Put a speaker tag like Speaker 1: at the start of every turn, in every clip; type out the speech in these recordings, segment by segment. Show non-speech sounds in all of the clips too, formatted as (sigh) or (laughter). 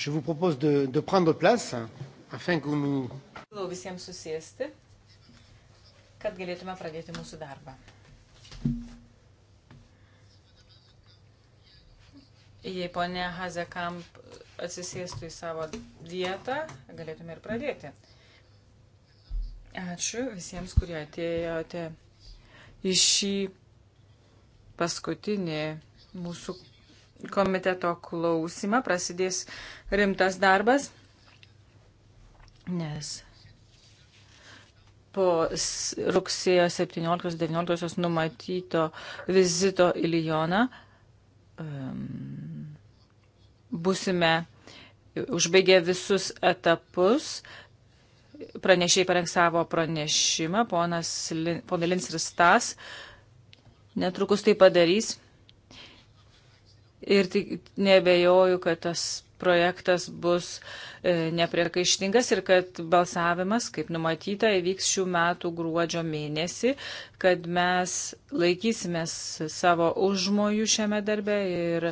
Speaker 1: Je vous propose de, de prendre place afin que nous.
Speaker 2: Siūlau visiems susėsti, kad galėtume pradėti mūsų darbą. Jei ponė Hazekamp atsisėstų į savo vietą, galėtume ir pradėti. Ačiū visiems, kurie atėjote į šį paskutinį mūsų komiteto klausimą, prasidės rimtas darbas, nes po rugsėjo 17-19 numatyto vizito į Lyoną um, busime užbaigę visus etapus. Pranešiai parengs savo pranešimą, ponas Lin, Lins ir Stas netrukus tai padarys. Ir tik nebejoju, kad tas projektas bus e, nepriekaištingas ir kad balsavimas, kaip numatyta, įvyks šių metų gruodžio mėnesį, kad mes laikysimės savo užmojų šiame darbe ir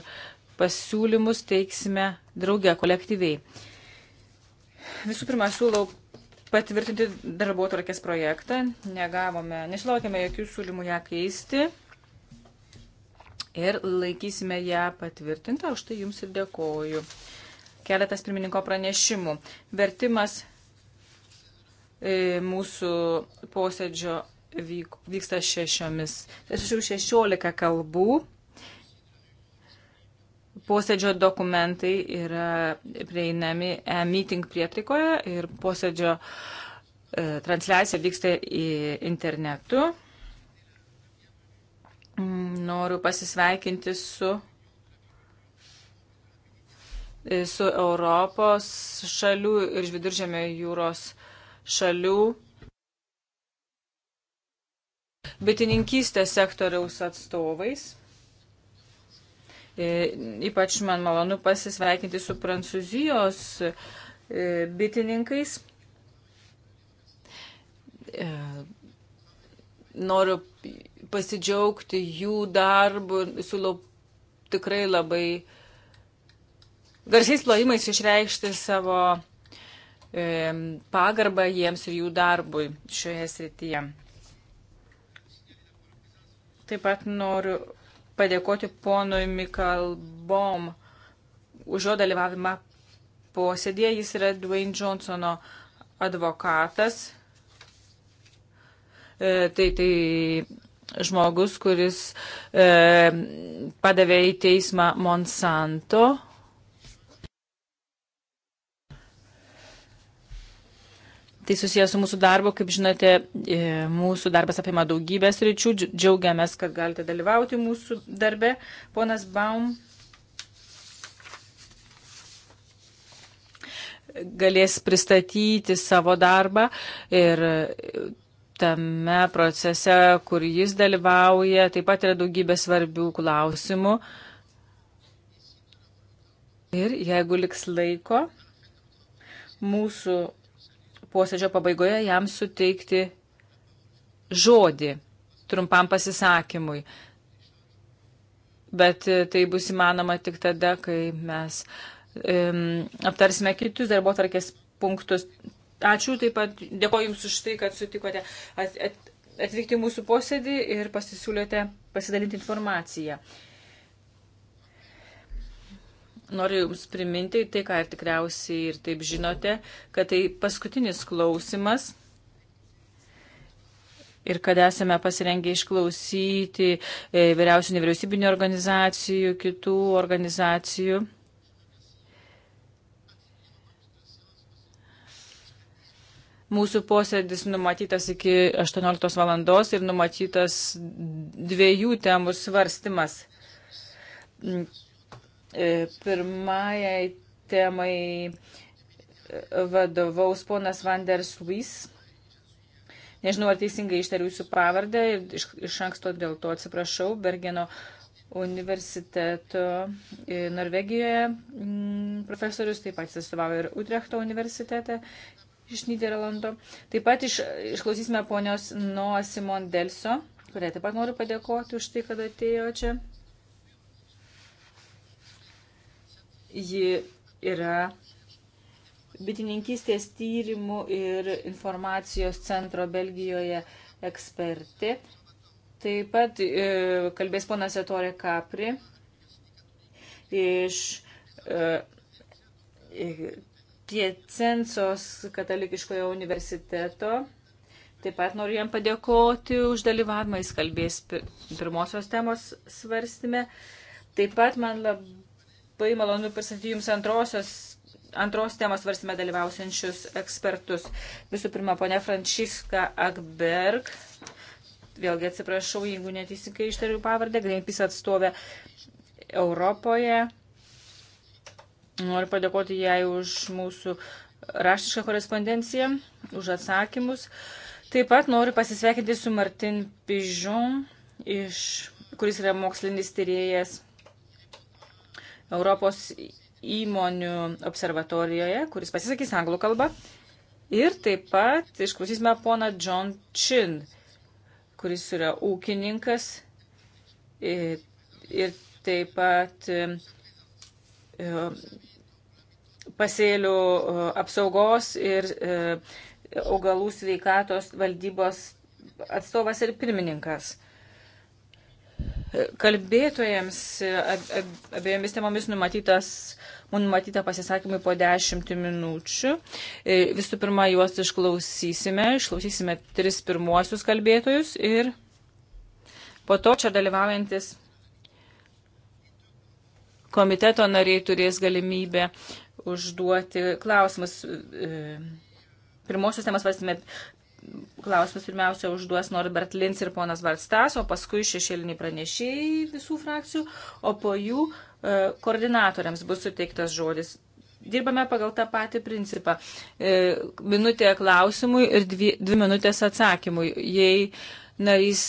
Speaker 2: pasiūlymus teiksime drauge kolektyviai. Visų pirma, siūlau patvirtinti darbo tvarkės projektą. Negavome, nesilaukėme jokių siūlymų ją keisti ir laikysime ją patvirtintą, už tai jums ir dėkoju. Keletas pirmininko pranešimų. Vertimas e, mūsų posėdžio vyk, vyksta šešiomis, šešių šešiolika kalbų. Posėdžio dokumentai yra prieinami e-meeting prietrikoje ir posėdžio e, transliacija vyksta internetu noriu pasisveikinti su, su Europos šalių ir iš viduržėmio jūros šalių bitininkystės sektoriaus atstovais. E, ypač man malonu pasisveikinti su prancūzijos e, bitininkais e, noriu pasidžiaugti jų darbu, siūlau tikrai labai garsiais plojimais išreikšti savo e, pagarbą jiems ir jų darbui šioje srityje. Taip pat noriu padėkoti ponui Mikalbom už jo dalyvavimą posėdėje. Jis yra Dwayne Johnsono advokatas E, tai, tai žmogus, kuris e, padavė į teismą Monsanto. Tai susijęs su mūsų darbu, kaip žinote, e, mūsų darbas apima daugybės ryčių. Džiaugiamės, kad galite dalyvauti mūsų darbe. Ponas Baum galės pristatyti savo darbą ir tame procese, kur jis dalyvauja, taip pat yra daugybė svarbių klausimų. Ir jeigu liks laiko, mūsų posėdžio pabaigoje jam suteikti žodį trumpam pasisakymui. Bet e, tai bus įmanoma tik tada, kai mes um, aptarsime kitus darbo tarkės punktus Ačiū taip pat, dėkoju Jums už tai, kad sutikote at, at, atvykti mūsų posėdį ir pasisiūlėte pasidalinti informaciją. Noriu Jums priminti tai, ką ir tikriausiai ir taip žinote, kad tai paskutinis klausimas ir kad esame pasirengę išklausyti e, vyriausių nevyriausybinio organizacijų, kitų organizacijų Mūsų posėdis numatytas iki 18 valandos ir numatytas dviejų temų svarstymas. Mm, e, pirmajai temai e, vadovaus ponas Vanders Luis. Nežinau, ar teisingai ištariu jūsų pavardę ir iš, iš anksto dėl to atsiprašau. Bergeno universiteto e, Norvegijoje mm, profesorius, taip pat atstovavo ir Utrechto universitete iš Niderlando. Taip pat iš, išklausysime ponios Noa Simon Delso, kuriai taip pat noriu padėkoti už tai, kad atėjo čia. Ji yra bitininkystės tyrimų ir informacijos centro Belgijoje ekspertė. Taip pat e, kalbės ponas Etorė Kapri iš e, Piecencos katalikiškojo universiteto. Taip pat noriu jam padėkoti už dalyvavimą, jis kalbės pirmosios temos svarstymę. Taip pat man labai malonu pristatyti Jums antrosios, antros temos svarstymę dalyvausiančius ekspertus. Visų pirma, ponia Frančiska Agberg, vėlgi atsiprašau, jeigu neteisingai ištariu pavardę, Greenpeace atstovė Europoje Noriu padėkoti jai už mūsų raštišką korespondenciją, už atsakymus. Taip pat noriu pasisveikinti su Martin Pižon, iš, kuris yra mokslinis tyrėjas Europos įmonių observatorijoje, kuris pasisakys anglų kalbą. Ir taip pat išklausysime poną John Chin, kuris yra ūkininkas ir, ir taip pat E, pasėlių e, apsaugos ir e, augalų sveikatos valdybos atstovas ir pirmininkas. Kalbėtojams abiejomis temomis numatytas, numatyta pasisakymai po 10 minučių. Visų pirma, juos išklausysime, išklausysime tris pirmuosius kalbėtojus ir po to čia dalyvaujantis komiteto nariai turės galimybę užduoti klausimus. E, pirmosios temas svarstymė klausimus pirmiausia užduos Norbert Lins ir ponas Varstas, o paskui šešėliniai pranešėjai visų frakcijų, o po jų e, koordinatoriams bus suteiktas žodis. Dirbame pagal tą patį principą. E, minutė klausimui ir dvi, dvi minutės atsakymui. Jei narys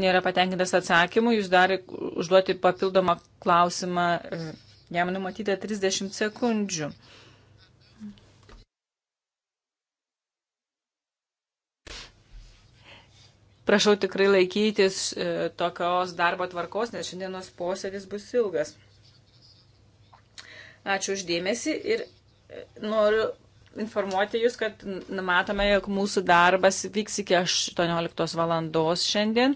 Speaker 2: nėra patenkintas atsakymu, jūs dar užduoti papildomą klausimą, e, jam numatyta 30 sekundžių. Prašau tikrai laikytis e, tokios darbo tvarkos, nes šiandienos posėdis bus ilgas. Ačiū uždėmesi ir e, noriu informuoti Jūs, kad numatome, jog mūsų darbas vyks iki 18 valandos šiandien.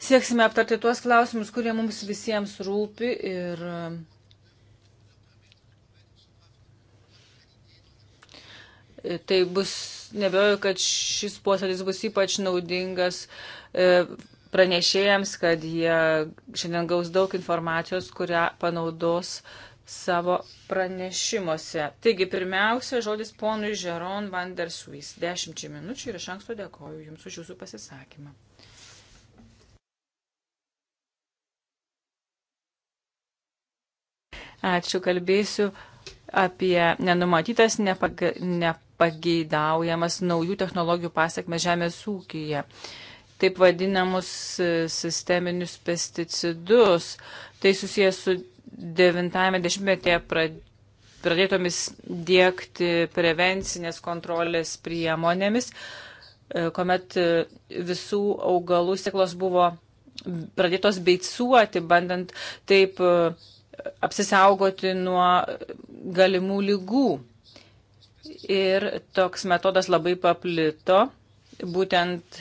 Speaker 2: Sieksime aptarti tuos klausimus, kurie mums visiems rūpi ir e, tai bus, nebejoju, kad šis posėdis bus ypač naudingas e, pranešėjams, kad jie šiandien gaus daug informacijos, kurią panaudos uh, savo pranešimuose. Taigi, pirmiausia, žodis ponui Žeron van der Suis. Dešimčiai minučių ir iš anksto dėkoju Jums už Jūsų pasisakymą. Ačiū, kalbėsiu apie nenumatytas, nepag, nepageidaujamas naujų technologijų pasiekmes žemės ūkyje. Taip vadinamus e, sisteminius pesticidus. Tai susijęs su 90-metėje pradėtomis dėkti prevencinės kontrolės priemonėmis, e, kuomet e, visų augalų stiklos buvo pradėtos beicuoti, bandant taip e, apsisaugoti nuo galimų lygų. Ir toks metodas labai paplito, būtent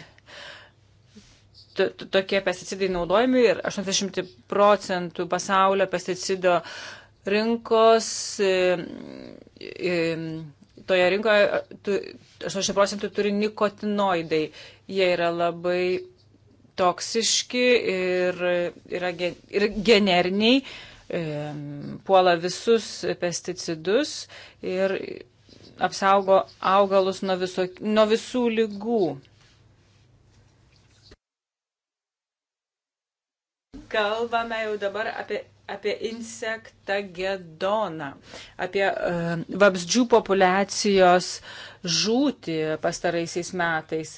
Speaker 2: tokie pesticidai naudojami ir 80 procentų pasaulio pesticido rinkos, e, e, toje rinkoje 80 procentų turi nikotinoidai. Jie yra labai toksiški ir, yra, ir generiniai, e, puola visus pesticidus ir apsaugo augalus nuo, viso, nuo visų lygų. kalbame jau dabar apie, apie insektą gedoną, apie uh, vabzdžių populiacijos žūti pastaraisiais metais.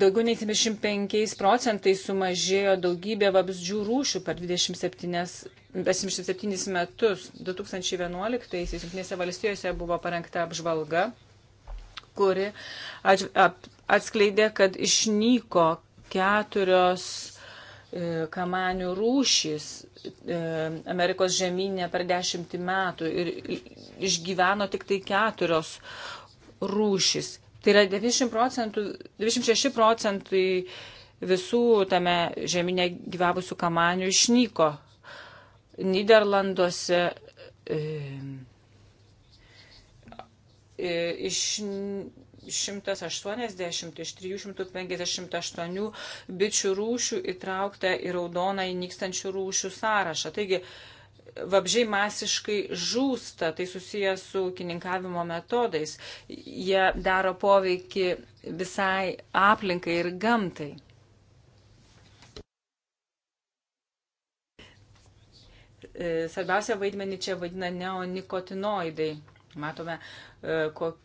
Speaker 2: Daugiau nei 75 procentais sumažėjo daugybė vabzdžių rūšių per 27 27 metus, 2011-aisiais Junktinėse valstijose buvo parengta apžvalga, kuri atskleidė, kad išnyko keturios E, kamanių rūšys e, Amerikos žemynė per dešimtį metų ir išgyveno tik tai keturios rūšys. Tai yra 90 procentų, 96 procentai visų tame žemynė gyvavusių kamanių išnyko. Niderlanduose e, e, iš 180 iš 358 bičių rūšių įtraukta į raudoną įnykstančių rūšių sąrašą. Taigi, Vabžiai masiškai žūsta, tai susijęs su kininkavimo metodais. Jie daro poveikį visai aplinkai ir gamtai. E, Svarbiausia vaidmenį čia vadina neonikotinoidai. Matome, e, kokie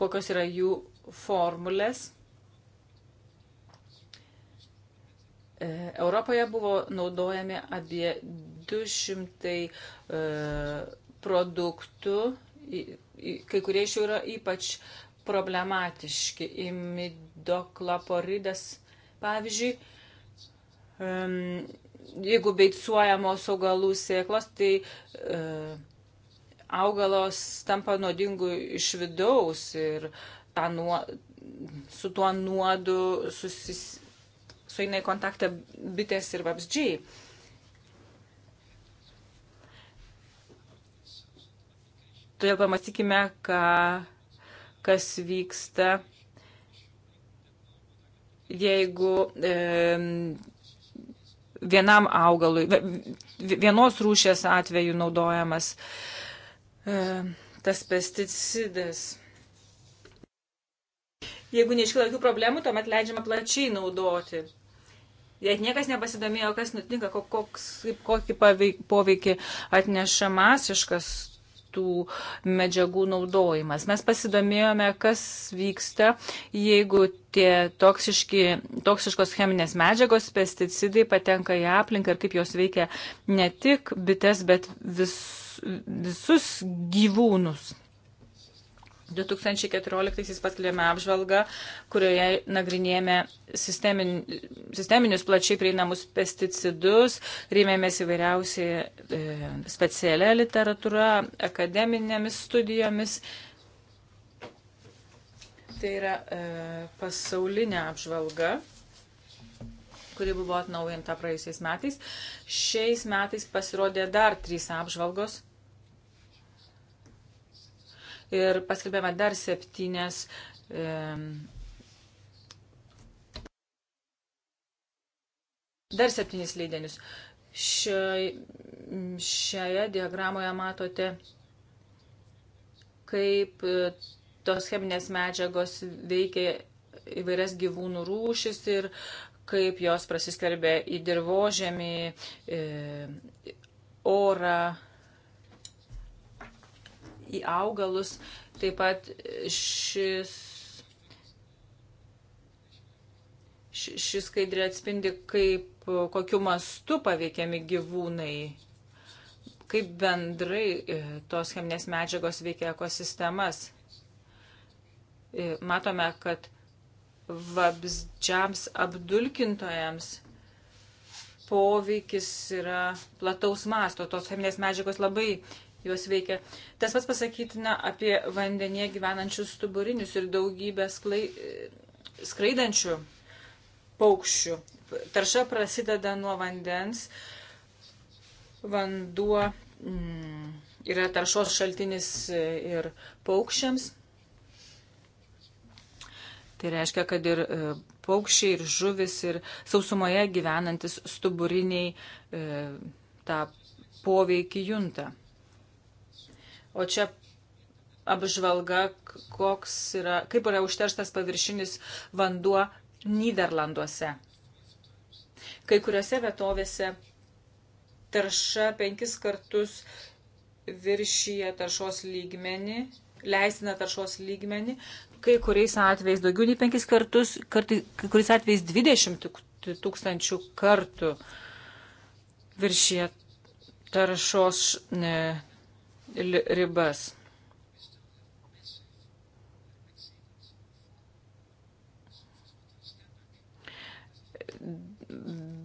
Speaker 2: kokios yra jų formulės. E, Europoje buvo naudojami apie 200 e, produktų, kai kurie iš jų yra ypač problematiški. Imidoklaporidas, pavyzdžiui, jeigu beicuojamos augalų sėklos, tai e, augalos tampa nuodingu iš vidaus ir ta nuo, su tuo nuodu susis, sueina į kontaktą bitės ir vabzdžiai. Todėl pamatykime, ką, kas vyksta, jeigu e, vienam augalui, vienos rūšės atveju naudojamas e, E, tas pesticidas. Jeigu neiškyla jokių problemų, tuomet leidžiama plačiai naudoti. Jei niekas nepasidomėjo, kas nutinka, koks, kokį paveik, poveikį atneša masiškas tų medžiagų naudojimas. Mes pasidomėjome, kas vyksta, jeigu tie toksiški, toksiškos cheminės medžiagos, pesticidai patenka į aplinką ir kaip jos veikia ne tik bites, bet visus visus gyvūnus. 2014 paskelbėme apžvalgą, kurioje nagrinėjame sistemin, sisteminius plačiai prieinamus pesticidus, rėmėmės įvairiausiai e, specialia literatūra, akademinėmis studijomis. Tai yra e, pasaulinė apžvalga kuri buvo atnaujinta praėjusiais metais. Šiais metais pasirodė dar trys apžvalgos ir paskelbėme dar septynes. E, dar septynis leidinius. Šioje, šioje diagramoje matote, kaip e, tos cheminės medžiagos veikia įvairias gyvūnų rūšis ir kaip jos prasiskverbia į dirbožemį, e, orą į augalus. Taip pat šis. Šis skaidrė atspindi, kaip, kokiu mastu paveikiami gyvūnai, kaip bendrai e, tos cheminės medžiagos veikia ekosistemas. E, matome, kad vabzdžiams apdulkintojams poveikis yra plataus masto. Tos cheminės medžiagos labai juos veikia. Tas pats pasakytina apie vandenyje gyvenančius stuburinius ir daugybę sklai, e, skraidančių paukščių. Tarša prasideda nuo vandens. Vanduo mm, yra taršos šaltinis e, ir paukščiams. Tai reiškia, kad ir e, paukščiai, ir žuvis, ir sausumoje gyvenantis stuburiniai e, tą poveikį junta. O čia apžvalga, koks yra, kaip yra užterštas paviršinis vanduo Niderlanduose. Kai kuriuose vietovėse tarša penkis kartus viršyje taršos lygmenį, leistina taršos lygmenį, kai kuriais atvejais daugiau nei penkis kartus, kartai, kai kuriais atvejais dvidešimt tūkstančių kartų viršyje taršos ne, ribas.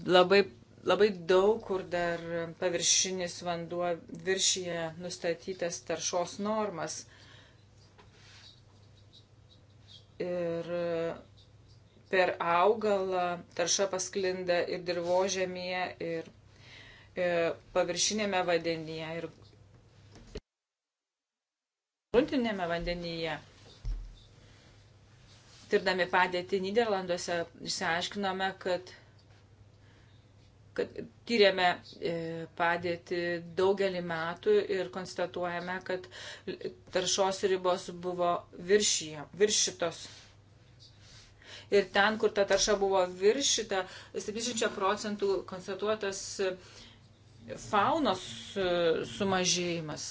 Speaker 2: Labai, labai daug kur dar paviršinis vanduo viršyje nustatytas taršos normas. Ir per augalą tarša pasklinda ir dirbožėmėje, ir e, paviršinėme vandenyje, ir gruntinėme vandenyje. Tirdami padėtį Niderlanduose išsiaiškinome, kad, kad tyrėme e, padėtį daugelį metų ir konstatuojame, kad taršos ribos buvo viršyje, viršytos ir ten, kur ta tarša buvo viršita, 70 procentų konstatuotas faunos e, sumažėjimas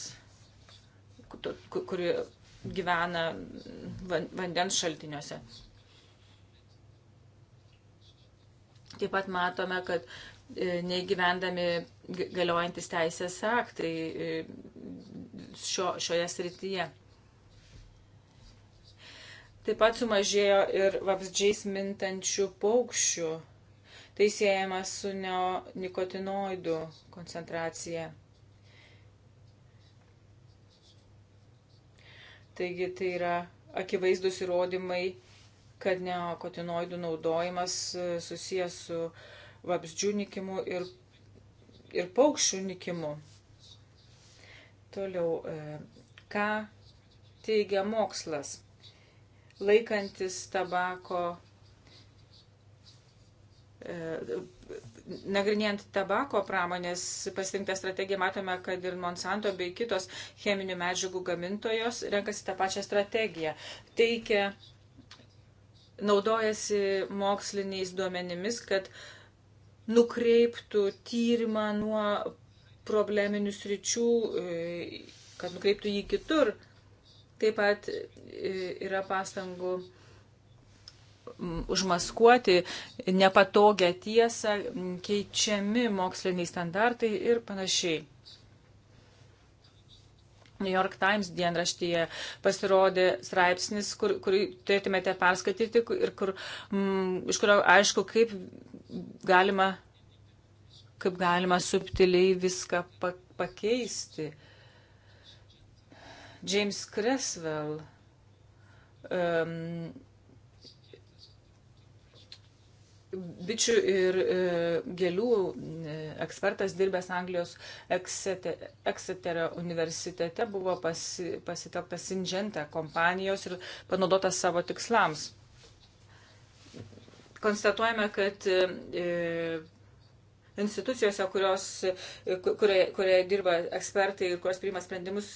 Speaker 2: kuri gyvena vandens šaltiniuose. Taip pat matome, kad e, neįgyvendami galiojantis teisės aktai e, šio, šioje srityje. Taip pat sumažėjo ir vabzdžiais mintančių paukščių. Tai siejama su neonikotinoidų koncentracija. Taigi tai yra akivaizdus įrodymai, kad neokotinoidų naudojimas e, susijęs su vabzdžių nikimu ir, ir paukščių nikimu. Toliau, e, ką teigia mokslas? Laikantis tabako e, nagrinėjant tabako pramonės pasirinktą strategiją, matome, kad ir Monsanto bei kitos cheminių medžiagų gamintojos renkasi tą pačią strategiją. Teikia, naudojasi moksliniais duomenimis, kad nukreiptų tyrimą nuo probleminių sričių, e, kad nukreiptų jį kitur. Taip pat e, yra pastangų užmaskuoti nepatogią tiesą, keičiami moksliniai standartai ir panašiai. New York Times dienraštyje pasirodė straipsnis, kur, kurį turėtumėte perskaityti ir kur, mm, iš kurio aišku, kaip galima, kaip galima subtiliai viską pa, pakeisti. James Creswell um, bičių ir e, gėlių e, ekspertas dirbęs Anglijos Eksete, Ekseterio universitete buvo pasi, pasitelktas Singenta kompanijos ir panaudotas savo tikslams. Konstatuojame, kad e, institucijose, kurios, kurioje, kurioje dirba ekspertai ir kurios priima sprendimus,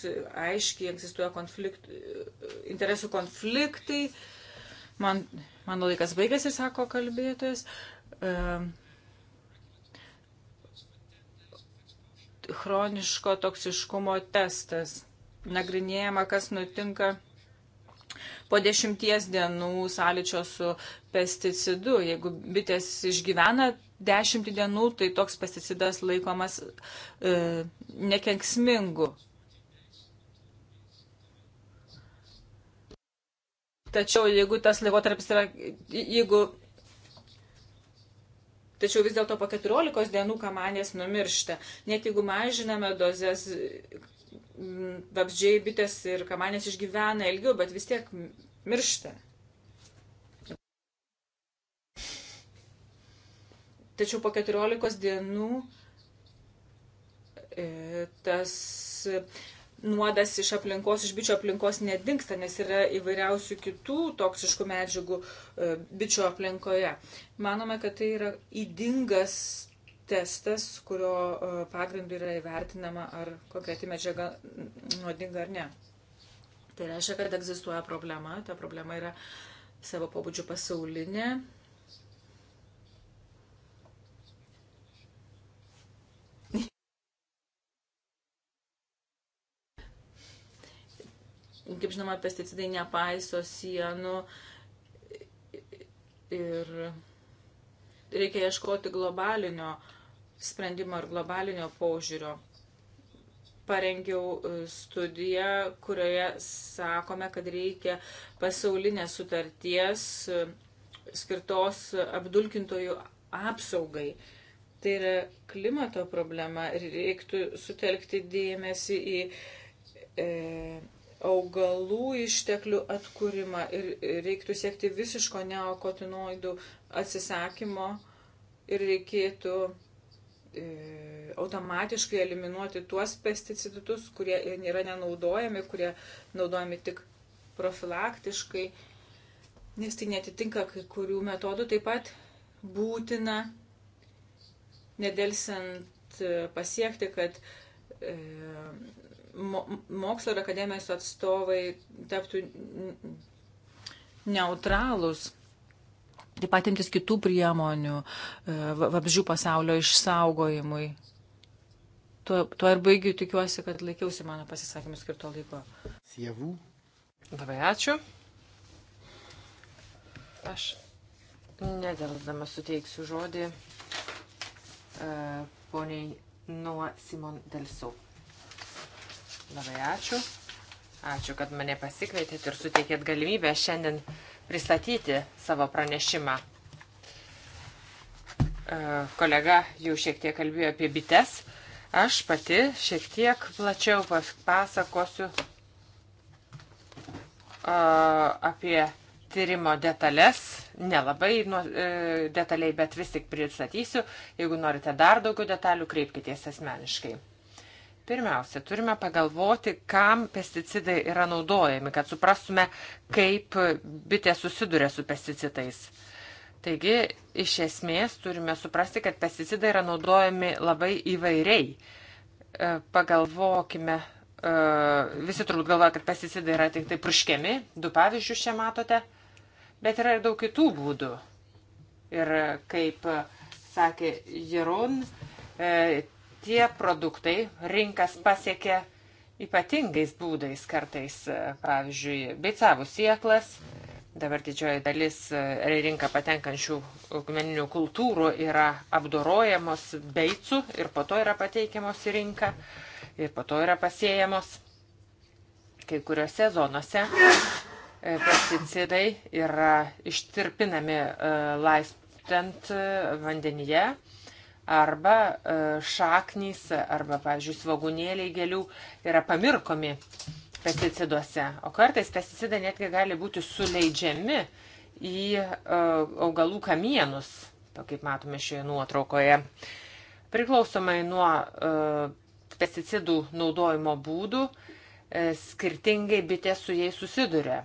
Speaker 2: aiškiai egzistuoja konflikt, interesų konfliktai. E, Man, mano laikas baigėsi, sako kalbėtojas. Chroniško toksiškumo testas. Nagrinėjama, kas nutinka po dešimties dienų sąlyčio su pesticidu. Jeigu bitės išgyvena dešimtį dienų, tai toks pesticidas laikomas e, nekenksmingu. Tačiau jeigu tas laikotarpis yra, jeigu. Tačiau vis dėlto po 14 dienų kamanės numiršta. Net jeigu mažiname dozes, vabzdžiai, bitės ir kamanės išgyvena ilgiau, bet vis tiek miršta. Tačiau po 14 dienų e, tas nuodas iš aplinkos, iš bičio aplinkos nedingsta, nes yra įvairiausių kitų toksiškų medžiagų e, bičio aplinkoje. Manome, kad tai yra įdingas testas, kurio e, pagrindu yra įvertinama, ar konkreti medžiaga nuodinga ar ne. Tai reiškia, kad egzistuoja problema, ta problema yra savo pobūdžių pasaulinė kaip žinoma, pesticidai nepaiso sienų ir reikia ieškoti globalinio sprendimo ir globalinio požiūrio. Parengiau e, studiją, kurioje sakome, kad reikia pasaulinės sutarties e, skirtos apdulkintojų apsaugai. Tai yra klimato problema ir reiktų sutelkti dėmesį į e, augalų išteklių atkūrimą ir reiktų siekti visiško neokotinoidų atsisakymo ir reikėtų e, automatiškai eliminuoti tuos pesticidus, kurie yra nenaudojami, kurie naudojami tik profilaktiškai, nes tai netitinka kai kurių metodų. Taip pat būtina nedelsiant e, pasiekti, kad e, mo, mokslo ir akademijos atstovai taptų neutralūs. Taip pat imtis kitų priemonių e, vabžių pasaulio išsaugojimui. Tuo, tuo ir baigiu, tikiuosi, kad laikiausi mano pasisakymų skirto laiko. Sievų. Labai ačiū. Aš nedelsdama
Speaker 3: suteiksiu žodį uh, poniai Nuo Simon Delsu. Labai ačiū. Ačiū, kad mane pasikvietėt ir suteikėt galimybę šiandien pristatyti savo pranešimą. E, kolega jau šiek tiek kalbėjo apie bites. Aš pati šiek tiek plačiau pasakosiu e, apie tyrimo detalės. Nelabai nu, detaliai, bet vis tik pristatysiu. Jeigu norite dar daugiau detalių, kreipkitės asmeniškai. Pirmiausia, turime pagalvoti, kam pesticidai yra naudojami, kad suprastume, kaip bitė susiduria su pesticidais. Taigi, iš esmės, turime suprasti, kad pesticidai yra naudojami labai įvairiai. E, pagalvokime, e, visi turbūt galvoja, kad pesticidai yra tik tai purškiami, du pavyzdžius čia matote, bet yra ir daug kitų būdų. Ir kaip sakė Jeron, e, tie produktai rinkas pasiekia ypatingais būdais kartais, e, pavyzdžiui, beicavų sieklas. Dabar didžioji dalis e, rinką patenkančių augmeninių kultūrų yra apdorojamos beicų ir po to yra pateikiamos į rinką ir po to yra pasėjamos. Kai kuriuose zonose e, pesticidai yra ištirpinami laistant vandenyje arba e, šaknys, arba, pavyzdžiui, svagunėliai gėlių yra pamirkomi pesticiduose. O kartais pesticidai netgi gali būti suleidžiami į e, augalų kamienus, kaip matome šioje nuotraukoje. Priklausomai nuo e, pesticidų naudojimo būdų, skirtingai bitės su jais susiduria.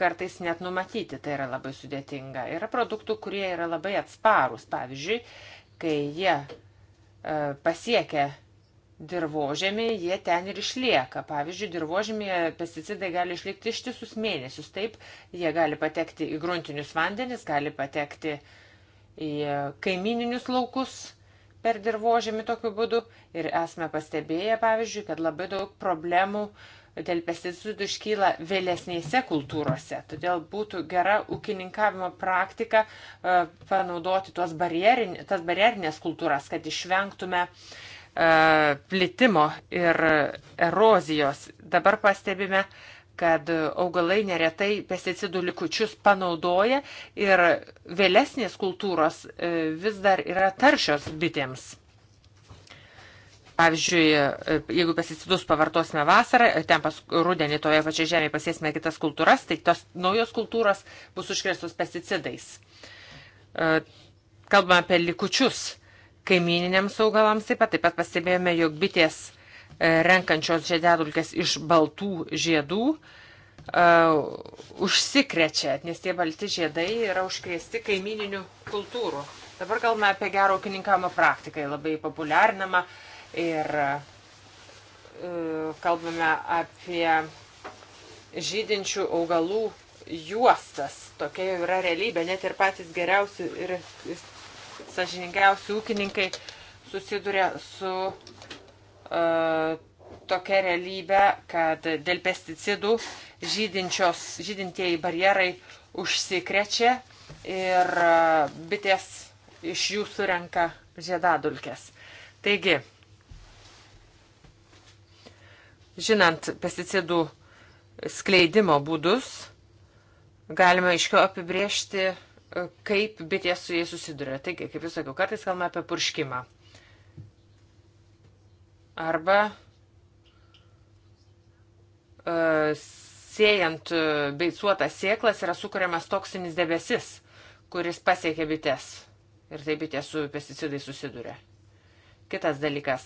Speaker 3: Kartais net numatyti tai yra labai sudėtinga. Yra produktų, kurie yra labai atsparūs. Pavyzdžiui, kai jie e, pasiekia dirbožėmį, jie ten ir išlieka. Pavyzdžiui, dirbožėmėje pesticidai gali išlikti ištisus mėnesius. Taip, jie gali patekti į gruntinius vandenis, gali patekti į kaimininius laukus per dirbožėmį tokiu būdu. Ir esame pastebėję, pavyzdžiui, kad labai daug problemų uh, dėl pesticidų iškyla vėlesnėse kultūrose. Todėl būtų gera ūkininkavimo praktika e, panaudoti tuos barjerin, tas barjerinės kultūras, kad išvengtume e, plitimo ir erozijos. Dabar pastebime, kad augalai neretai pesticidų likučius panaudoja ir vėlesnės kultūros e, vis dar yra taršios bitėms. Pavyzdžiui, e, jeigu pesticidus pavartosime vasarą, e, ten pas rudenį toje pačioje žemėje pasėsime kitas kultūras, tai tos naujos kultūros bus užkrėstos pesticidais. E, kalbame apie likučius kaimininiams augalams taip pat. Taip pat pastebėjome, jog bitės renkančios žiededulkės iš baltų žiedų uh, užsikrečia, nes tie balti žiedai yra užkrėsti kaimininių kultūrų. Dabar kalbame apie gerą ūkininkavimo praktiką, labai populiarinama uh, Ir e, kalbame apie žydinčių augalų juostas. Tokia jau yra realybė. Net ir patys geriausi ir sažininkiausi ūkininkai susiduria su uh, tokia realybė, kad dėl pesticidų žydintieji barjerai užsikrečia ir uh, bitės iš jų surenka žiedadulkes. Taigi, Žinant pesticidų skleidimo būdus, galima aiškiau apibriežti, e, kaip bitės su jais susiduria. Taigi, kaip jūs sakiau, kartais kalbame apie purškimą. Arba uh, siejant e, beicuotą sėklas yra sukuriamas toksinis debesis, kuris pasiekia bites. Ir taip bitės su pesticidai susiduria. Kitas dalykas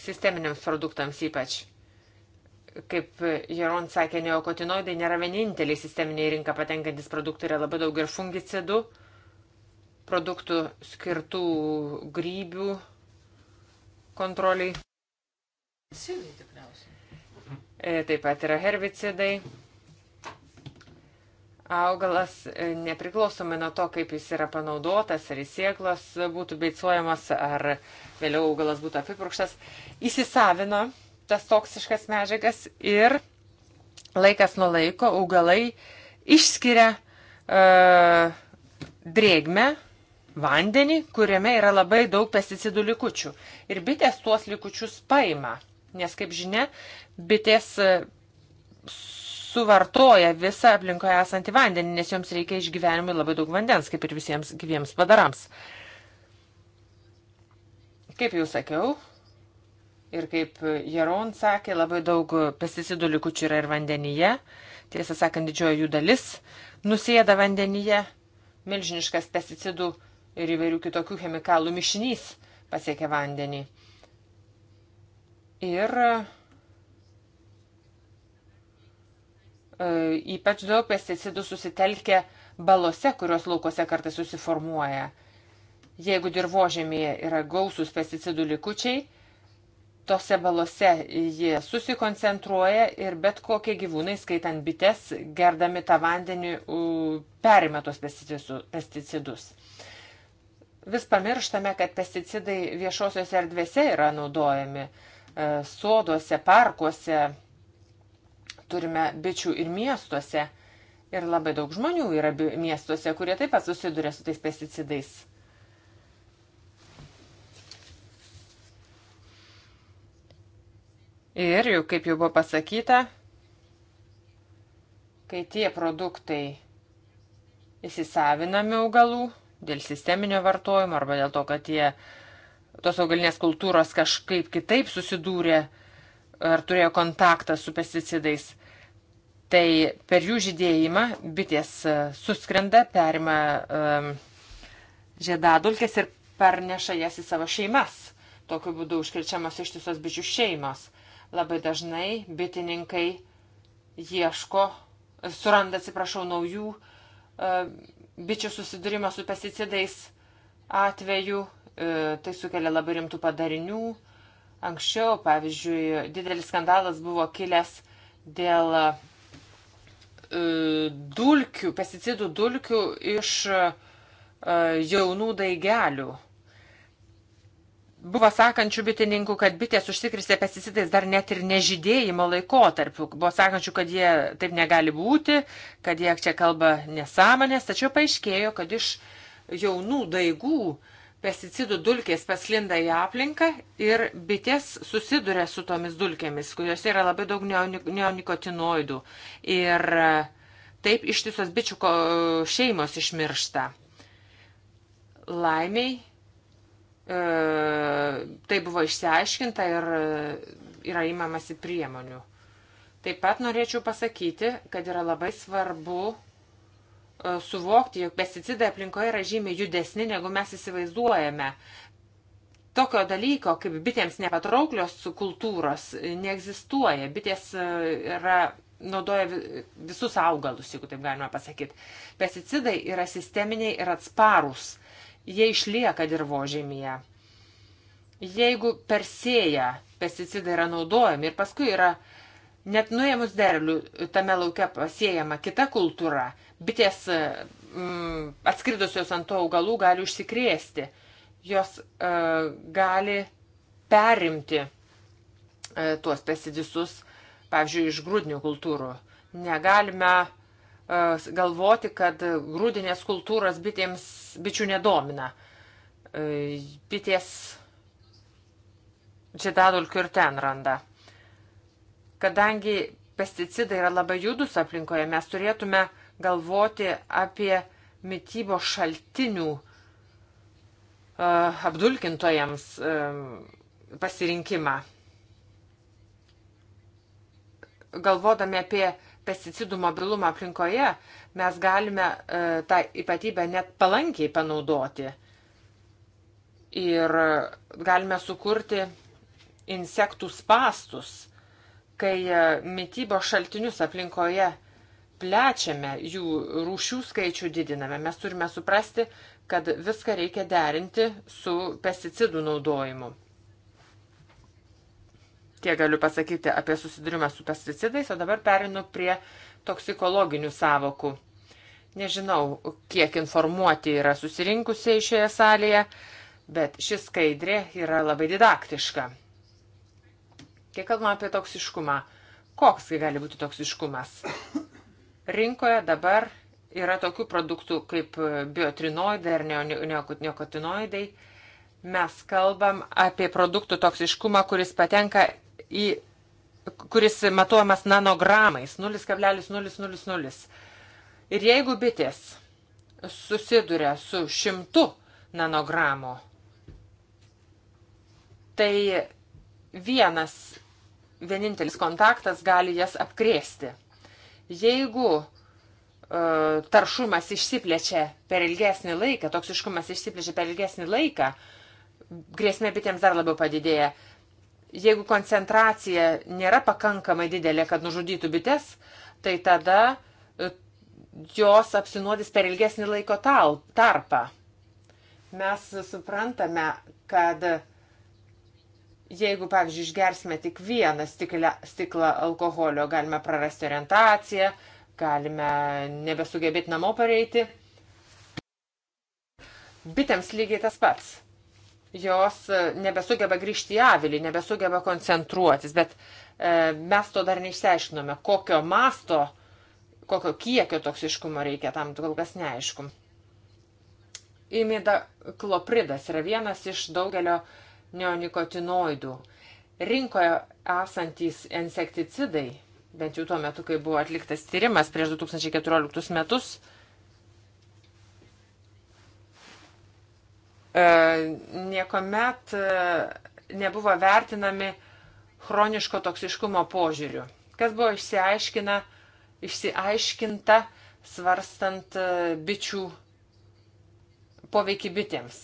Speaker 3: sisteminiams produktams ypač. Kaip Jeron sakė, neokotinoidai nėra vieninteliai sisteminiai rinka patenkantis produktai, yra labai daug ir fungicidų, produktų skirtų grybių kontroliai. E, taip pat yra
Speaker 2: herbicidai
Speaker 3: augalas e, nepriklausomai nuo to, kaip jis yra panaudotas, ar įsieklas būtų beicuojamas, ar vėliau augalas būtų apipurkštas, įsisavino tas toksiškas medžiagas ir laikas nuo laiko augalai išskiria uh, drėgmę, vandenį, kuriame yra labai daug pesticidų likučių. Ir bitės tuos likučius paima, nes, kaip žinia, bitės suvartoja visą aplinkoje esantį vandenį, nes joms reikia išgyvenimui labai daug vandens, kaip ir visiems gyviems padarams. Kaip jau sakiau, ir kaip Jeron sakė, labai daug pesticidų likučių yra ir vandenyje. Tiesą sakant, didžioji jų dalis nusėda vandenyje. Milžiniškas pesticidų ir įvairių kitokių chemikalų mišinys pasiekia vandenį. Ir uh, E, ypač daug pesticidų susitelkia balose, kurios laukose kartais susiformuoja. Jeigu dirbožėmėje yra gausus pesticidų likučiai, tose balose jie susikoncentruoja ir bet kokie gyvūnai, skaitant bites, gerdami tą vandenį, perima tos pesticidus. Vis pamirštame, kad pesticidai viešosios erdvėse yra naudojami, e, soduose, parkuose, turime bičių ir miestuose. Ir labai daug žmonių yra miestuose, kurie taip pat susiduria su tais pesticidais. Ir jau, kaip jau buvo pasakyta, kai tie produktai įsisavinami augalų dėl sisteminio vartojimo arba dėl to, kad jie tos augalinės kultūros kažkaip kitaip susidūrė ar turėjo kontaktą su pesticidais, tai per jų žydėjimą bitės e, suskrenda, perima um, e, žiedadulkės ir perneša jas į savo šeimas. Tokiu būdu užkirčiamos ištisos bičių šeimos. Labai dažnai bitininkai ieško, suranda, atsiprašau, naujų um, bičių susidūrimo su pesticidais atveju. E, tai sukelia labai rimtų padarinių. Anksčiau, pavyzdžiui, didelis skandalas buvo kilęs dėl E, dulkių, pesticidų dulkių iš e, jaunų daigelių. Buvo sakančių bitininkų, kad bitės užsikristė pesticidais dar net ir nežydėjimo laikotarpiu. Buvo sakančių, kad jie taip negali būti, kad jie čia kalba nesąmonės, tačiau paaiškėjo, kad iš jaunų daigų uh, pesticidų dulkės paslinda į aplinką ir bitės susiduria su tomis dulkėmis, kuriuose yra labai daug neonikotinoidų. Ir e, taip ištisos bičių šeimos išmiršta. Laimiai e, tai buvo išsiaiškinta ir e, yra įmamasi priemonių. Taip pat norėčiau pasakyti, kad yra labai svarbu E, suvokti, jog pesticidai aplinkoje yra žymiai judesni, negu mes įsivaizduojame. Tokio dalyko, kaip bitėms nepatrauklios kultūros, neegzistuoja. Bitės e, yra, naudoja visus augalus, jeigu taip galima pasakyti. Pesticidai yra sisteminiai ir atsparūs. Jie išlieka dirbožėmėje. Jeigu persėja pesticidai yra naudojami ir paskui yra net nuėmus derlių tame laukia pasėjama kita kultūra, bitės mm, atskridusios ant to augalų gali užsikrėsti, jos e, gali perimti e, tuos pesticidus, pavyzdžiui, iš grūdinių kultūrų. Negalime e, galvoti, kad grūdinės kultūros bitėms bičių nedomina. E, bitės džedadulkių ir ten randa. Kadangi pesticidai yra labai judus aplinkoje, mes turėtume uh, galvoti apie mytybo šaltinių uh, apdulkintojams um, pasirinkimą. Galvodami apie pesticidų mobilumą aplinkoje, mes galime uh, tą ypatybę net palankiai panaudoti ir galime sukurti insektų spastus, kai mytybo šaltinius aplinkoje uh, plečiame, jų rūšių skaičių didiname. Mes turime suprasti, kad viską reikia derinti su pesticidų naudojimu. Tie galiu pasakyti apie susidūrimą su pesticidais, o dabar perinu prie toksikologinių savokų. Nežinau, kiek informuoti yra susirinkusiai šioje salėje, bet ši skaidrė yra labai didaktiška. Kiek kalbame apie toksiškumą, koks gali būti toksiškumas? Rinkoje dabar yra tokių produktų kaip biotrinoidai ar neokotinoidai. Mes kalbam apie produktų toksiškumą, kuris patenka į kuris matuojamas nanogramais 0,000. Ir jeigu bitės susiduria su šimtu nanogramų, tai vienas vienintelis kontaktas gali jas apkrėsti. Jeigu e, taršumas išsiplečia per ilgesnį laiką, toksiškumas išsiplečia per ilgesnį laiką, grėsmė bitėms dar labiau padidėja. Jeigu koncentracija nėra pakankamai didelė, kad nužudytų bites, tai tada e, jos apsinuodys per ilgesnį laiko tarpą. Mes suprantame, kad Jeigu, pavyzdžiui, išgersime tik vieną stiklą, stiklą alkoholio, galime prarasti orientaciją, galime nebesugebėti namo pareiti. Bitėms lygiai tas pats. Jos e, nebesugeba grįžti į avilį, nebesugeba koncentruotis, bet e, mes to dar neišsiaiškinome, kokio masto, kokio kiekio toksiškumo reikia, tam kol kas neaišku. Imida klopridas yra vienas iš daugelio e, neonikotinoidų. Rinkoje esantys insekticidai, bent jau tuo metu, kai buvo atliktas tyrimas prieš 2014 metus, e, niekuomet e, nebuvo vertinami chroniško toksiškumo požiūriu. Kas buvo išsiaiškina, išsiaiškinta svarstant e, bičių poveikį bitėms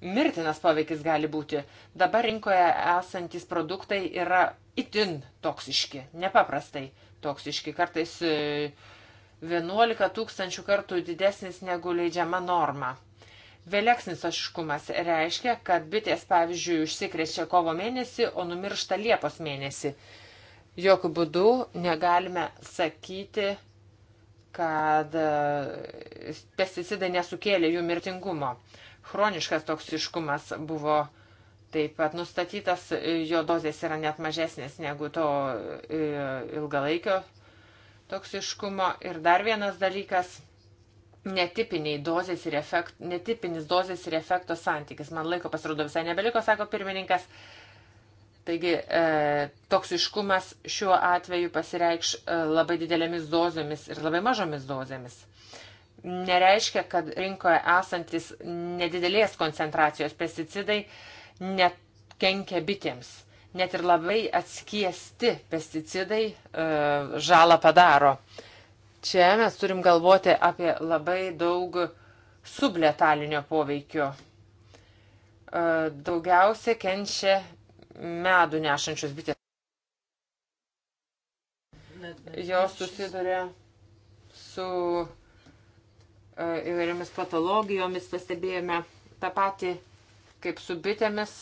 Speaker 3: mirtinas poveikis gali būti. Dabar rinkoje esantis produktai yra itin toksiški, nepaprastai toksiški, kartais 11 e, tūkstančių kartų didesnis negu leidžiama norma. Vėleksnis aškumas reiškia, kad bitės, pavyzdžiui, užsikrečia kovo mėnesį, o numiršta Liepos mėnesį. Jokių būdų negalime sakyti, kad e, pesticidai nesukėlė jų mirtingumo. Chroniškas toksiškumas buvo taip pat nustatytas, jo dozės yra net mažesnės negu to e, ilgalaikio toksiškumo. Ir dar vienas dalykas netipiniai dozės ir efekt, netipinis dozės ir efekto santykis. Man laiko pasirodo visai nebeliko, sako pirmininkas. Taigi e, toksiškumas šiuo atveju pasireikš e, labai didelėmis dozėmis ir labai mažomis dozėmis. E, nereiškia, kad rinkoje esantis nedidelės koncentracijos pesticidai nekenkia bitėms. Net ir labai atskiesti pesticidai e, žalą padaro. Čia mes turim galvoti apie labai daug subletalinio poveikio. E, daugiausia kenčia medų nešančios bitės. Jos susiduria su E, įvairiomis patologijomis pastebėjome tą patį kaip su bitėmis,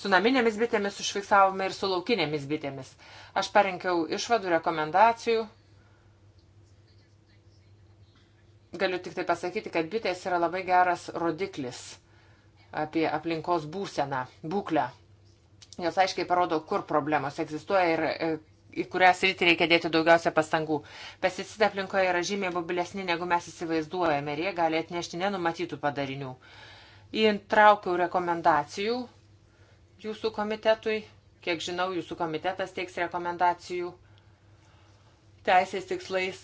Speaker 3: su naminėmis bitėmis užfiksavome ir su laukinėmis bitėmis. Aš parinkiau išvadų rekomendacijų. Galiu tik tai pasakyti, kad bitės yra labai geras rodiklis apie aplinkos būseną, būklę. Jos aiškiai parodo, kur problemos egzistuoja ir e, į kurią sritį reikia dėti daugiausia pastangų. Pesticidai aplinkoje yra žymiai mobilesni, negu mes įsivaizduojame ir jie gali atnešti nenumatytų padarinių. Įtraukiau rekomendacijų jūsų komitetui. Kiek žinau, jūsų komitetas teiks rekomendacijų teisės tikslais,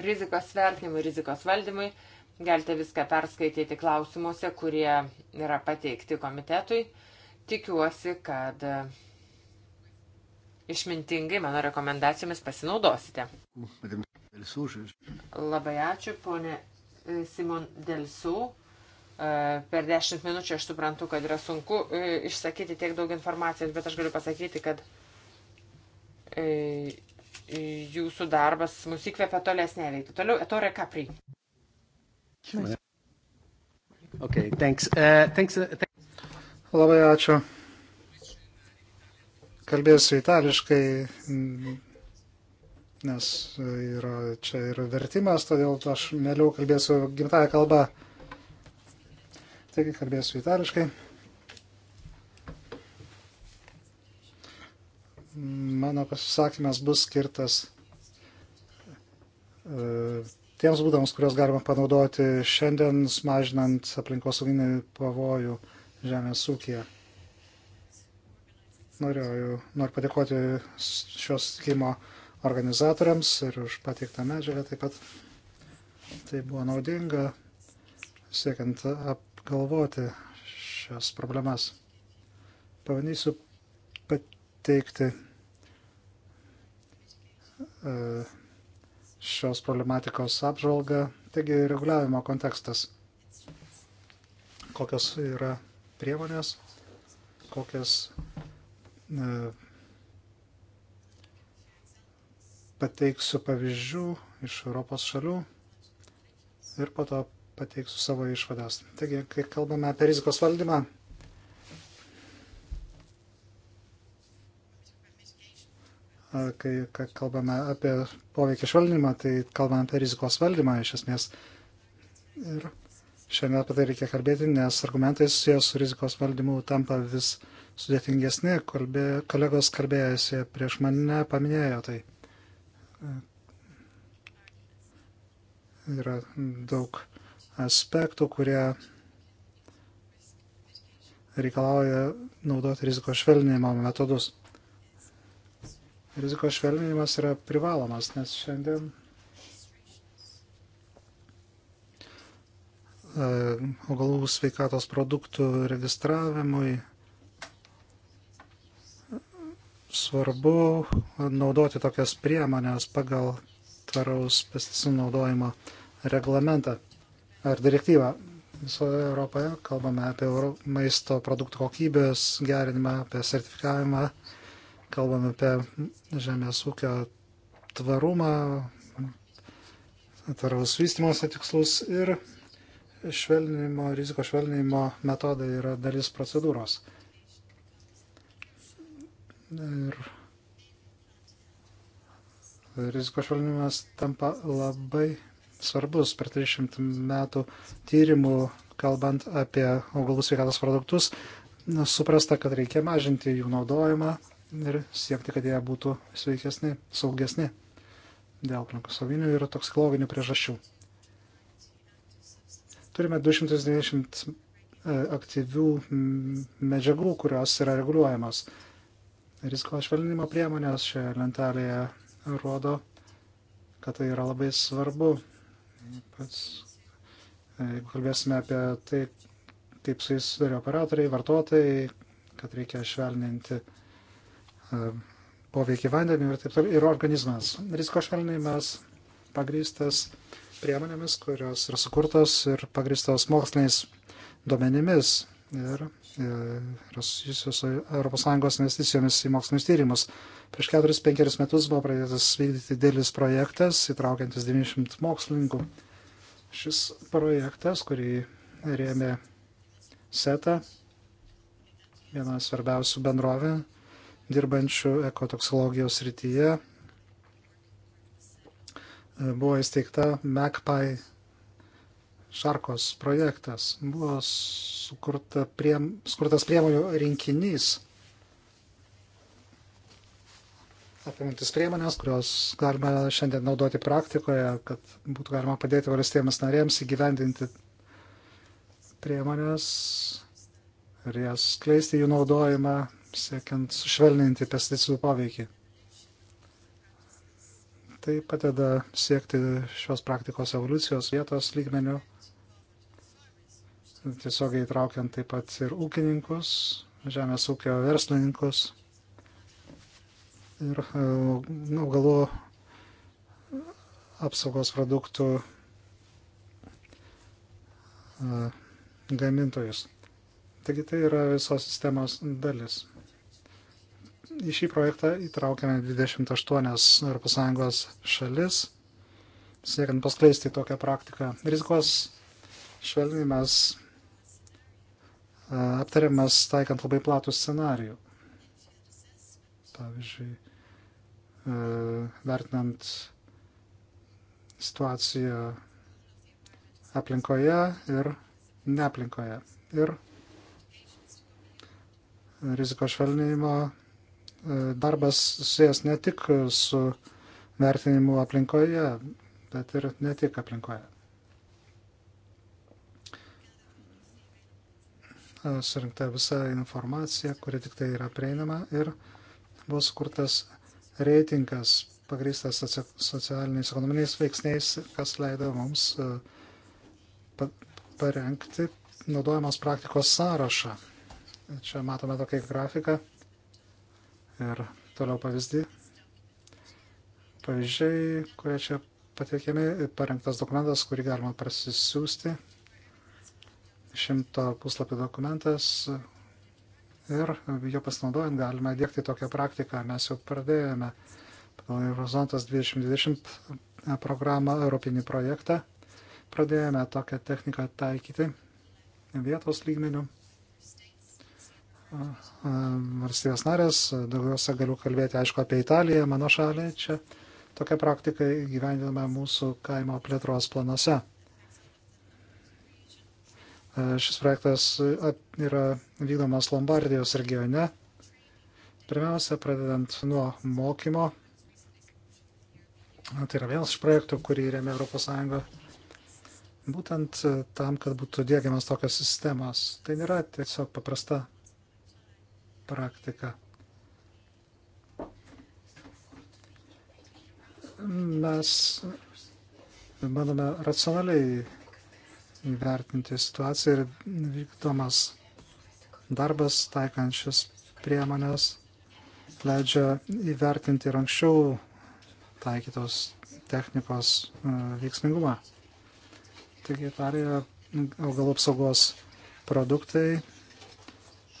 Speaker 3: rizikos vertinimui, rizikos valdymui. Galite viską perskaityti klausimuose, kurie yra pateikti komitetui tikiuosi, kad išmintingai mano rekomendacijomis pasinaudosite. Labai ačiū, ponė e, Simon Delsų. E, per dešimt minučių aš suprantu, kad yra sunku e, išsakyti tiek daug informacijos, bet aš galiu pasakyti, kad jūsų darbas mus įkvėpia tolesnė veikti. Toliau, Etore Capri.
Speaker 1: Okay, thanks. Uh, thanks, uh, thanks. Labai ačiū. Kalbėsiu itališkai, nes yra, čia yra vertimas, todėl aš mėliau kalbėsiu gimtają kalbą. Taigi kalbėsiu itališkai. Mano pasisakymas bus skirtas e, tiems būdams, kuriuos galima panaudoti šiandien, smažinant aplinkosauginį pavojų žemės ūkiją. Noriu, noriu padėkoti šios skimo organizatoriams ir už pateiktą medžiagą taip pat. Tai buvo naudinga siekiant apgalvoti šias problemas. Pavandysiu pateikti e, šios problematikos apžvalgą. Taigi reguliavimo kontekstas. Kokios yra priemonės, kokias pateiksiu pavyzdžių iš Europos šalių ir po to pateiksiu savo išvadas. Taigi, kai kalbame apie rizikos valdymą, kai kalbame apie poveikį švelninimą, tai kalbame apie rizikos valdymą iš esmės. Ir šiandien apie tai reikia kalbėti, nes argumentai susijęs su rizikos valdymu tampa vis uh, sudėtingesni, kalbė, kolegos kalbėjosi prieš mane paminėjo tai. Yra daug aspektų, kurie reikalauja naudoti rizikos švelninimo metodus. Rizikos švelninimas yra privalomas, nes šiandien e, augalų sveikatos produktų registravimui svarbu naudoti tokias priemonės pagal tvaraus pesticidų naudojimo reglamentą ar direktyvą. Visoje Europoje kalbame apie maisto produktų kokybės gerinimą, apie sertifikavimą, kalbame apie žemės ūkio tvarumą, tvaraus vystimosi tikslus ir švelninimo, riziko švelninimo metodai yra dalis procedūros ir rizikos švalinimas tampa labai svarbus per 30 metų tyrimų, kalbant apie augalų sveikatos produktus, suprasta, kad reikia mažinti jų naudojimą ir siekti, kad jie būtų sveikesni, saugesni dėl aplinkosauginių ir toksikologinių priežasčių. Turime 290 e, aktyvių medžiagų, kurios yra reguliuojamos. Risko švelninimo priemonės šioje lentelėje rodo, kad tai yra labai svarbu. Pats, e, jeigu kalbėsime apie tai, kaip su jais sudarė operatoriai, vartotojai, kad reikia švelninti e, poveikį vandeniu ir taip toliau, ir organizmas. Risko švelninimas pagrystas priemonėmis, kurios yra sukurtos ir pagristos moksliniais duomenimis. Ir yra e, susijusios su ES investicijomis į mokslinius tyrimus. Prieš 4-5 metus buvo pradėtas vykdyti dėlis projektas, įtraukiantis 90 mokslininkų. Šis projektas, kurį rėmė SETA, viena svarbiausių bendrovė, dirbančių ekotoksologijos rytyje, e, buvo įsteigta MacPie Šarkos projektas. Buvo sukurta prie, sukurtas priemonių rinkinys, apimantis priemonės, kurios galima šiandien naudoti praktikoje, kad būtų galima padėti valstybėms narėms įgyvendinti priemonės ir jas skleisti jų naudojimą, siekiant sušvelninti pesticidų poveikį. Tai padeda siekti šios praktikos evoliucijos vietos lygmenių tiesiog įtraukiant taip pat ir ūkininkus, žemės ūkio verslininkus ir e, augalų apsaugos produktų e, gamintojus. Taigi tai yra visos sistemos dalis. Į šį projektą įtraukiame 28 ES šalis, siekiant paskleisti tokią praktiką. Rizikos švelnimas aptariamas taikant labai platų scenarijų. Pavyzdžiui, vertinant situaciją aplinkoje ir neaplinkoje. Ir rizikos švelnėjimo darbas susijęs ne tik su vertinimu aplinkoje, bet ir ne tik aplinkoje. surinkta visa informacija, kuri tik tai yra prieinama ir bus kurtas reitingas pagrįstas socialiniais ekonominiais veiksniais, kas leido mums e, parengti naudojamos praktikos sąrašą. Čia matome tokį grafiką ir toliau pavyzdį. Pavyzdžiai, kurie čia pateikiami, parengtas dokumentas, kurį galima prasisiųsti šimto puslapio dokumentas ir jo pasinaudojant galime dėkti tokią praktiką. Mes jau pradėjome pagal Horizontas 2020 e, programą Europinį projektą. Pradėjome tokią techniką taikyti vietos lygmenių. E, e, valstybės narės, daugiausia galiu kalbėti, aišku, apie Italiją, mano šalį čia. Tokia praktika įgyvendinama mūsų kaimo plėtros planuose E, šis projektas yra vykdomas Lombardijos regione. Pirmiausia, pradedant nuo mokymo. Tai yra vienas iš projektų, kurį remia ES. Būtent e, tam, kad būtų dėgiamas tokios sistemos. Tai nėra tiesiog paprasta praktika. Mes bandome racionaliai įvertinti situaciją ir vykdomas darbas taikančias priemonės leidžia įvertinti ir anksčiau taikytos technikos e, veiksmingumą. Taigi dar yra augalų apsaugos produktai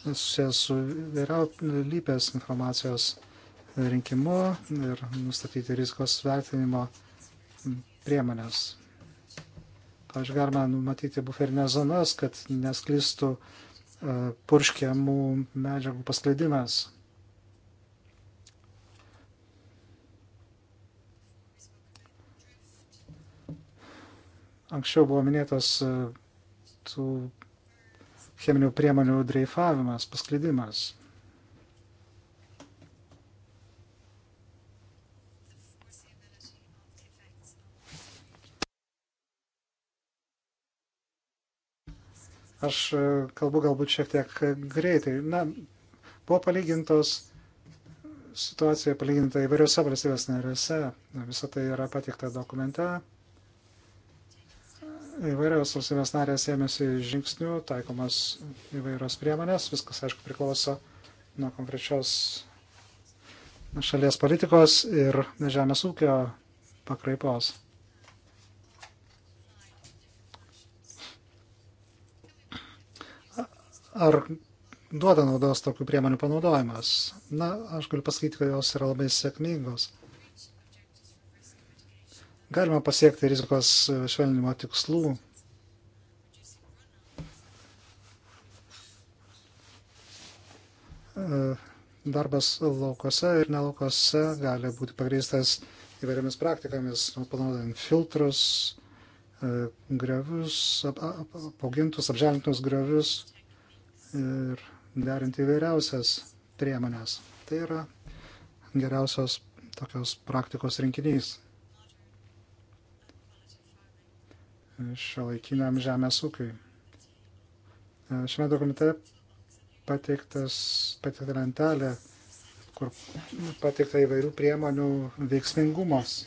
Speaker 1: susijęs su vyriaulypės informacijos rinkimu ir nustatyti rizikos vertinimo priemonės. Pavyzdžiui, galima numatyti buferinės zonas, kad nesklistų e, purškiamų medžiagų paskleidimas. Anksčiau buvo minėtas e, tų cheminių priemonių dreifavimas, paskleidimas. Aš e, kalbu galbūt šiek tiek greitai. Na, buvo palygintos situacija palyginta įvairiose valstybės narėse. Visą tai yra patikta dokumente. Įvairios valstybės narės ėmėsi žingsnių, taikomas įvairios priemonės. Viskas, aišku, priklauso nuo konkrečios šalies politikos ir žemės ūkio pakraipos. Ar duoda naudos tokių priemonių panaudojimas? Na, aš galiu pasakyti, kad jos yra labai sėkmingos. Galima pasiekti rizikos švelnimo tikslų. E, darbas laukose ir nelaukose gali būti pagrįstas įvairiomis praktikomis, panaudojant filtrus, e, grevius, apaugintus, apželintus grevius ir derinti įvairiausias priemonės. Tai yra geriausios tokios praktikos rinkinys šio laikiniam žemės ūkiui. Šiame dokumente pateiktas pateikta lentelė, kur pateikta įvairių priemonių veiksmingumas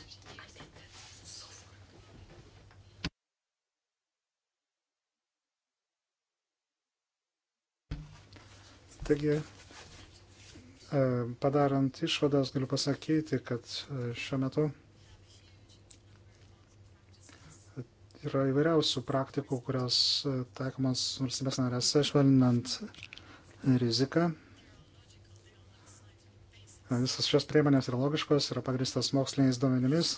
Speaker 1: Taigi, e, padarant išvadas, galiu pasakyti, kad e, šiuo metu yra įvairiausių praktikų, kurios e, taikomas valstybės narėse, švelninant riziką. Visas šios priemonės yra logiškos, yra pagristas moksliniais duomenimis.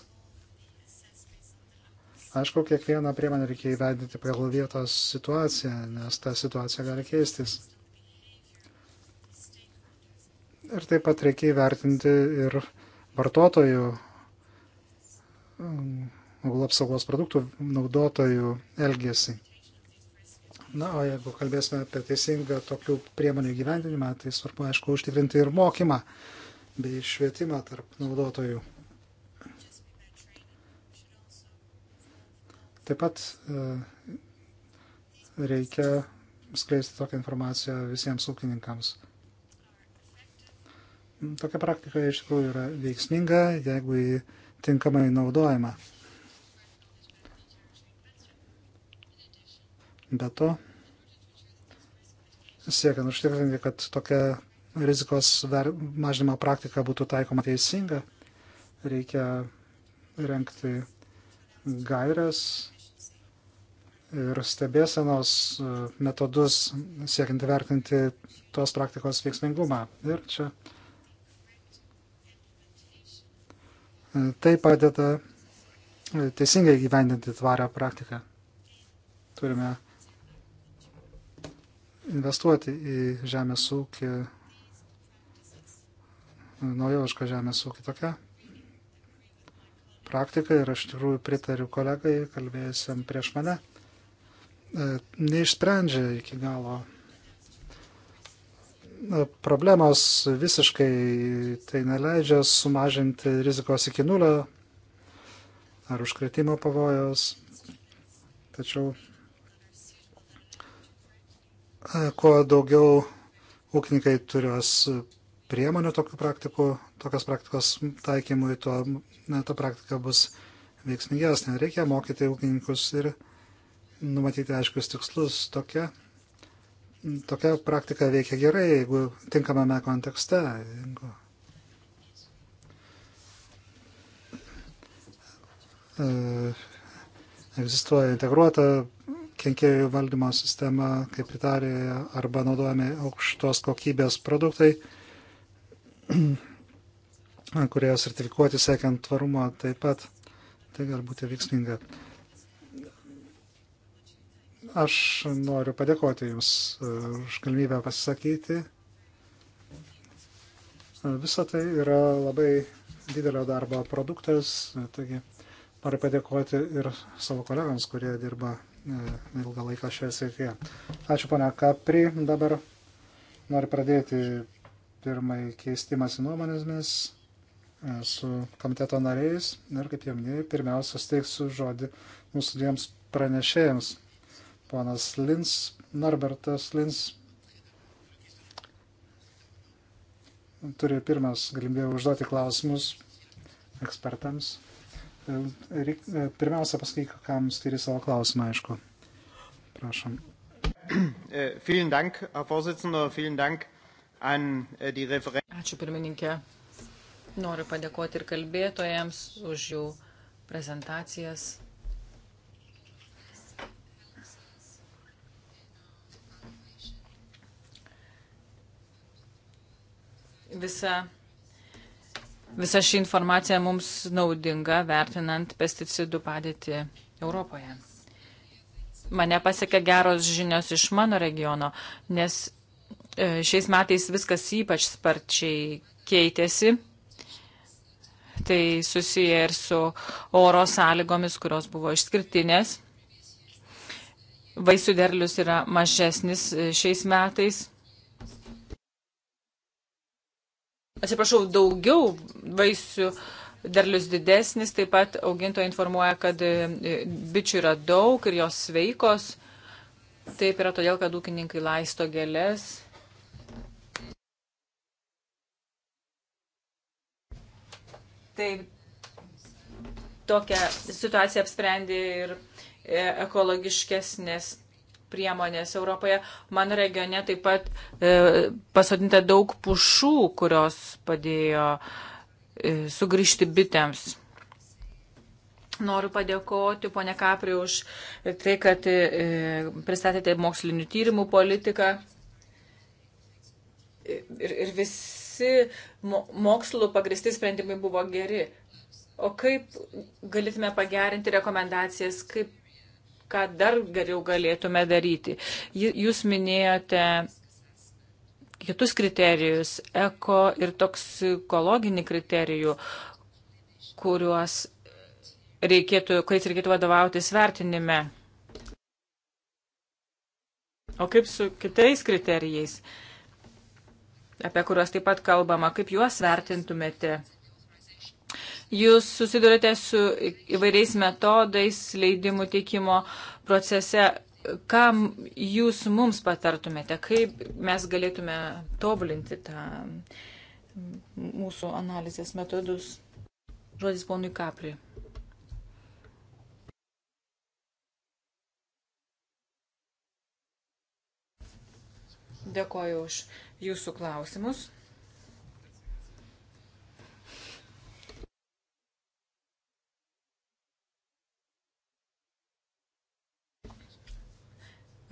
Speaker 1: Aišku, kiekvieną priemonę reikia įvedinti pagal vietos situaciją, nes ta situacija gali keistis. Ir taip pat reikia įvertinti ir vartotojų, um, Google apsaugos produktų naudotojų elgesį. Na, o jeigu kalbėsime apie teisingą tokių priemonių gyvendinimą, tai svarbu, aišku, užtikrinti ir mokymą bei švietimą tarp naudotojų. Taip pat e, reikia skleisti tokią informaciją visiems ūkininkams tokia praktika iš tikrųjų yra veiksminga, jeigu jį tinkamai naudojama. Be to, siekiant užtikrinti, kad tokia rizikos mažinimo praktika būtų taikoma teisinga, reikia renkti gairias ir stebėsenos e, metodus siekiant vertinti tos praktikos veiksmingumą. Ir čia uh, Tai padeda e, teisingai gyvendinti tvarią praktiką. Turime investuoti į žemės ūkį, naujovišką žemės ūkį tokia praktika ir aš tikrųjų pritariu kolegai, kalbėjusiam prieš mane, e, neišsprendžia iki galo problemos visiškai tai neleidžia sumažinti rizikos iki nulio ar užkretimo pavojos. Tačiau e, kuo daugiau ūkininkai turės priemonių tokių praktikų, tokios praktikos taikymui, tuo na, ta praktika bus veiksmingesnė. Reikia mokyti ūkininkus ir numatyti aiškius tikslus. Tokia tokia praktika veikia gerai, jeigu tinkamame kontekste. Jeigu e, egzistuoja integruota kenkėjų valdymo sistema, kaip Italijoje, arba naudojami aukštos kokybės produktai, kurie sertifikuoti siekiant tvarumo taip pat. Tai galbūt veiksminga. Aš noriu padėkoti Jums e, už galimybę pasisakyti. E, visa tai yra labai didelio darbo produktas, e, taigi noriu padėkoti ir savo kolegams, kurie dirba ilgą laiką šioje srityje. Ačiū ponia Kapri, dabar noriu pradėti pirmąjį keistimąsi nuomonėmis su komiteto nariais ir, kaip jau minėjau, pirmiausia, steiksiu žodį mūsų dviems pranešėjams ponas Lins, Norbertas Lins turi pirmas galimybę užduoti klausimus ekspertams. E, Reik, e, pirmiausia, pasakyk, kam skiri savo klausimą, aišku. Prašom. (clears throat) E, vielen Dank, Herr Vorsitzender,
Speaker 2: vielen Dank an die Referenten. Ačiū pirmininkė. Noriu padėkoti ir kalbėtojams už jų prezentacijas. visa, visa ši informacija mums naudinga vertinant pesticidų padėtį Europoje. Mane pasiekė geros žinios iš mano regiono, nes e, šiais metais viskas ypač sparčiai keitėsi. Tai susiję ir su oro sąlygomis, kurios buvo išskirtinės. Vaisių derlius yra mažesnis e, šiais metais atsiprašau, daugiau vaisių derlius didesnis, taip pat augintojai informuoja, kad e, e, bičių yra daug ir jos sveikos. Taip yra todėl, kad ūkininkai laisto gėlės. Taip, tokią situaciją apsprendė ir e, ekologiškesnės priemonės Europoje. Mano regione taip pat e, pasodinta daug pušų, kurios padėjo e, sugrįžti bitėms. Noriu padėkoti, ponė Kapri, už tai, kad e, pristatėte mokslinių tyrimų politiką. Ir, ir visi mo, mokslų pagristi sprendimai buvo geri. O kaip galėtume pagerinti rekomendacijas, kaip ką dar geriau galėtume daryti. Jūs minėjote kitus kriterijus, eko ir toksikologinį kriterijų, kuriuos reikėtų, kuriais reikėtų vadovautis vertinime. O kaip su kitais kriterijais, apie kuriuos taip pat kalbama, kaip juos vertintumėte? Jūs susidurite su įvairiais metodais leidimų teikimo procese. Kam jūs mums patartumėte, kaip mes galėtume tobulinti tą mūsų analizės metodus? Žodis ponui Kapri. Dėkoju už jūsų klausimus.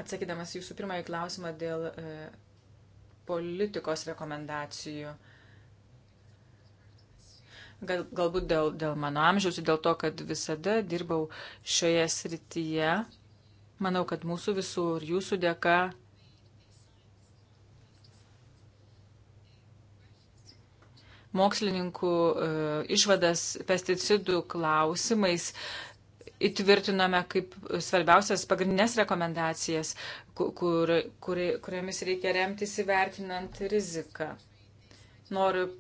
Speaker 2: Atsakydamas jūsų pirmąjį klausimą dėl e, politikos rekomendacijų. Gal, galbūt dėl, dėl mano amžiaus ir dėl to, kad visada dirbau šioje srityje. Manau, kad mūsų visų ir jūsų dėka mokslininkų e, išvadas pesticidų klausimais įtvirtinome kaip svarbiausias pagrindinės rekomendacijas, kur, kur, kuriamis reikia remtis įvertinant riziką. Noriu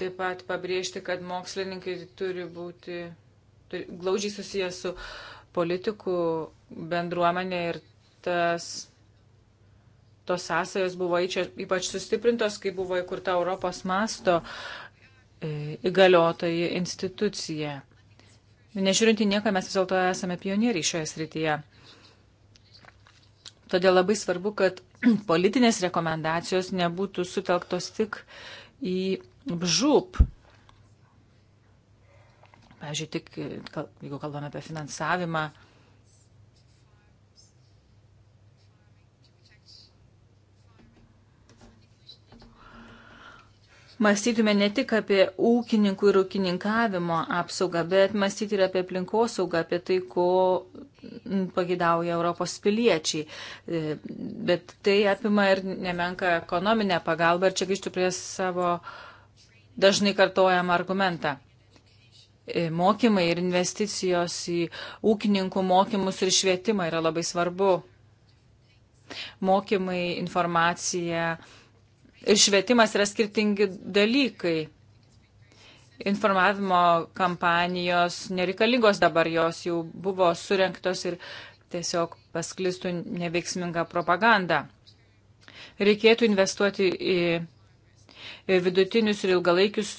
Speaker 2: taip pat pabrėžti, kad mokslininkai turi būti turi, glaudžiai susijęs su politikų bendruomenė ir tas tos sąsajos buvo ypač sustiprintos, kai buvo įkurta Europos masto e, įgaliotoji institucija. Nežiūrint į nieką, mes vis dėlto esame pionieriai šioje srityje. Todėl labai svarbu, kad (clears throat) politinės rekomendacijos nebūtų sutelktos tik į bžūp. Pavyzdžiui, tik, jeigu kalbame apie finansavimą, mąstytume ne tik apie ūkininkų ir ūkininkavimo apsaugą, bet mąstyti ir apie aplinkosaugą, apie tai, ko pagidauja Europos piliečiai. E, bet tai apima ir nemenka ekonominę pagalbą ir čia grįžtų prie savo dažnai kartojamą argumentą. E, mokymai ir investicijos į ūkininkų mokymus ir švietimą yra labai svarbu. Mokymai, informacija, ir švietimas yra skirtingi dalykai. Informavimo kampanijos nereikalingos dabar, jos jau buvo surinktos ir tiesiog pasklistų neveiksminga propaganda. Reikėtų investuoti į vidutinius ir ilgalaikius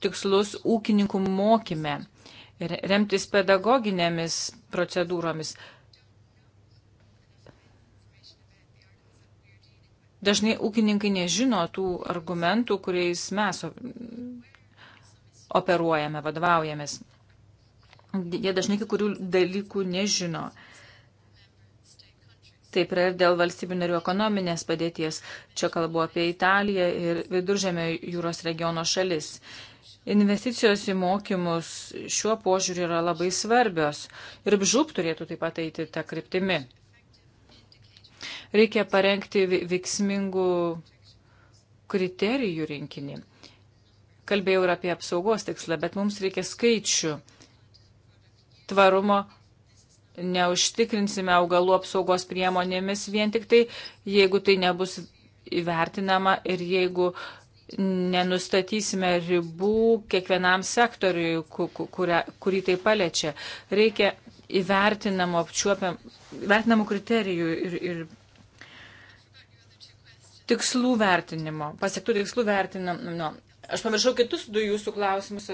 Speaker 2: tikslus ūkininkų mokyme ir remtis pedagoginėmis procedūromis. dažnai ūkininkai nežino tų argumentų, kuriais mes operuojame, vadovaujamės. Jie dažnai kai kurių dalykų nežino. Taip yra ir dėl valstybių narių ekonominės padėties. Čia kalbu apie Italiją ir viduržėmio jūros regiono šalis. Investicijos į mokymus šiuo požiūriu yra labai svarbios ir bžūp turėtų taip pat eiti tą kryptimį. Reikia parengti veiksmingų kriterijų rinkinį. Kalbėjau ir apie apsaugos tikslą, bet mums reikia skaičių. Tvarumo neužtikrinsime augalų apsaugos priemonėmis vien tik tai, jeigu tai nebus įvertinama ir jeigu nenustatysime ribų kiekvienam sektoriui, kurį tai paliečia. Reikia įvertinamų apčiuopiam, vertinamų kriterijų ir, ir tikslų vertinimo, pasiektų tikslų vertinimo. Aš pamiršau kitus du jūsų klausimus,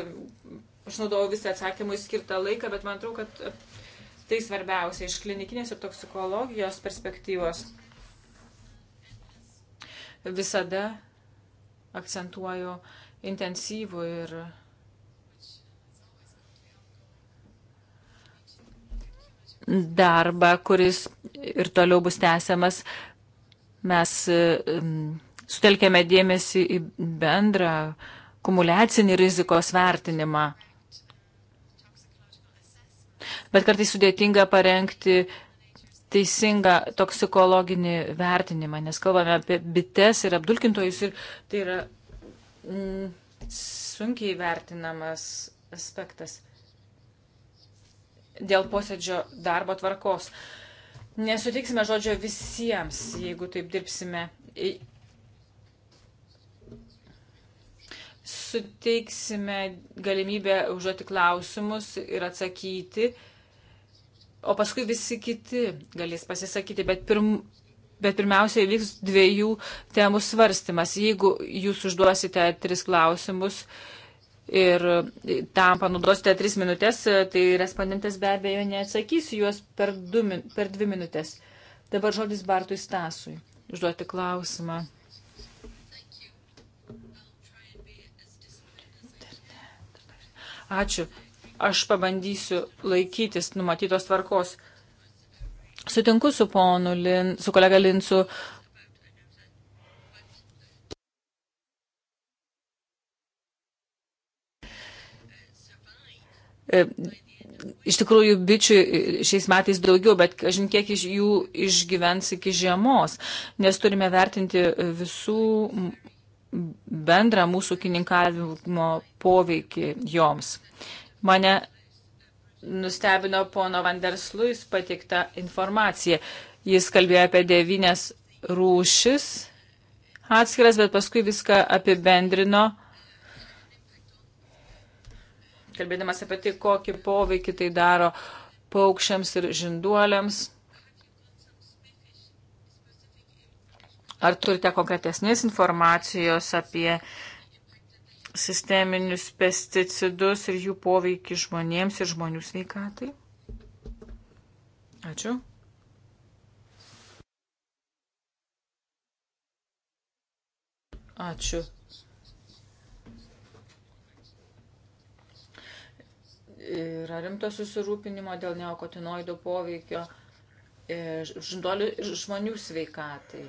Speaker 2: aš naudojau visą atsakymą į skirtą laiką, bet man atrodo, kad tai svarbiausia iš klinikinės ir toksikologijos perspektyvos. Visada akcentuoju intensyvų ir darbą, kuris ir toliau bus tęsiamas Mes e, sutelkėme dėmesį į bendrą kumulacinį rizikos vertinimą. Bet kartais sudėtinga parengti teisingą toksikologinį vertinimą, nes kalbame apie bites ir apdulkintojus ir tai yra mm, sunkiai vertinamas aspektas dėl posėdžio darbo tvarkos. Uh, Nesutiksime žodžio visiems, jeigu taip dirbsime. Suteiksime galimybę užduoti klausimus ir atsakyti, o paskui visi kiti galės pasisakyti, bet, pirm, bet pirmiausia įvyks dviejų temų svarstymas. Jeigu jūs užduosite tris klausimus, uh, ir tam panaudosite tris minutės, tai respondentas be abejo neatsakys juos per, du, per dvi minutės. Dabar žodis Bartui Stasui. Užduoti klausimą. Ačiū. Aš pabandysiu laikytis numatytos tvarkos. Sutinku su ponu Lin, su kolega Linsu, E, iš tikrųjų, bičių e, šiais metais daugiau, bet kažin kiek iš jų išgyvens iki žiemos, nes turime vertinti e, visų bendrą mūsų kininkavimo poveikį joms. Mane nustebino pono Vandersluis patikta informacija. Jis kalbėjo apie devynes rūšis atskiras, bet paskui viską apibendrino kalbėdamas apie tai, kokį poveikį tai daro paukščiams ir žinduoliams. Ar turite konkretesnės informacijos apie sisteminius pesticidus ir jų poveikį žmonėms ir žmonių sveikatai? Ačiū. Ačiū. yra rimto susirūpinimo dėl neokotinoidų poveikio e, žmonių sveikatai.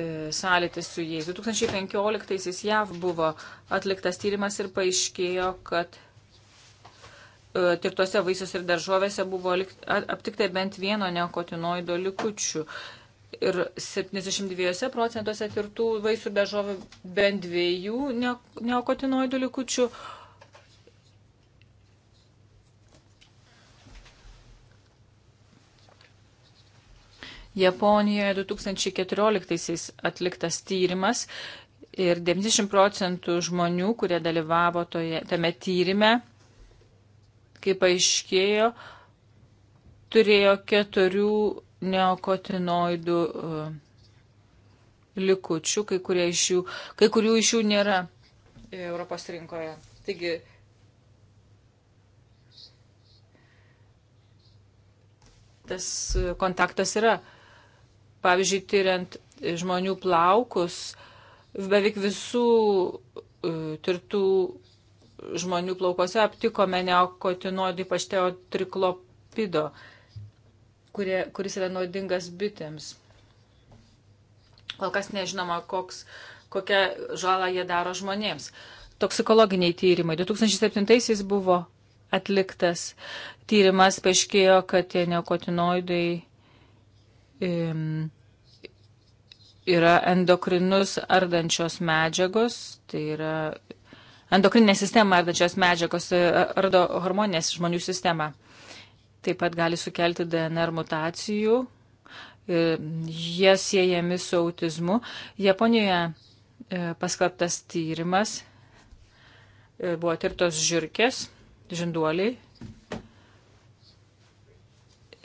Speaker 2: E, sąlytis su jais. 2015-aisiais JAV buvo atliktas tyrimas ir paaiškėjo, kad e, tirtose vaisiuose ir daržovėse buvo aptikta bent vieno neokotinoido likučių. Ir 72 procentuose tirtų vaisių ir daržovių bent dviejų neokotinoidų likučių, Japonijoje 2014 atliktas tyrimas ir 90 procentų žmonių, kurie dalyvavo toje, tame tyrime, kaip aiškėjo, turėjo keturių neokotinoidų e, likučių, kai, iš jų, kai kurių iš jų nėra Europos rinkoje. Taigi, tas kontaktas yra. Pavyzdžiui, tyriant žmonių plaukus, beveik visų e, tirtų žmonių plaukose aptikome neokotinodį pašteo triklopido, kurie, kuris yra naudingas bitėms. Kol kas nežinoma, koks, kokią žalą jie daro žmonėms. Toksikologiniai tyrimai. 2007-aisiais buvo atliktas tyrimas, paaiškėjo, kad tie neokotinoidai yra endokrinus ardančios medžiagos, tai yra endokrininę sistemą ardančios medžiagos, tai ardo hormonės žmonių sistemą. Taip pat gali sukelti DNR mutacijų, jie siejami su autizmu. Japonijoje e, paskelbtas tyrimas e, buvo tirtos žirkės, žinduoliai.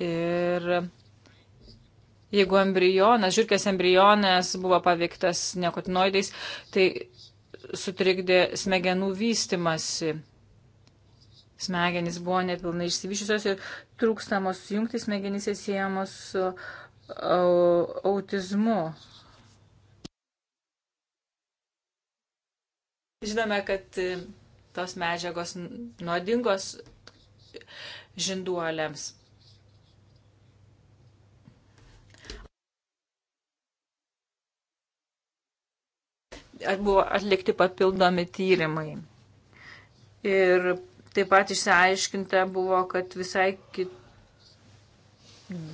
Speaker 2: Ir Jeigu embrionas, žirkės embrionas buvo paveiktas nekotinoidais, tai sutrikdė smegenų vystimasi. Smegenys buvo nepilnai išsivyšusios ir trūkstamos jungtys smegenys siejamos su autizmu. Žinome, kad e, tos medžiagos nuodingos žinduoliams. buvo atlikti papildomi tyrimai. Ir taip pat išsiaiškinta buvo, kad visai kit...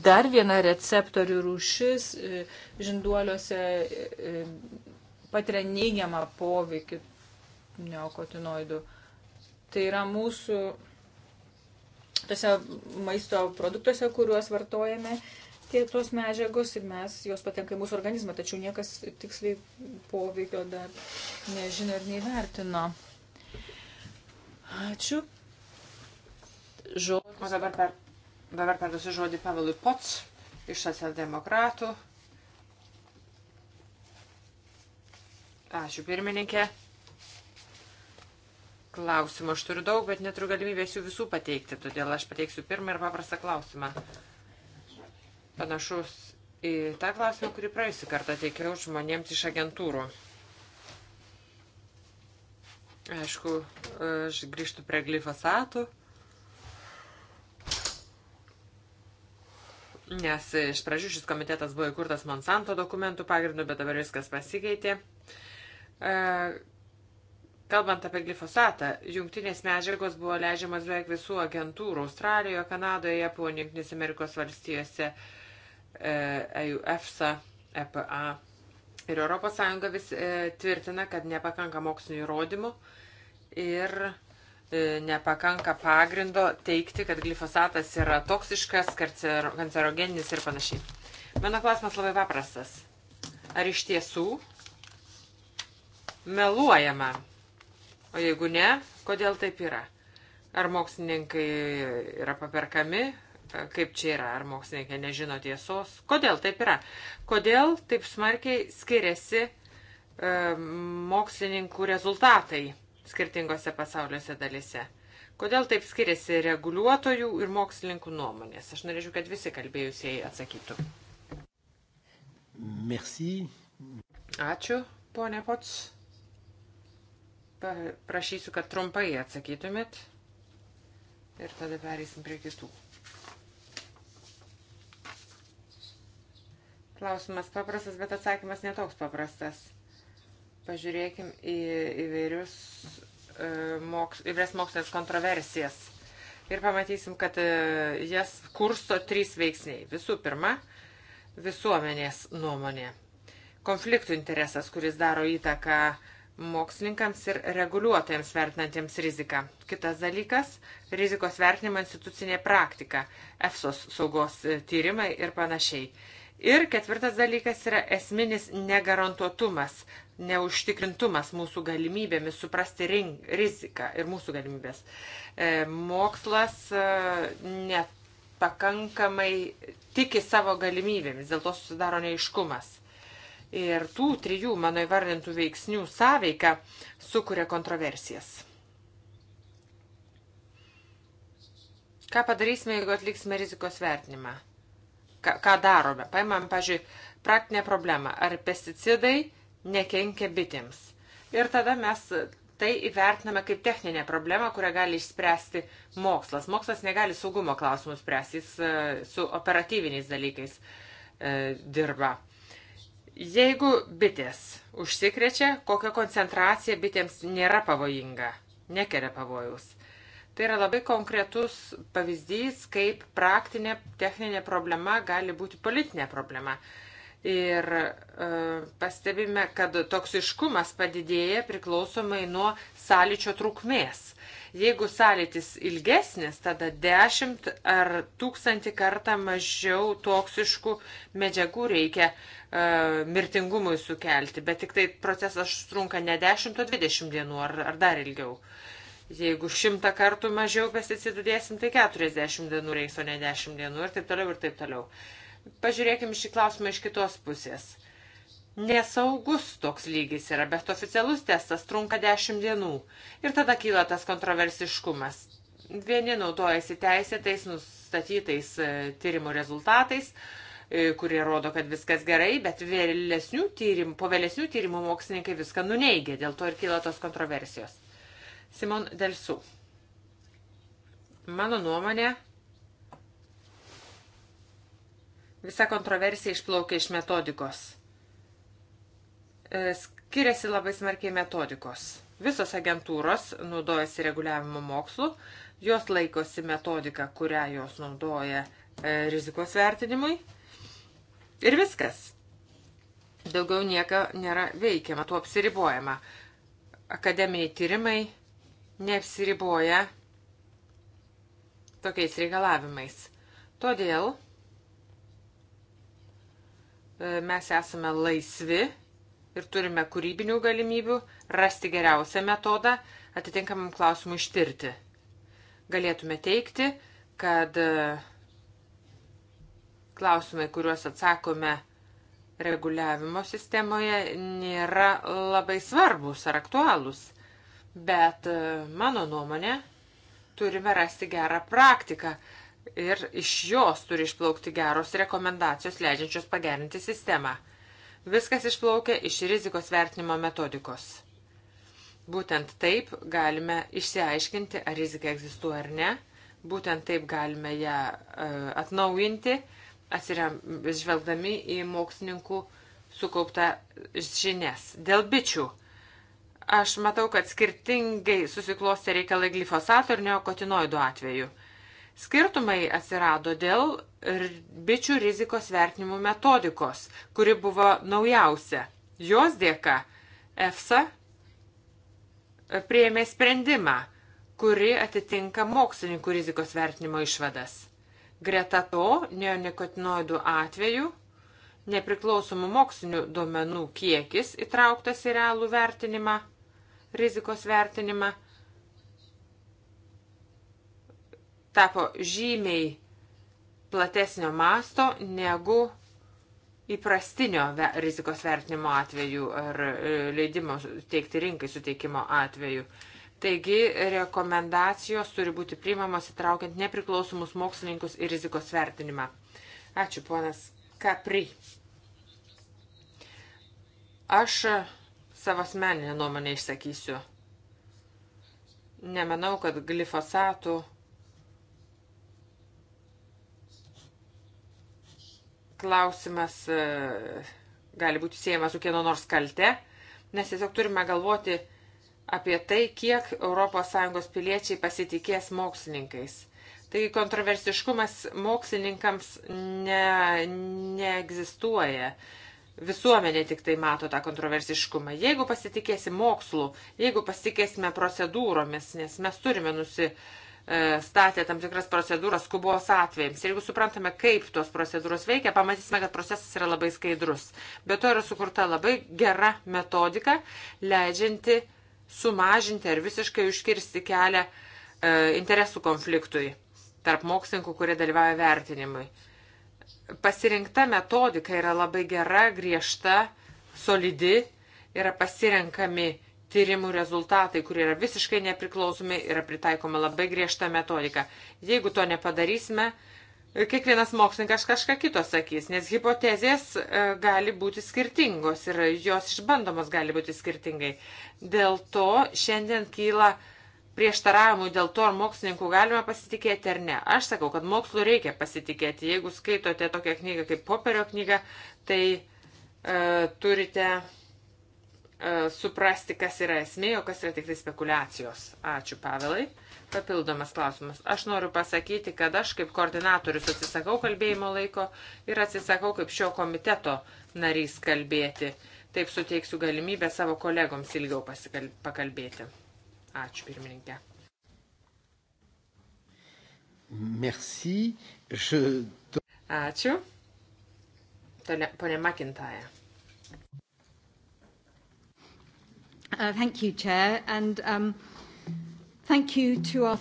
Speaker 2: dar viena receptorių rūšis e, žinduoliuose e, patiria neigiamą poveikį neokotinoidų. Tai yra mūsų tose maisto produktuose, kuriuos vartojame, tie tos medžiagos ir mes, jos patenka į mūsų organizmą, tačiau niekas tiksliai poveikio dar nežino ir neįvertino. Ačiū. Žodis. O
Speaker 3: dabar, per, dabar perduosiu žodį Pavelui Pots iš socialdemokratų. Ačiū pirmininkė. Klausimų aš turiu daug, bet neturiu galimybės jų visų pateikti, todėl aš pateiksiu pirmą ir paprastą klausimą panašus į tą klausimą, kurį praėjusį kartą teikiau žmonėms iš agentūrų. Aišku, aš grįžtu prie glifosatų, nes iš pradžių šis komitetas buvo įkurtas Monsanto dokumentų pagrindu, bet dabar viskas pasikeitė. E, kalbant apie glifosatą, jungtinės medžiagos buvo leidžiamas beveik visų agentūrų Australijoje, Kanadoje, Japonijoje, Junktinėse Amerikos valstijose. Uh, EUFSA, e EPA. Ir ES vis e, tvirtina, kad nepakanka mokslinio įrodymų ir e, nepakanka pagrindo teikti, kad glifosatas yra toksiškas, kancerogeninis ir panašiai. Mano klausimas labai paprastas. Ar iš tiesų meluojama? O jeigu ne, kodėl taip yra? Ar mokslininkai yra paperkami, kaip čia yra, ar mokslininkai nežino tiesos, kodėl taip yra, kodėl taip smarkiai skiriasi e, mokslininkų rezultatai skirtingose pasauliuose dalise. Kodėl taip skiriasi reguliuotojų ir mokslininkų nuomonės? Aš norėčiau, kad visi kalbėjusieji atsakytų. Merci. Ačiū, ponė Pots. Prašysiu, kad trumpai atsakytumėt ir tada pereisim prie kitų. Klausimas paprastas, bet atsakymas netoks paprastas. Pažiūrėkim į įvairius e, moks, įvairias mokslinės kontroversijas. Ir pamatysim, kad e, jas kursto trys veiksniai. Visų pirma, visuomenės nuomonė. Konfliktų interesas, kuris daro įtaką mokslininkams ir reguliuotojams vertinantiems riziką. Kitas dalykas - rizikos vertinimo institucinė praktika, EFSOS saugos e, tyrimai ir panašiai. Ir ketvirtas dalykas yra esminis negarantuotumas, neužtikrintumas mūsų galimybėmis suprasti rink, riziką ir mūsų galimybės. E, mokslas e, nepakankamai tiki savo galimybėmis, dėl to susidaro neiškumas. Ir tų trijų mano įvardintų veiksnių sąveika sukuria kontroversijas. Ką padarysime, jeigu atliksime rizikos vertinimą? ką, ką darome. Paimam, pažiūrėjau, praktinę problemą. Ar pesticidai nekenkia bitėms? Ir tada mes tai įvertiname kaip techninę problemą, kurią gali išspręsti mokslas. Mokslas negali saugumo klausimus spręsti, jis e, su operatyviniais dalykais e, dirba. Jeigu bitės užsikrečia, kokia koncentracija bitėms nėra pavojinga, nekelia pavojaus. Tai yra labai konkretus pavyzdys, kaip praktinė techninė problema gali būti politinė problema. Ir e, pastebime, kad toksiškumas padidėja priklausomai nuo sąlyčio trukmės. Jeigu sąlytis ilgesnis, tada 10 ar 1000 kartą mažiau toksiškų medžiagų reikia e, mirtingumui sukelti, bet tik tai procesas trunka ne 10, o 20 dienų ar, ar dar ilgiau. E, Jeigu šimtą kartų mažiau pesticidų dėsim, tai 40 dienų reiks, o ne 10 dienų ir taip toliau ir taip toliau. Pažiūrėkime šį klausimą iš kitos pusės. Nesaugus toks lygis yra, bet oficialus testas trunka 10 dienų. Ir tada kyla tas kontroversiškumas. Vieni naudojasi teisėtais nustatytais e, tyrimų rezultatais, e, kurie rodo, kad viskas gerai, bet vėlesnių tyrimų, po vėlesnių tyrimų mokslininkai viską nuneigia, dėl to ir kyla tos kontroversijos. Simon Delsu. Mano nuomonė, visa kontroversija išplaukia iš metodikos. E, skiriasi labai smarkiai metodikos. Visos agentūros naudojasi reguliavimo mokslu, jos laikosi metodiką, kurią jos naudoja e, rizikos vertinimui. Ir viskas. Daugiau nieko nėra veikiama, tuo apsiribojama. Akademiniai tyrimai neapsiriboja tokiais reikalavimais. Todėl e, mes esame laisvi ir turime kūrybinių galimybių rasti geriausią metodą atitinkamam klausimui ištirti. Galėtume teikti, kad e, klausimai, kuriuos atsakome reguliavimo sistemoje, nėra labai svarbus ar aktualūs. Bet e, mano nuomonė, turime rasti gerą praktiką ir iš jos turi išplaukti geros rekomendacijos leidžiančios pagerinti sistemą. Viskas išplaukia iš rizikos vertinimo metodikos. Būtent taip galime išsiaiškinti, ar rizika egzistuoja ar ne, būtent taip galime ją e, atnaujinti, atsižvelgdami į mokslininkų sukauptą žinias. Dėl bičių Aš matau, kad skirtingai susiklostė reikalai glifosato ir neokotinoidų atveju. Skirtumai atsirado dėl bičių rizikos vertinimų metodikos, kuri buvo naujausia. Jos dėka EFSA prieėmė sprendimą, kuri atitinka mokslininkų rizikos vertinimo išvadas. Greta to, neonikotinoidų atveju, nepriklausomų mokslinių duomenų kiekis įtrauktas į realų vertinimą rizikos vertinimą, tapo žymiai platesnio masto negu įprastinio rizikos vertinimo atveju ar e, leidimo teikti rinkai suteikimo atveju. Taigi rekomendacijos turi būti priimamos įtraukiant nepriklausomus mokslininkus į rizikos vertinimą. Ačiū, ponas Kapri. Aš savo asmeninę nuomonę išsakysiu. Nemanau, kad glifosatų klausimas e, gali būti siejamas su kieno nors kalte, nes tiesiog turime galvoti apie tai, kiek ES piliečiai pasitikės mokslininkais. Taigi kontroversiškumas mokslininkams ne, neegzistuoja. Ne visuomenė tik tai mato tą kontroversiškumą. Jeigu pasitikėsi mokslu, jeigu pasitikėsime procedūromis, nes mes turime nusistatę e, tam tikras procedūras skubos atvejams, jeigu suprantame, kaip tos procedūros veikia, pamatysime, kad procesas yra labai skaidrus. Be to yra sukurta labai gera metodika, leidžianti sumažinti ar visiškai užkirsti kelią e, interesų konfliktui tarp mokslininkų, kurie dalyvauja vertinimui pasirinkta metodika yra labai gera, griežta, solidi, yra pasirenkami tyrimų rezultatai, kurie yra visiškai nepriklausomi, yra pritaikoma labai griežta metodika. Jeigu to nepadarysime, kiekvienas mokslininkas kažką kito sakys, nes hipotezės e, gali būti skirtingos ir jos išbandomos gali būti skirtingai. Dėl to šiandien kyla uh, prieštaravimų dėl to, ar mokslininkų galima pasitikėti ar ne. Aš sakau, kad mokslu reikia pasitikėti. Jeigu skaitote tokią knygą kaip Poperio knyga, tai e, turite e, suprasti, kas yra esmė, o kas yra tik tai spekulacijos. Ačiū, Pavelai. Papildomas klausimas. Aš noriu pasakyti, kad aš kaip koordinatorius atsisakau kalbėjimo laiko ir atsisakau kaip šio komiteto narys kalbėti. Taip suteiksiu galimybę savo kolegoms ilgiau pakalbėti. Ačiū pirmininkė. Merci. Je... Ačiū. Tole, pone Makintaja.
Speaker 2: Uh, thank you, Chair, and um, thank you to our...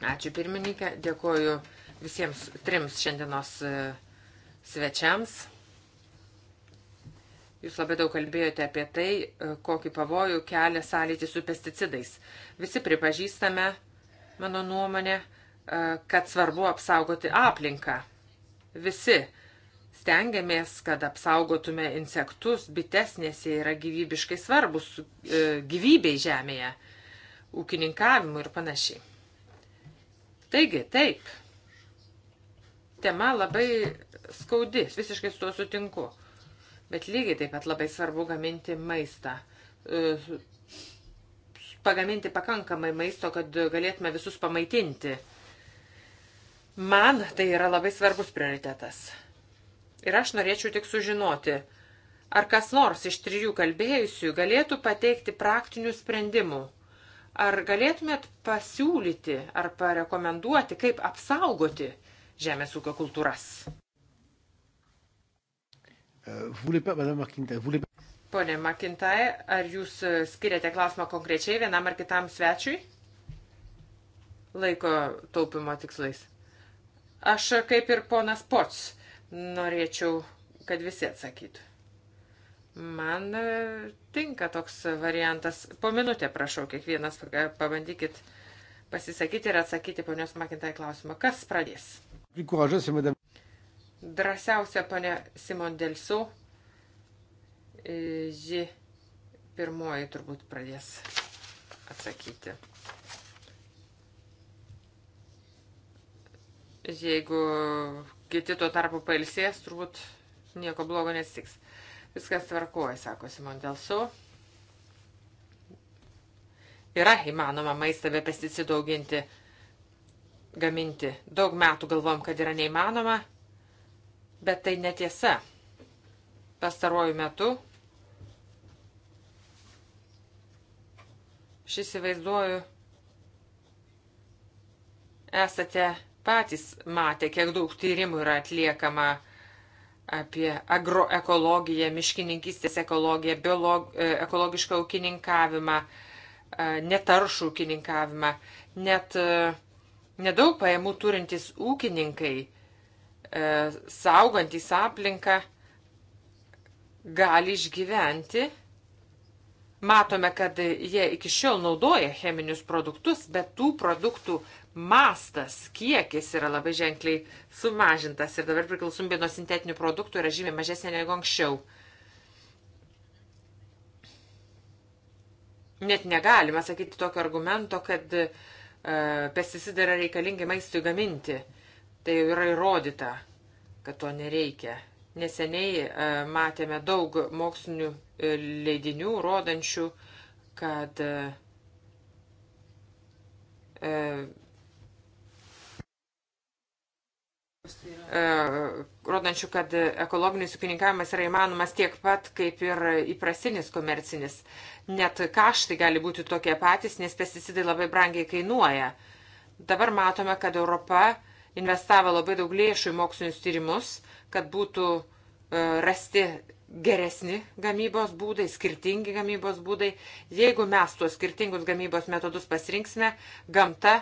Speaker 3: Ačiū pirmininkė, dėkoju visiems trims šiandienos uh, svečiams. Jūs labai daug kalbėjote apie tai, e, kokį pavojų kelia sąlytį su pesticidais. Visi pripažįstame, mano nuomonė, e, kad svarbu apsaugoti aplinką. Visi stengiamės, kad apsaugotume insektus, bites, nes jie yra gyvybiškai svarbus e, gyvybei žemėje, ūkininkavimui ir panašiai. Taigi, taip, tema labai skaudi, visiškai su tuo sutinku. Bet lygiai taip pat labai svarbu gaminti maistą. E, pagaminti pakankamai maisto, kad galėtume visus pamaitinti. Man tai yra labai svarbus prioritetas. Ir aš norėčiau tik sužinoti, ar kas nors iš trijų kalbėjusių galėtų pateikti praktinių sprendimų. Ar galėtumėt pasiūlyti ar parekomenduoti, kaip apsaugoti žemės ūkio kultūras?
Speaker 1: Euh,
Speaker 3: Pone Makintai, ar jūs uh, skiriate klausimą konkrečiai vienam ar kitam svečiui? Laiko taupimo tikslais. Aš uh, kaip ir ponas Pots norėčiau, kad visi atsakytų. Man uh, tinka toks variantas. Po minutę prašau, kiekvienas pabandykit pasisakyti ir atsakyti ponios Makintai klausimą. Kas pradės? drąsiausia ponė Simon Delsu. E, ji pirmoji turbūt pradės atsakyti. Jeigu kiti tuo tarpu pailsės, turbūt nieko blogo nesiks. Viskas tvarkoja, sako Simon Delsu. Yra įmanoma maistą be pesticidų auginti, gaminti. Daug metų galvom, kad yra neįmanoma Bet tai netiesa. Pastaruoju metu aš įsivaizduoju, esate patys matę, kiek daug tyrimų yra atliekama apie agroekologiją, miškininkistės ekologiją, biolog, e, ekologišką ūkininkavimą, e, netaršų ūkininkavimą. Net e, nedaug pajamų turintys ūkininkai E, saugantys aplinką gali išgyventi. Matome, kad jie iki šiol naudoja cheminius produktus, bet tų produktų mastas, kiekis yra labai ženkliai sumažintas ir dabar priklausomybė nuo sintetinių produktų yra žymiai mažesnė negu anksčiau. Net negalima sakyti tokio argumento, kad e, pesticidai yra reikalingi maistui gaminti. E, Tai jau yra įrodyta, kad to nereikia. Neseniai e, matėme daug mokslinių e, leidinių rodančių, kad e, rodančių, kad ekologinis ūkininkavimas yra įmanomas tiek pat, kaip ir įprasinis komercinis. Net kaštai gali būti tokie patys, nes pesticidai labai brangiai kainuoja. Dabar matome, kad Europa uh, investavo labai daug lėšų į mokslinius tyrimus, kad būtų e, rasti geresni gamybos būdai, skirtingi gamybos būdai. Jeigu mes tuos skirtingus gamybos metodus pasirinksime, gamta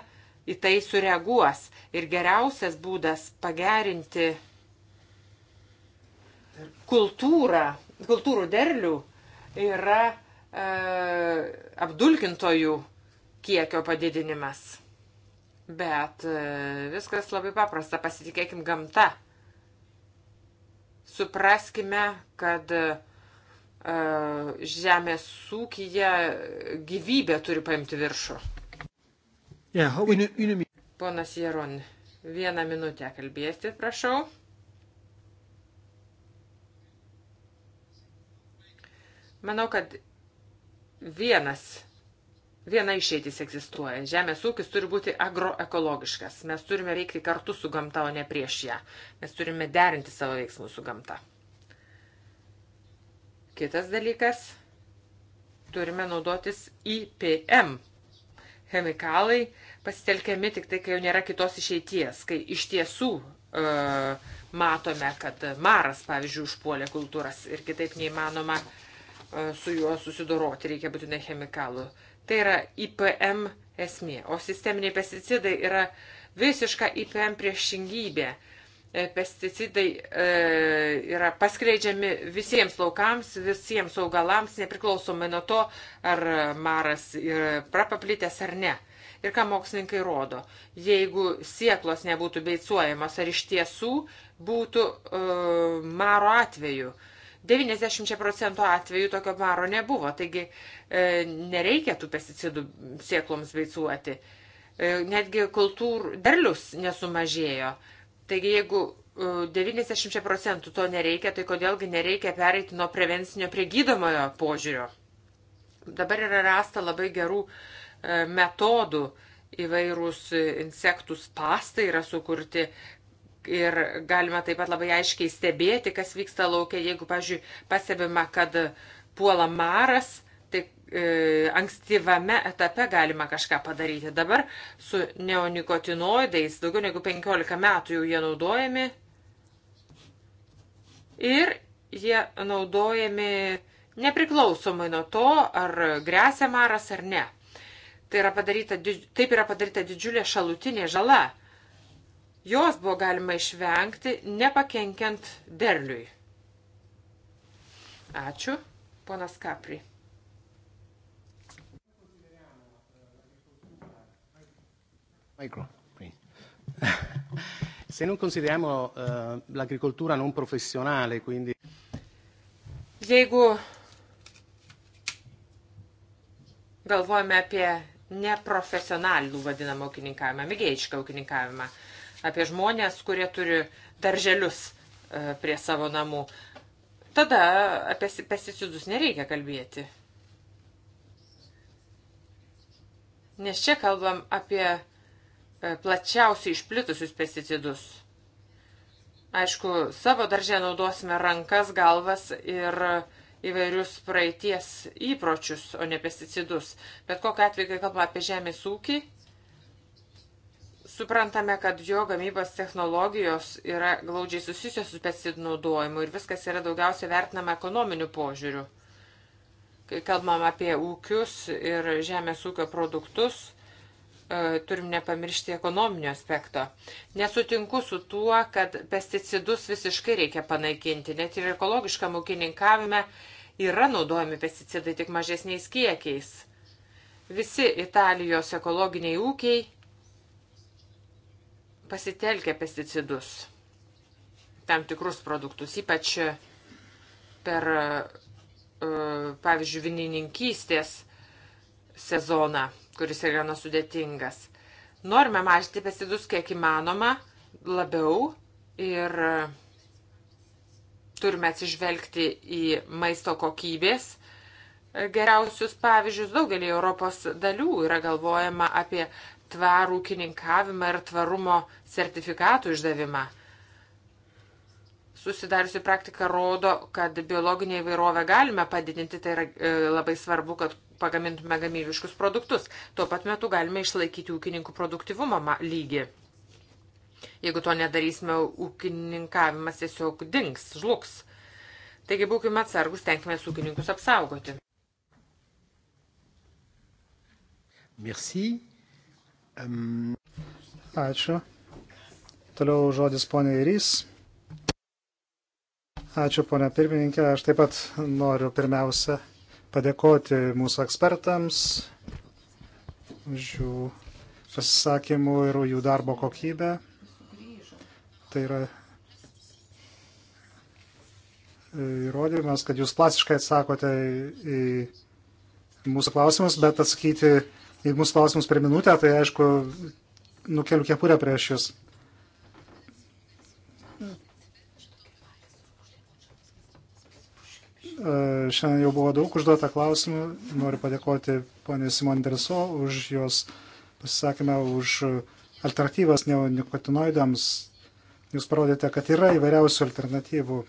Speaker 3: į tai sureaguos. Ir geriausias būdas pagerinti kultūrą, kultūrų derlių yra e, apdulkintojų kiekio padidinimas. Bet e, viskas labai paprasta, pasitikėkim gamta. Supraskime, kad e, žemės ūkija gyvybė turi paimti viršų. Yeah, Ponas Jeron, vieną minutę kalbėsit, prašau. Manau, kad vienas Viena išeitis egzistuoja. Žemės ūkis turi būti agroekologiškas. Mes turime veikti kartu su gamta, o ne prieš ją. Mes turime derinti savo veiksmus su gamta. Kitas dalykas - turime naudotis IPM. Chemikalai pasitelkiami tik tai, kai jau nėra kitos išeities, kai iš tiesų e, matome, kad maras, pavyzdžiui, užpuolė kultūras ir kitaip neįmanoma e, su juo susidoroti, reikia būtinai chemikalų Tai yra IPM esmė. O sisteminiai pesticidai yra visiška IPM priešingybė. E, pesticidai e, yra paskleidžiami visiems laukams, visiems augalams, nepriklausomai nuo to, ar maras yra prapaplitęs ar ne. Ir ką mokslininkai rodo, jeigu sieklos nebūtų beicuojamos, ar iš tiesų būtų e, maro atveju, e, 90 procentų atvejų tokio maro nebuvo, taigi e, nereikia tų pesticidų siekloms veicuoti. E, netgi kultūr derlius nesumažėjo. Taigi jeigu 90 e, procentų to nereikia, tai kodėlgi nereikia pereiti nuo prevencinio prie gydomojo požiūrio. Dabar yra rasta labai gerų e, metodų įvairūs e, insektų pastai yra sukurti, Ir galima taip pat labai aiškiai stebėti, kas vyksta laukia. Jeigu, pažiūrėjau, pastebima, kad puola maras, tai e, ankstyvame etape galima kažką padaryti. Dabar su neonikotinoidais daugiau negu 15 metų jau jie naudojami. Ir jie naudojami nepriklausomai nuo to, ar grėsia maras ar ne. Tai yra padaryta, taip yra padaryta didžiulė šalutinė žala Jos buvo galima išvengti, nepakenkiant derliui. Ačiū, ponas Kapri.
Speaker 1: Micro, please. (laughs) Se non consideriamo uh, l'agricoltura non professionale, quindi...
Speaker 3: Jeigu galvojame apie neprofesionalų vadinamą ūkininkavimą, mėgėjišką ūkininkavimą, uh, apie žmonės, kurie turi darželius e, prie savo namų. Tada apie pesticidus nereikia kalbėti. Nes čia kalbam apie e, plačiausiai išplitusius pesticidus. Aišku, savo daržę naudosime rankas, galvas ir įvairius praeities įpročius, o ne pesticidus. Bet kokiu atveju, kai kalbame apie žemės ūkį, Suprantame, kad jo gamybos technologijos yra glaudžiai susijusios su pesticidų naudojimu ir viskas yra daugiausia vertinama ekonominiu požiūriu. Kai kalbam apie ūkius ir žemės ūkio produktus, e, turim nepamiršti ekonominio aspekto. Nesutinku su tuo, kad pesticidus visiškai reikia panaikinti. Net ir ekologiškam ūkininkavime yra naudojami pesticidai tik mažesniais kiekiais. Visi Italijos ekologiniai ūkiai pasitelkia pesticidus, tam tikrus produktus, ypač per, e, pavyzdžiui, vinininkystės sezoną, kuris yra gana sudėtingas. Norime mažinti pesticidus kiek įmanoma labiau ir e, turime atsižvelgti į maisto kokybės e, geriausius pavyzdžius. Daugelį Europos dalių yra galvojama apie tvarų ūkininkavimą ir tvarumo sertifikatų išdavimą. Susidariusi praktika rodo, kad biologinė įvairovė galime padidinti, tai yra e, labai svarbu, kad pagamintume gamybiškus produktus. Tuo pat metu galime išlaikyti ūkininkų produktivumo lygį. Jeigu to nedarysime, ūkininkavimas tiesiog dinks, žlugs. Taigi būkime atsargus, tenkime ūkininkus apsaugoti.
Speaker 1: Merci. Um. Ačiū. Toliau žodis poniai Rys. Ačiū ponia pirmininkė. Aš taip pat noriu pirmiausia padėkoti mūsų ekspertams už jų pasisakymų ir jų darbo kokybę. Tai yra įrodymas, kad jūs klasiškai atsakote į mūsų klausimus, bet atsakyti Jeigu mūsų klausimus per minutę, tai aišku, nukeliu kepurę prieš jūs. E, šiandien jau buvo daug užduota klausimų. Noriu padėkoti ponė Simon Derso už jos pasisakymą, už alternatyvas neonikotinoidams. Jūs parodėte, kad yra įvairiausių alternatyvų.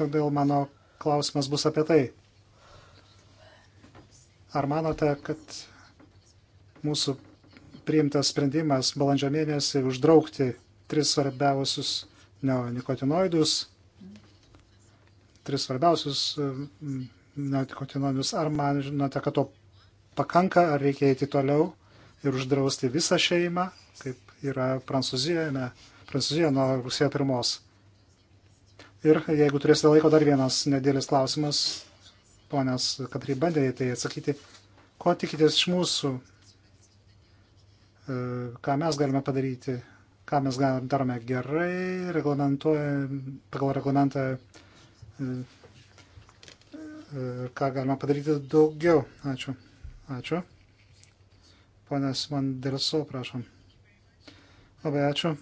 Speaker 1: Todėl mano klausimas bus apie tai. Ar manote, kad mūsų priimtas sprendimas balandžio mėnesį uždraukti tris svarbiausius neonikotinoidus, tris svarbiausius mm, neonikotinoidus. Ar manote, kad to pakanka, ar reikia eiti toliau ir uždrausti visą šeimą, kaip yra Prancūzijoje, Prancūzijoje nuo rugsėjo pirmos. Ir jeigu turėsite laiko, dar vienas nedėlis klausimas, ponas Katry bandė į tai atsakyti. Ko tikitės iš mūsų E, ką mes galime padaryti, ką mes darome gerai, pagal reglamentą, e, e, ką galima padaryti daugiau. Ačiū. Ačiū. Ponas Mandelso, prašom. Labai ačiū.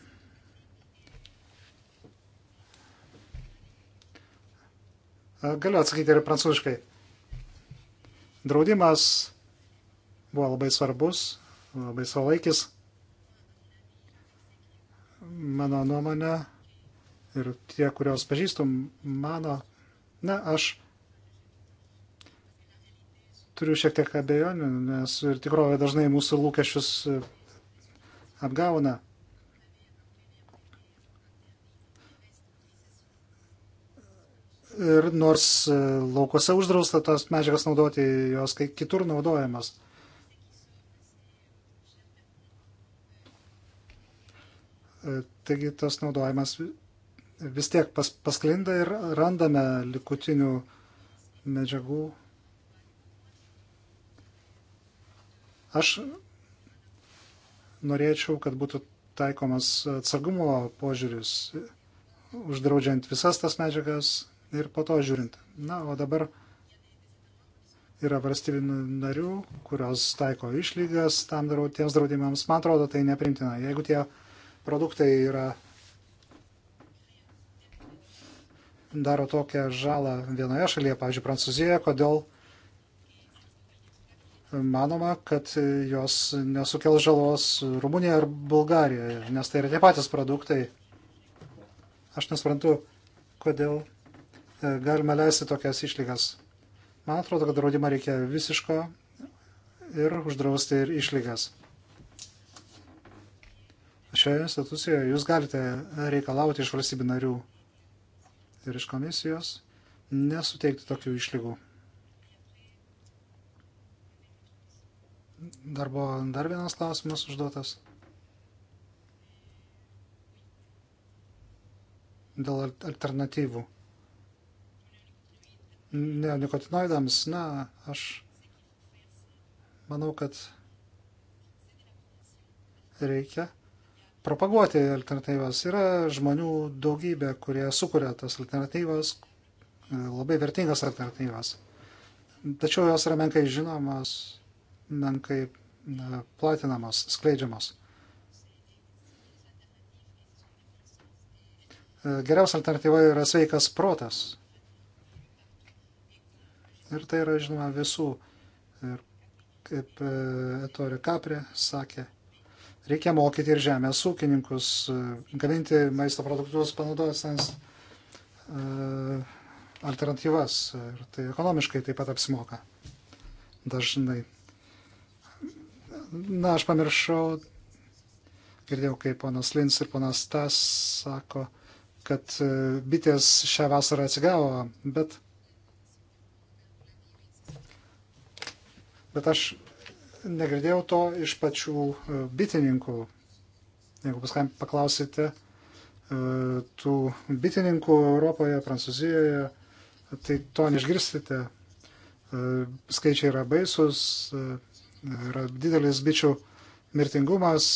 Speaker 1: Galiu atsakyti ir prancūziškai. Draudimas buvo labai svarbus laisvalaikis. Mano nuomonė ir tie, kurios pažįstu, mano, na, aš turiu šiek tiek abejonių, nes ir tikrovė dažnai mūsų lūkesčius e, apgauna. Ir nors e, laukose uždrausta tas medžiagas naudoti, jos kai kitur naudojamas. E, taigi tas naudojimas vis tiek pas, pasklinda ir randame likutinių medžiagų. Aš norėčiau, kad būtų taikomas atsargumo požiūris, uždraudžiant visas tas medžiagas ir po to žiūrint. Na, o dabar yra valstybinių narių, kurios taiko išlygas tam, tiems draudimams. Man atrodo, tai neprimtina. Jeigu tie produktai yra daro tokią žalą vienoje šalyje, pavyzdžiui, Prancūzijoje, kodėl manoma, kad jos nesukel žalos Rumunijoje ar Bulgarijoje, nes tai yra tie patys produktai. Aš nesprantu, kodėl e, galima leisti tokias išlygas. Man atrodo, kad draudimą reikia visiško ir uždrausti ir išlygas. Šioje institucijoje jūs galite reikalauti iš valstybių narių ir iš komisijos nesuteikti tokių išlygų. Dar buvo dar vienas klausimas užduotas. Dėl alternatyvų. Ne, nikotinoidams, na, aš manau, kad reikia propaguoti alternatyvas. Yra žmonių daugybė, kurie sukuria tas alternatyvas, e, labai vertingas alternatyvas. Tačiau jos yra menkai žinomas, menkai platinamos, skleidžiamos. E, geriausia alternatyva yra sveikas protas. Ir tai yra žinoma visų. Ir kaip Etorė Kaprė sakė, Reikia mokyti ir žemės ūkininkus, e, gaminti maisto produktus, panaudojant e, alternatyvas. Ir tai ekonomiškai taip pat apsimoka. Dažnai. Na, aš pamiršau, girdėjau, kaip ponas Lins ir ponas Tas sako, kad e, bitės šią vasarą atsigavo, bet, bet aš negirdėjau to iš pačių e, bitininkų. Jeigu paskui paklausite e, tų bitininkų Europoje, Prancūzijoje, tai to neišgirsite. E, skaičiai yra baisus, yra didelis bičių mirtingumas.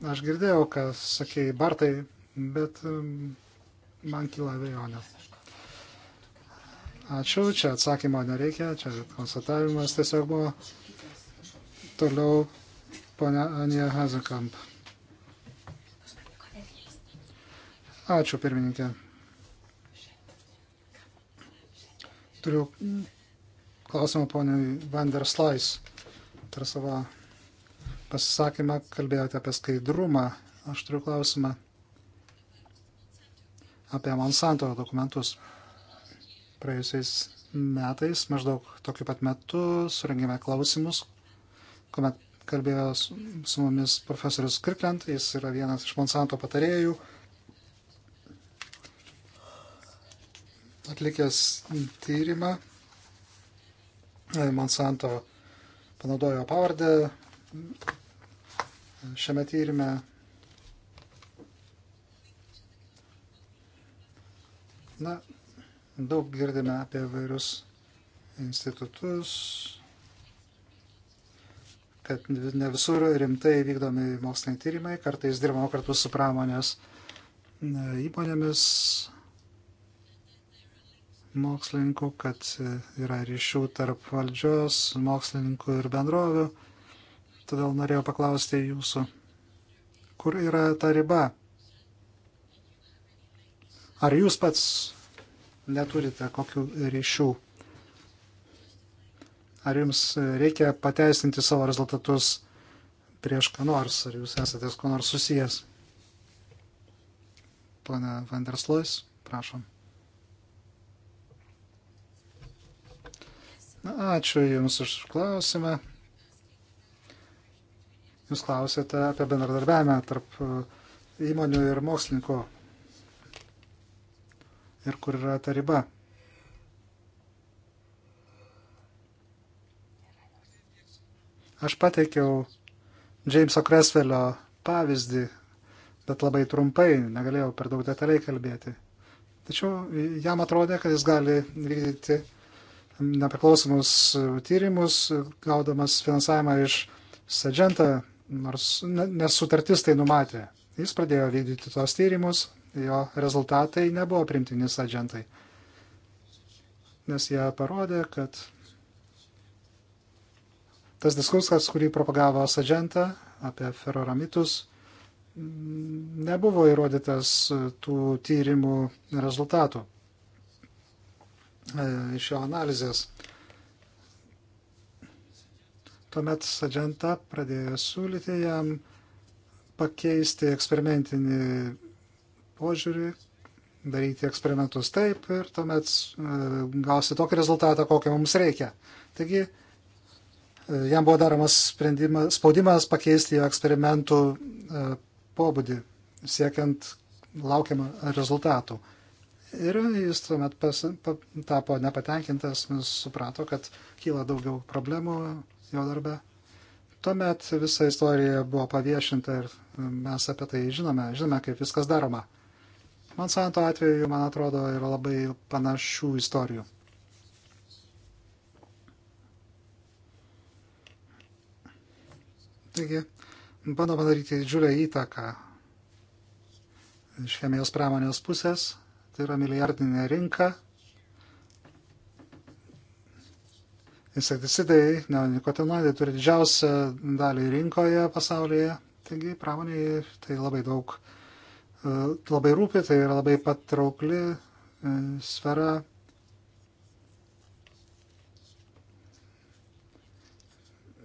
Speaker 1: Aš girdėjau, ką sakėjai Bartai, bet man kyla abejonė. Ačiū, čia atsakymo nereikia, čia konstatavimas tiesiog buvo Toliau ponia Anija Hazekamp. Ačiū, pirmininkė. Turiu klausimą poniai Van der Slais. Per savo pasisakymą kalbėjote apie skaidrumą. Aš turiu klausimą apie Monsanto dokumentus. Praėjusiais metais, maždaug tokiu pat metu, surengėme klausimus, kuomet kalbėjo su mumis profesorius Kirkland, jis yra vienas iš Monsanto patarėjų, atlikęs tyrimą. Monsanto panaudojo pavardę šiame tyrimė. Na, daug girdime apie vairius institutus, kad ne visur rimtai vykdomi moksliniai tyrimai, kartais dirbama kartu su pramonės e, įmonėmis mokslininkų, kad e, yra ryšių tarp valdžios, mokslininkų ir bendrovių. Todėl norėjau paklausti jūsų, kur yra ta riba? Ar jūs pats neturite kokių ryšių? Ar jums reikia pateisinti savo rezultatus prieš ką nors? Ar jūs esate su kuo nors susijęs? Pane Vanderslois, prašom. Na, ačiū Jums už klausimą. Jūs klausėte apie bendradarbiavimą tarp e, įmonių ir mokslininkų ir kur yra ta riba. Aš pateikiau Jameso Kresvelio pavyzdį, bet labai trumpai, negalėjau per daug detaliai kalbėti. Tačiau jam atrodė, kad jis gali vykdyti nepriklausomus tyrimus, gaudamas finansavimą iš Sedžentą, nors nesutartis tai numatė. Jis pradėjo vykdyti tos tyrimus, jo rezultatai nebuvo primtini Sedžentai, nes jie parodė, kad Tas diskursas, kurį propagavo Sadženta apie feroramitus, nebuvo įrodytas tų tyrimų rezultatų e, iš jo analizės. Tuomet Sadženta pradėjo siūlyti jam pakeisti eksperimentinį požiūrį, daryti eksperimentus taip ir tuomet e, gausi tokį rezultatą, kokio mums reikia. Taigi jam buvo daromas spaudimas pakeisti jo eksperimentų e, pobūdį, siekiant laukiamą rezultatų. Ir jis tuomet pas, pa, tapo nepatenkintas, suprato, kad kyla daugiau problemų jo darbe. Tuomet visa istorija buvo paviešinta ir mes apie tai žinome, žinome, kaip viskas daroma. Monsanto atveju, man atrodo, yra labai panašių istorijų. Taigi, bandoma daryti didžiulę įtaką iš chemijos pramonės pusės, tai yra milijardinė rinka. Insekticidai, neonikotinoidai turi didžiausią dalį rinkoje pasaulyje, taigi pramoniai tai labai daug e, labai rūpi, tai yra labai patraukli e, sfera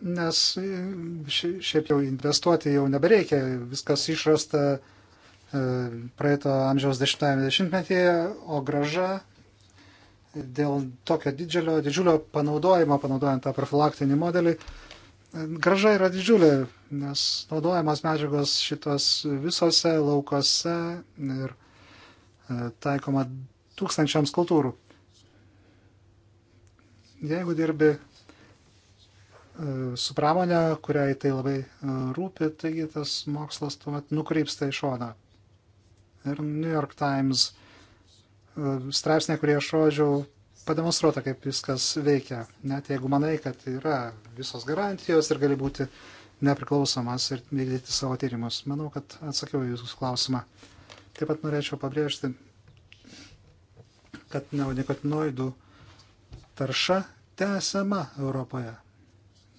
Speaker 1: nes šiaip jau investuoti jau nebereikia, viskas išrasta e, praeito amžiaus 10-metyje, o graža dėl tokio didžiulio, didžiulio panaudojimo, panaudojant tą profilaktinį modelį, e, graža yra didžiulė, nes naudojamos medžiagos šitos visose laukose ir e, taikoma tūkstančiams kultūrų. Jeigu dirbi E, su pramonė, kuriai tai labai e, rūpi, taigi tas mokslas tuomet nukrypsta į šoną. Ir New York Times e, straipsnė, kurį aš rodžiau, pademonstruota, kaip viskas veikia. Net jeigu manai, kad yra visos garantijos ir gali būti nepriklausomas ir vykdyti savo tyrimus. Manau, kad atsakiau į jūsų klausimą. Taip pat norėčiau pabrėžti, kad neonikotinoidų tarša tęsiama Europoje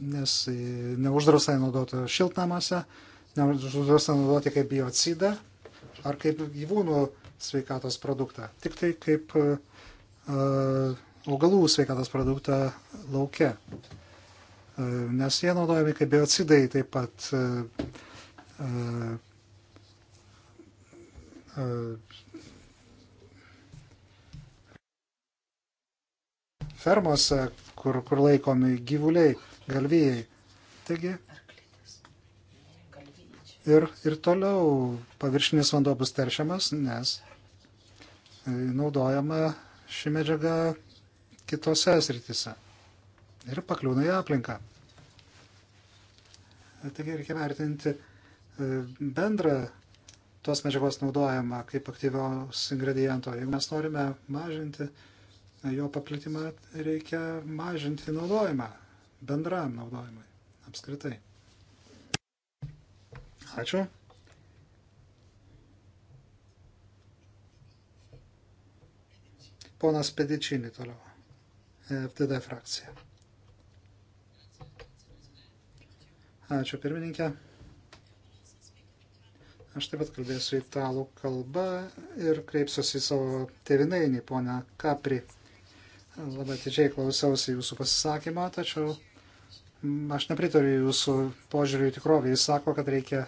Speaker 1: nes e, neuždrausta naudoti šiltnamuose, neuždrausta naudoti kaip biocidą ar kaip gyvūnų sveikatos produktą, tik tai kaip uh, augalų sveikatos produktą lauke. Uh, nes jie naudojami kaip biocidai taip pat uh, uh, uh, fermose, kur, kur laikomi gyvuliai. Uh, galvijai. Taigi ir, ir toliau paviršinis vanduo bus teršiamas, nes e, naudojama ši medžiaga kitose sritise ir pakliūna į aplinką. Taigi reikia vertinti e, bendrą tos medžiagos naudojimą kaip aktyviaus ingrediento. Jeigu mes norime mažinti jo paplitimą, reikia mažinti naudojimą bendram naudojimui apskritai. Ačiū. Ponas Pedičinį toliau. FDD frakcija. Ačiū pirmininkė. Aš taip pat kalbėsiu italų kalbą ir kreipsiuosi į savo tevinainį, ponę Kapri. Labai atidžiai klausiausi jūsų pasisakymą, tačiau Aš nepritariu jūsų požiūriu į tikrovę. Jis sako, kad reikia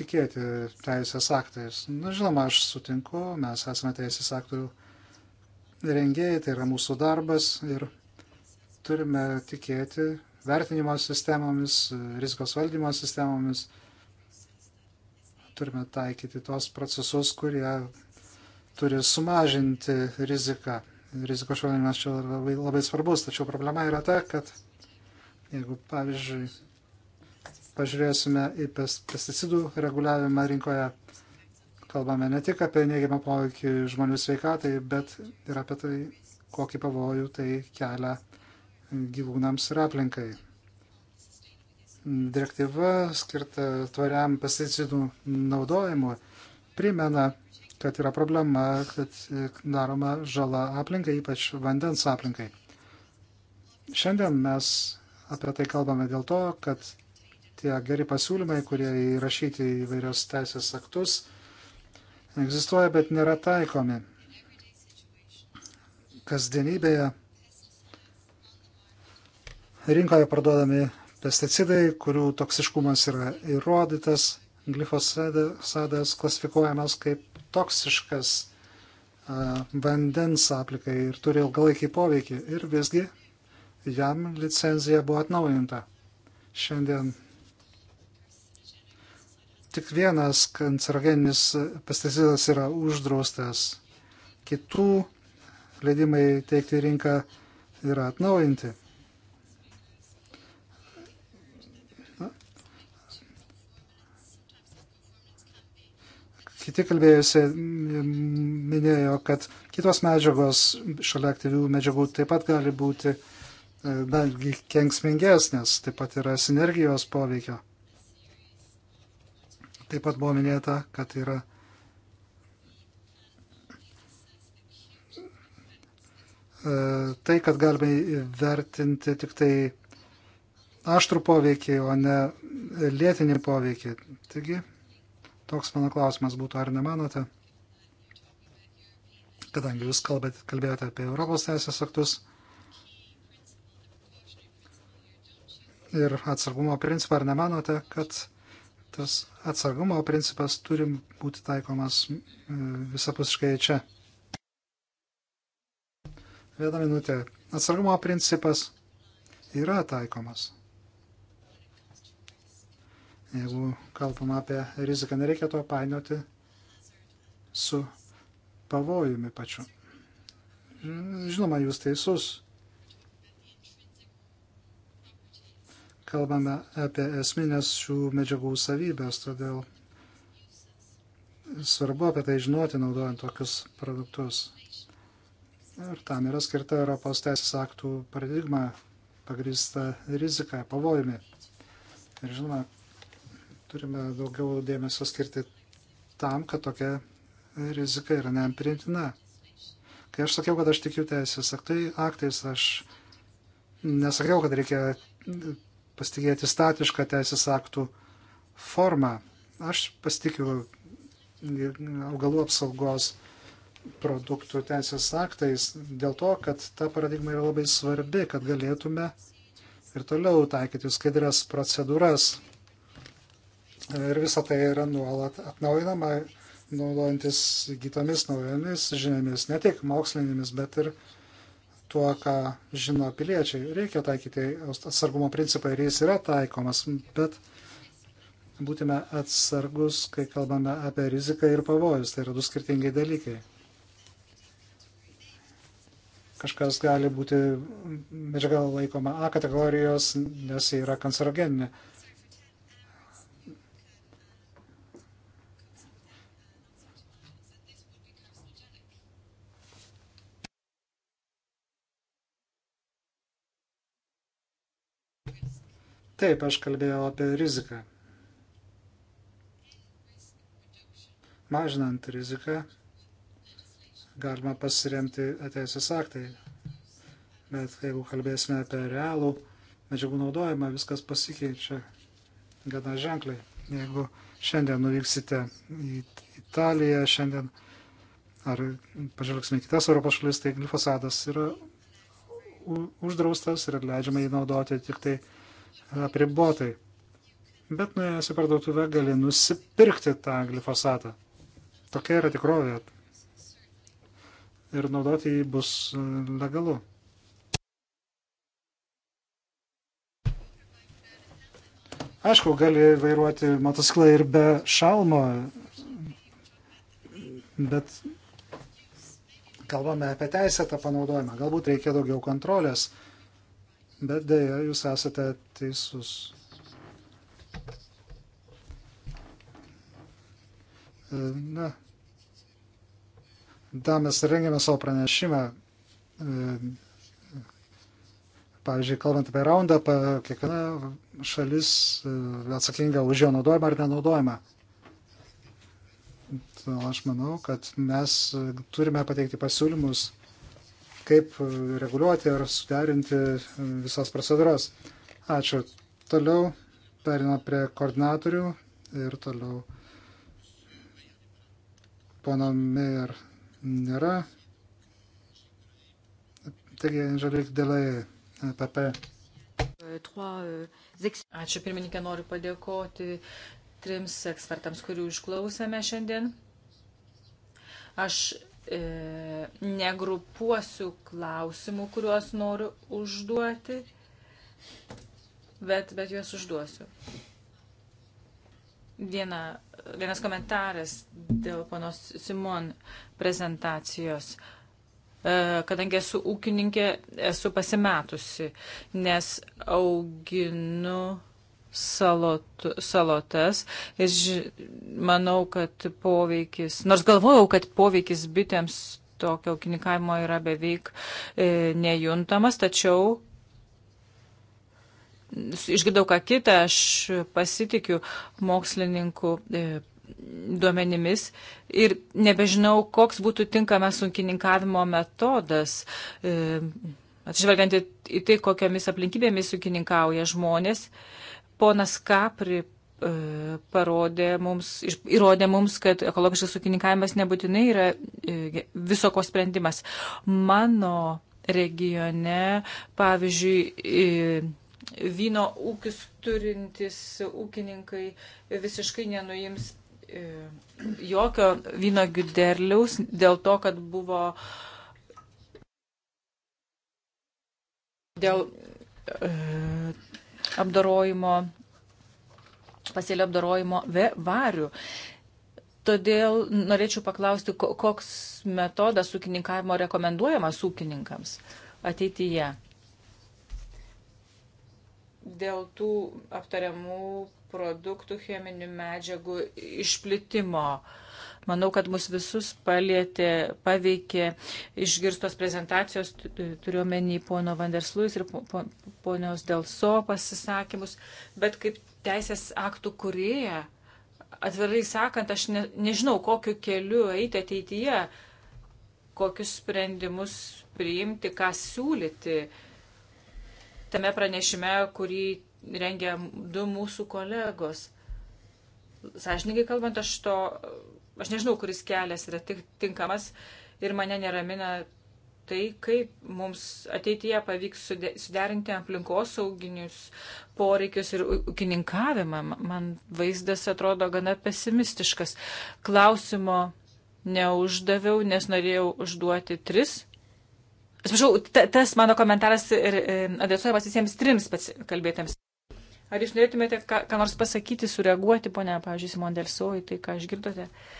Speaker 1: tikėti teisės aktais. Na, žinoma, aš sutinku, mes esame teisės aktų rengėjai, tai yra mūsų darbas ir turime tikėti vertinimo sistemomis, rizikos valdymo sistemomis. Turime taikyti tuos procesus, kurie turi sumažinti riziką. Rizikos šalinimas čia labai, labai svarbus, tačiau problema yra ta, kad Jeigu, pavyzdžiui, pažiūrėsime į pesticidų reguliavimą rinkoje, kalbame ne tik apie neigiamą poveikį žmonių sveikatai, bet ir apie tai, kokį pavojų tai kelia gyvūnams ir aplinkai. Direktyva skirta tvariam pesticidų naudojimui primena, kad yra problema, kad daroma žala aplinkai, ypač vandens aplinkai. Šiandien mes apie tai kalbame dėl to, kad tie geri pasiūlymai, kurie įrašyti į vairios teisės aktus, egzistuoja, bet nėra taikomi. Kasdienybėje rinkoje parduodami pesticidai, kurių toksiškumas yra įrodytas, glifosadas klasifikuojamas kaip toksiškas vandens aplikai ir turi ilgalaikį poveikį. Ir visgi jam licenzija buvo atnaujinta. Šiandien tik vienas kancerogeninis pesticidas yra uždraustas, kitų leidimai teikti rinką yra atnaujinti. Kiti kalbėjusi minėjo, kad kitos medžiagos šalia aktyvių medžiagų taip pat gali būti uh, dargi e, kenksmingesnės, taip pat yra sinergijos poveikio. Taip pat buvo minėta, kad yra e, tai, kad galime vertinti tik tai aštrų poveikį, o ne lėtinį poveikį. Taigi, toks mano klausimas būtų, ar nemanote, kadangi jūs kalbėt, kalbėjote apie Europos teisės aktus, ir atsargumo principą, ar nemanote, kad tas atsargumo principas turi būti taikomas e, visapusiškai čia? Vieną minutę. Atsargumo principas yra taikomas. Jeigu kalbam apie riziką, nereikia to painioti su pavojumi pačiu. Žinoma, jūs teisus kalbame apie esminės šių medžiagų savybės, todėl svarbu apie tai žinoti, naudojant tokius produktus. Ir tam yra skirta Europos teisės aktų paradigma pagrįsta rizika, pavojumi. Ir žinoma, turime daugiau dėmesio skirti tam, kad tokia rizika yra neamprintina. Kai aš sakiau, kad aš tikiu teisės aktai, aktais, aš nesakiau, kad reikia pasitikėti statišką teisės aktų formą. Aš pasitikiu augalų apsaugos produktų teisės aktais dėl to, kad ta paradigma yra labai svarbi, kad galėtume ir toliau taikyti skaidrės procedūras. Ir visa tai yra nuolat atnaujinama, naudojantis gytomis naujomis žiniomis, ne tik mokslinėmis, bet ir uh, tuo, ką žino piliečiai. Reikia taikyti atsargumo principą ir jis yra taikomas, bet būtume atsargus, kai kalbame apie riziką ir pavojus. Tai yra du skirtingi dalykai. Kažkas gali būti medžiaga laikoma A kategorijos, nes jie yra kancerogeninė. Taip, aš kalbėjau apie riziką. Mažinant riziką galima pasiremti teisės aktai. Bet jeigu kalbėsime apie realų medžiagų naudojimą, viskas pasikeičia gana ženkliai. Jeigu šiandien nuvyksite į Italiją, šiandien ar pažvelgsime į kitas Europos šalis, tai glifosadas yra uždraustas ir leidžiama jį naudoti tik tai apribotai. Bet nuėjęs į parduotuvę gali nusipirkti tą glifosatą. Tokia yra tikrovė. Ir naudoti jį bus e, legalu. Aišku, gali vairuoti motociklą ir be šalmo, bet kalbame apie teisėtą panaudojimą. Galbūt reikia daugiau kontrolės Bet dėja, jūs esate teisus. E, na, da, mes rengėme savo pranešimą. E, pavyzdžiui, kalbant apie raundą, kiekviena šalis e, atsakinga už jo naudojimą ar nenaudojimą. Todėl aš manau, kad mes turime pateikti pasiūlymus kaip reguliuoti ir suderinti visas procedūras. Ačiū. Toliau perina prie koordinatorių ir toliau pono Meir nėra. Taigi, Žalik Dėlai, PP.
Speaker 2: Ačiū pirmininkė, noriu padėkoti trims ekspertams, kurių išklausėme šiandien. Aš e, negrupuosiu klausimų, kuriuos noriu užduoti, bet, bet juos užduosiu. Viena, vienas komentaras dėl panos Simon prezentacijos. E, kadangi esu ūkininkė, esu pasimetusi, nes auginu salot, salotas. Ir ži, manau, kad poveikis, nors galvojau, kad poveikis bitėms tokio ūkininkavimo yra beveik e, nejuntamas, tačiau išgirdau ką kitą, aš pasitikiu mokslininkų e, duomenimis ir nebežinau, koks būtų tinkamas sunkininkavimo metodas. E, Atsižvelgiant į tai, kokiamis aplinkybėmis sukininkauja žmonės, e, Ponas Kapri e, parodė mums, įrodė mums, kad ekologiškas ūkininkavimas nebūtinai yra e, viso ko sprendimas. Mano regione, pavyzdžiui, e, vyno ūkis turintys ūkininkai visiškai nenuims jokio vynogių derliaus dėl to, kad buvo dėl apdarojimo, pasėlio apdarojimo varių. Todėl norėčiau paklausti, koks metodas ūkininkavimo rekomenduojamas ūkininkams ateityje. Dėl tų aptariamų produktų cheminių medžiagų išplitimo uh, Manau, kad mus visus palėtė, paveikė išgirstos prezentacijos, turiuomenį pono Vandersluis ir ponios Delso pasisakymus, bet kaip teisės aktų kurieja, atvirai sakant, aš ne, nežinau, kokiu keliu eiti ateityje, kokius sprendimus priimti, ką siūlyti tame pranešime, kurį rengia du mūsų kolegos. Sąžininkai kalbant, aš to Aš nežinau, kuris kelias yra tik tinkamas ir mane neramina tai, kaip mums ateityje pavyks suderinti aplinkosauginius poreikius ir ūkininkavimą. Man vaizdas atrodo gana pesimistiškas. Klausimo neuždaviau, nes norėjau užduoti tris. Atsiprašau, tas mano komentaras ir e, adresuojamas visiems trims kalbėtams. Ar jūs norėtumėte ką, ką nors pasakyti, sureaguoti, ponia, pavyzdžiui, Simon Delso, į tai, ką išgirdote? Uh,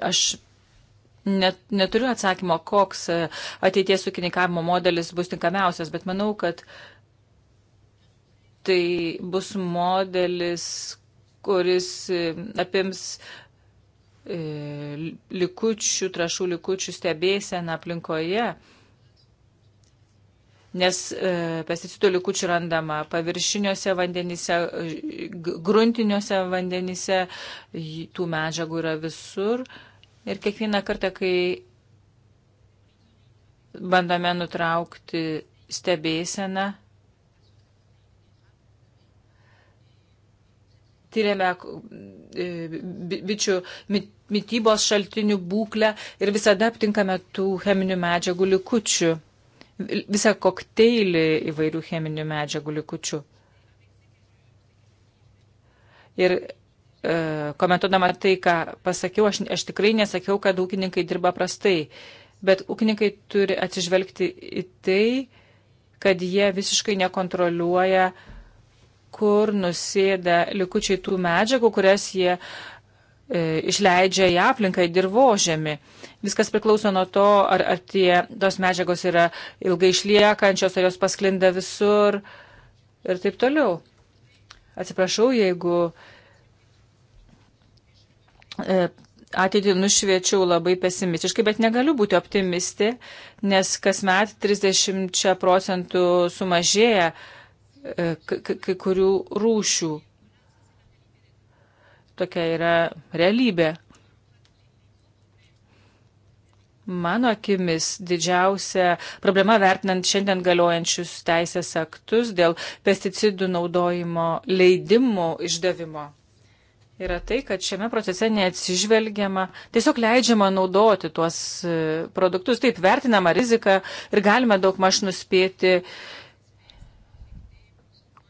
Speaker 2: Aš net, neturiu atsakymo, koks e, ateities ūkininkavimo modelis bus tinkamiausias, bet manau, kad tai bus modelis, kuris e, apims e, likučių, trašų likučių stebėseną aplinkoje nes e, pesticidų likučių randama paviršiniuose vandenyse, gruntiniuose vandenyse, tų medžiagų yra visur. Ir kiekvieną kartą, kai bandome nutraukti stebėseną, tyrėme e, bičių mytybos šaltinių būklę ir visada aptinkame tų cheminių medžiagų likučių visą kokteilį įvairių cheminių medžiagų likučių. Ir e, komentuodama tai, ką pasakiau, aš, aš tikrai nesakiau, kad ūkininkai dirba prastai, bet ūkininkai turi atsižvelgti į tai, kad jie visiškai nekontroliuoja, kur nusėda likučiai tų medžiagų, kurias jie uh, E, išleidžia į aplinką, į dirbožėmį. Viskas priklauso nuo to, ar, ar tie, tos medžiagos yra ilgai išliekančios, ar jos pasklinda visur ir taip toliau. Atsiprašau, jeigu e, ateitį nušviečiau labai pesimistiškai, bet negaliu būti optimisti, nes kasmet 30 procentų sumažėja e, kai kurių rūšių Tokia yra realybė. Mano akimis didžiausia problema vertinant šiandien galiojančius teisės aktus dėl pesticidų naudojimo leidimų išdavimo yra tai, kad šiame procese neatsižvelgiama, tiesiog leidžiama naudoti tuos e, produktus, taip vertinama rizika ir galime daug maž nuspėti uh,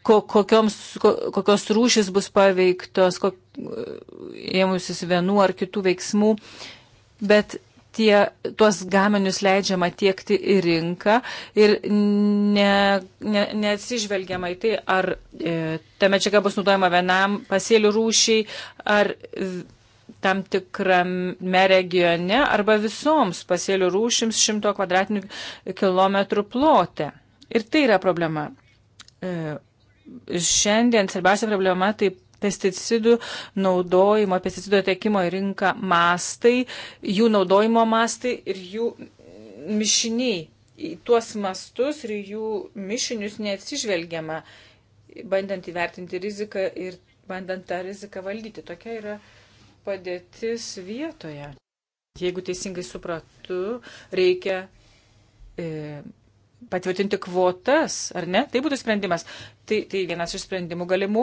Speaker 2: ko, kokioms, ko, kokios rūšis bus paveiktos, kok, ėmusis vienų ar kitų veiksmų, bet tie, tuos gaminius leidžiama tiekti į rinką ir ne, ne, neatsižvelgiama į tai, ar e, ta medžiaga bus naudojama vienam pasėlių rūšiai, ar tam tikrame regione, arba visoms pasėlių rūšims 100 kvadratinių kilometrų plote. Ir tai yra problema. E, šiandien svarbiausia problema tai pesticidų naudojimo, pesticidų atekimo į rinką mastai, jų naudojimo mastai ir jų mišiniai. Į tuos mastus ir jų mišinius neatsižvelgiama, bandant įvertinti riziką ir bandant tą riziką valdyti. Tokia yra padėtis vietoje. Jeigu teisingai supratau, reikia e, patvirtinti kvotas, ar ne? Tai būtų sprendimas. Tai, tai vienas iš sprendimų galimų.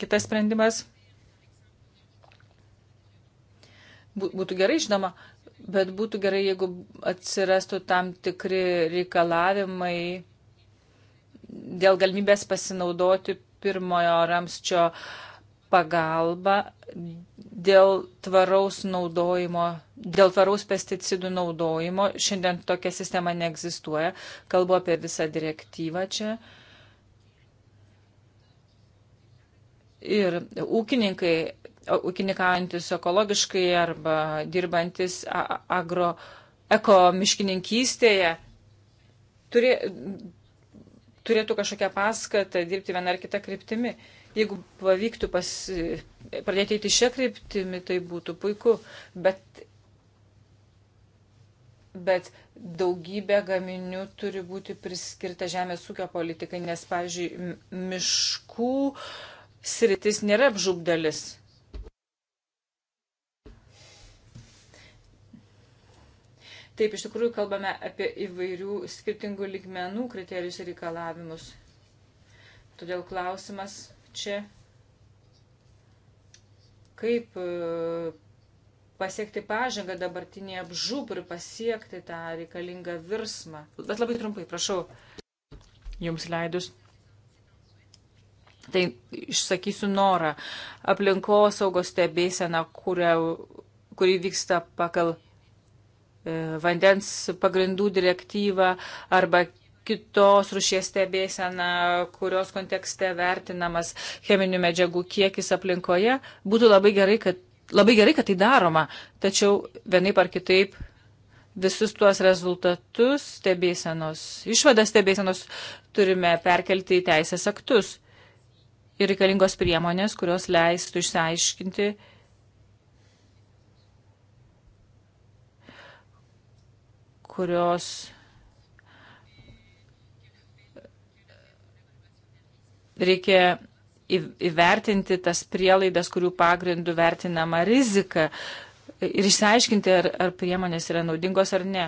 Speaker 2: Kitas sprendimas būtų gerai žinoma, bet būtų gerai, jeigu atsirastų tam tikri reikalavimai dėl galimybės pasinaudoti pirmojo ramsčio uh, pagalba dėl tvaraus naudojimo, dėl tvaraus pesticidų naudojimo. Šiandien tokia sistema neegzistuoja. Kalbu apie visą direktyvą čia. Ir ūkininkai, ūkininkaujantis ekologiškai arba dirbantis agro eko miškininkystėje turė, turėtų kažkokią paskatą dirbti vieną ar kitą kryptimį. Jeigu pavyktų pas, e, pradėti eiti šią kryptimį, tai būtų puiku, bet, bet daugybė gaminių turi būti priskirta žemės ūkio politikai, nes, pavyzdžiui, miškų sritis nėra apžūbdalis. Taip, iš tikrųjų kalbame apie įvairių skirtingų ligmenų kriterijus ir reikalavimus. Todėl klausimas, čia kaip e, pasiekti pažangą dabartinėje apžūp ir pasiekti tą reikalingą virsmą. Bet labai trumpai, prašau, jums leidus. Tai išsakysiu norą. Aplinkosaugos stebėsena, kuri vyksta pagal e, vandens pagrindų direktyvą arba kitos rušies stebėsena, kurios kontekste vertinamas cheminių medžiagų kiekis aplinkoje, būtų labai gerai, kad, labai gerai, kad tai daroma. Tačiau vienaip ar kitaip visus tuos rezultatus stebėsenos, išvadas stebėsenos turime perkelti į teisės aktus ir reikalingos priemonės, kurios leistų išsiaiškinti kurios reikia įvertinti tas prielaidas, kurių pagrindų vertinama rizika ir išsiaiškinti, ar, ar priemonės yra naudingos ar ne.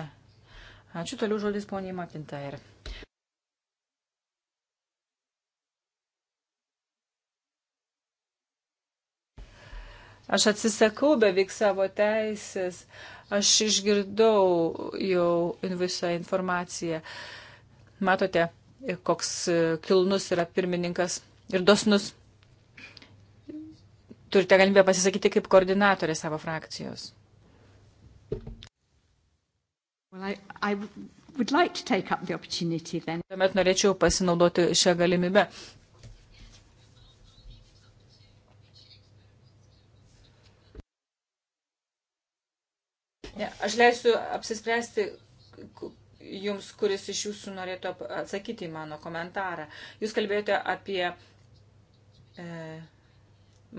Speaker 2: Ačiū toliau žodis poniai Makintair. Aš atsisakau beveik savo teisės. Aš išgirdau jau visą informaciją. Matote, koks e, kilnus yra pirmininkas ir dosnus. Turite galimybę pasisakyti kaip koordinatorė savo frakcijos. Well, I, I would like to take up the opportunity then. Tuomet norėčiau pasinaudoti šią galimybę. Ne, aš leisiu apsispręsti, jums, kuris iš jūsų norėtų atsakyti į mano komentarą. Jūs kalbėjote apie e,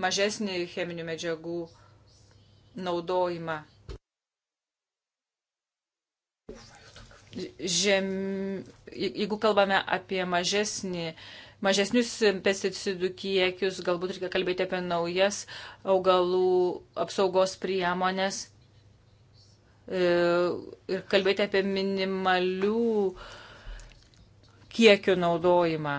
Speaker 2: mažesnį cheminių medžiagų naudojimą. Žem, jeigu kalbame apie mažesnį, mažesnius pesticidų kiekius, galbūt reikia kalbėti apie naujas augalų apsaugos priemonės E, ir kalbėti apie minimalių kiekių naudojimą.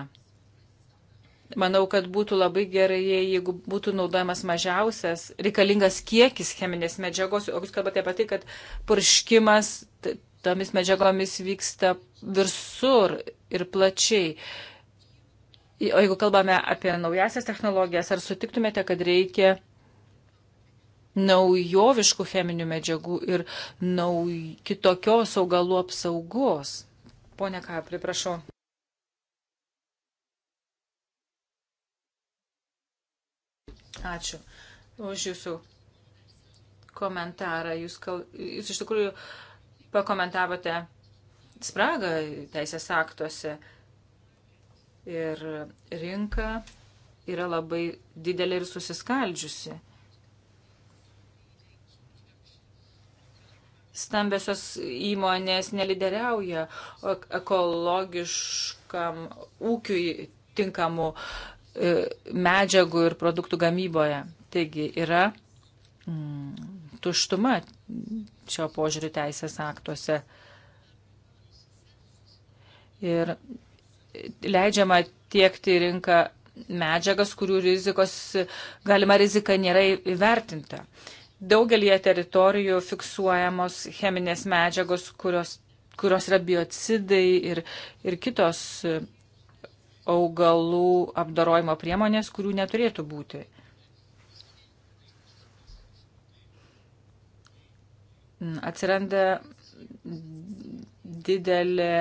Speaker 2: Manau, kad būtų labai gerai, jeigu būtų naudojamas mažiausias reikalingas kiekis cheminės medžiagos. O jūs kalbate apie tai, kad purškimas tomis medžiagomis vyksta visur ir plačiai. O jeigu kalbame apie naujasias technologijas, ar sutiktumėte, kad reikia naujoviškų cheminių medžiagų ir nauj, kitokios augalų apsaugos. Pone Kapri, prašau. Ačiū už jūsų komentarą. Jūs, kal... jūs iš tikrųjų pakomentavote spragą teisės aktuose ir rinka yra labai didelė ir susiskaldžiusi. stambiosios įmonės nelideriauja ekologiškam ūkiui tinkamų e, medžiagų ir produktų gamyboje. Taigi yra mm, tuštuma šio požiūrių teisės aktuose. Ir leidžiama tiekti rinką medžiagas, kurių rizikos, galima rizika nėra įvertinta. Uh, Daugelie teritorijų fiksuojamos cheminės medžiagos, kurios, kurios yra biocidai ir, ir kitos augalų apdarojimo priemonės, kurių neturėtų būti. Atsiranda didelė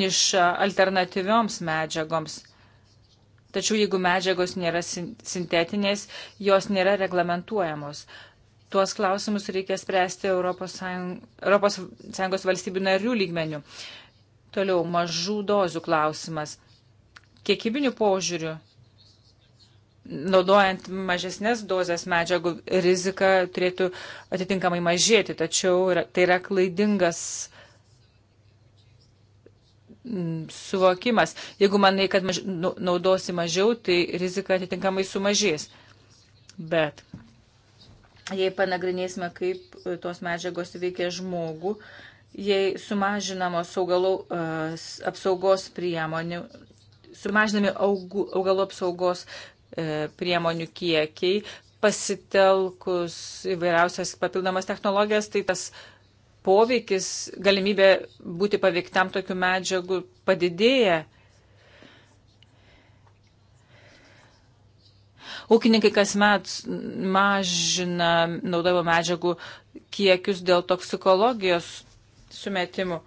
Speaker 2: niša alternatyvioms medžiagoms. Tačiau jeigu medžiagos nėra sintetinės, jos nėra reglamentuojamos tuos klausimus reikia spręsti Europos, Sąjung, Europos Sąjungos valstybių narių lygmenių. Toliau mažų dozių klausimas. Kiekybinių požiūrių, naudojant mažesnės dozes medžiagų, rizika turėtų atitinkamai mažėti, tačiau tai yra klaidingas mm, suvokimas. Jeigu manai, kad maž, nu, naudosi mažiau, tai rizika atitinkamai sumažės. Bet jei panagrinėsime, kaip e, tos medžiagos veikia žmogų, jei sumažinamos augalų e, apsaugos priemonių, sumažinami augų, augalų apsaugos e, priemonių kiekiai, pasitelkus įvairiausias papildomas technologijas, tai tas poveikis, galimybė būti paveiktam tokių medžiagų padidėja Ūkininkai kasmet mažina naudojimo medžiagų kiekius dėl toksikologijos sumetimų.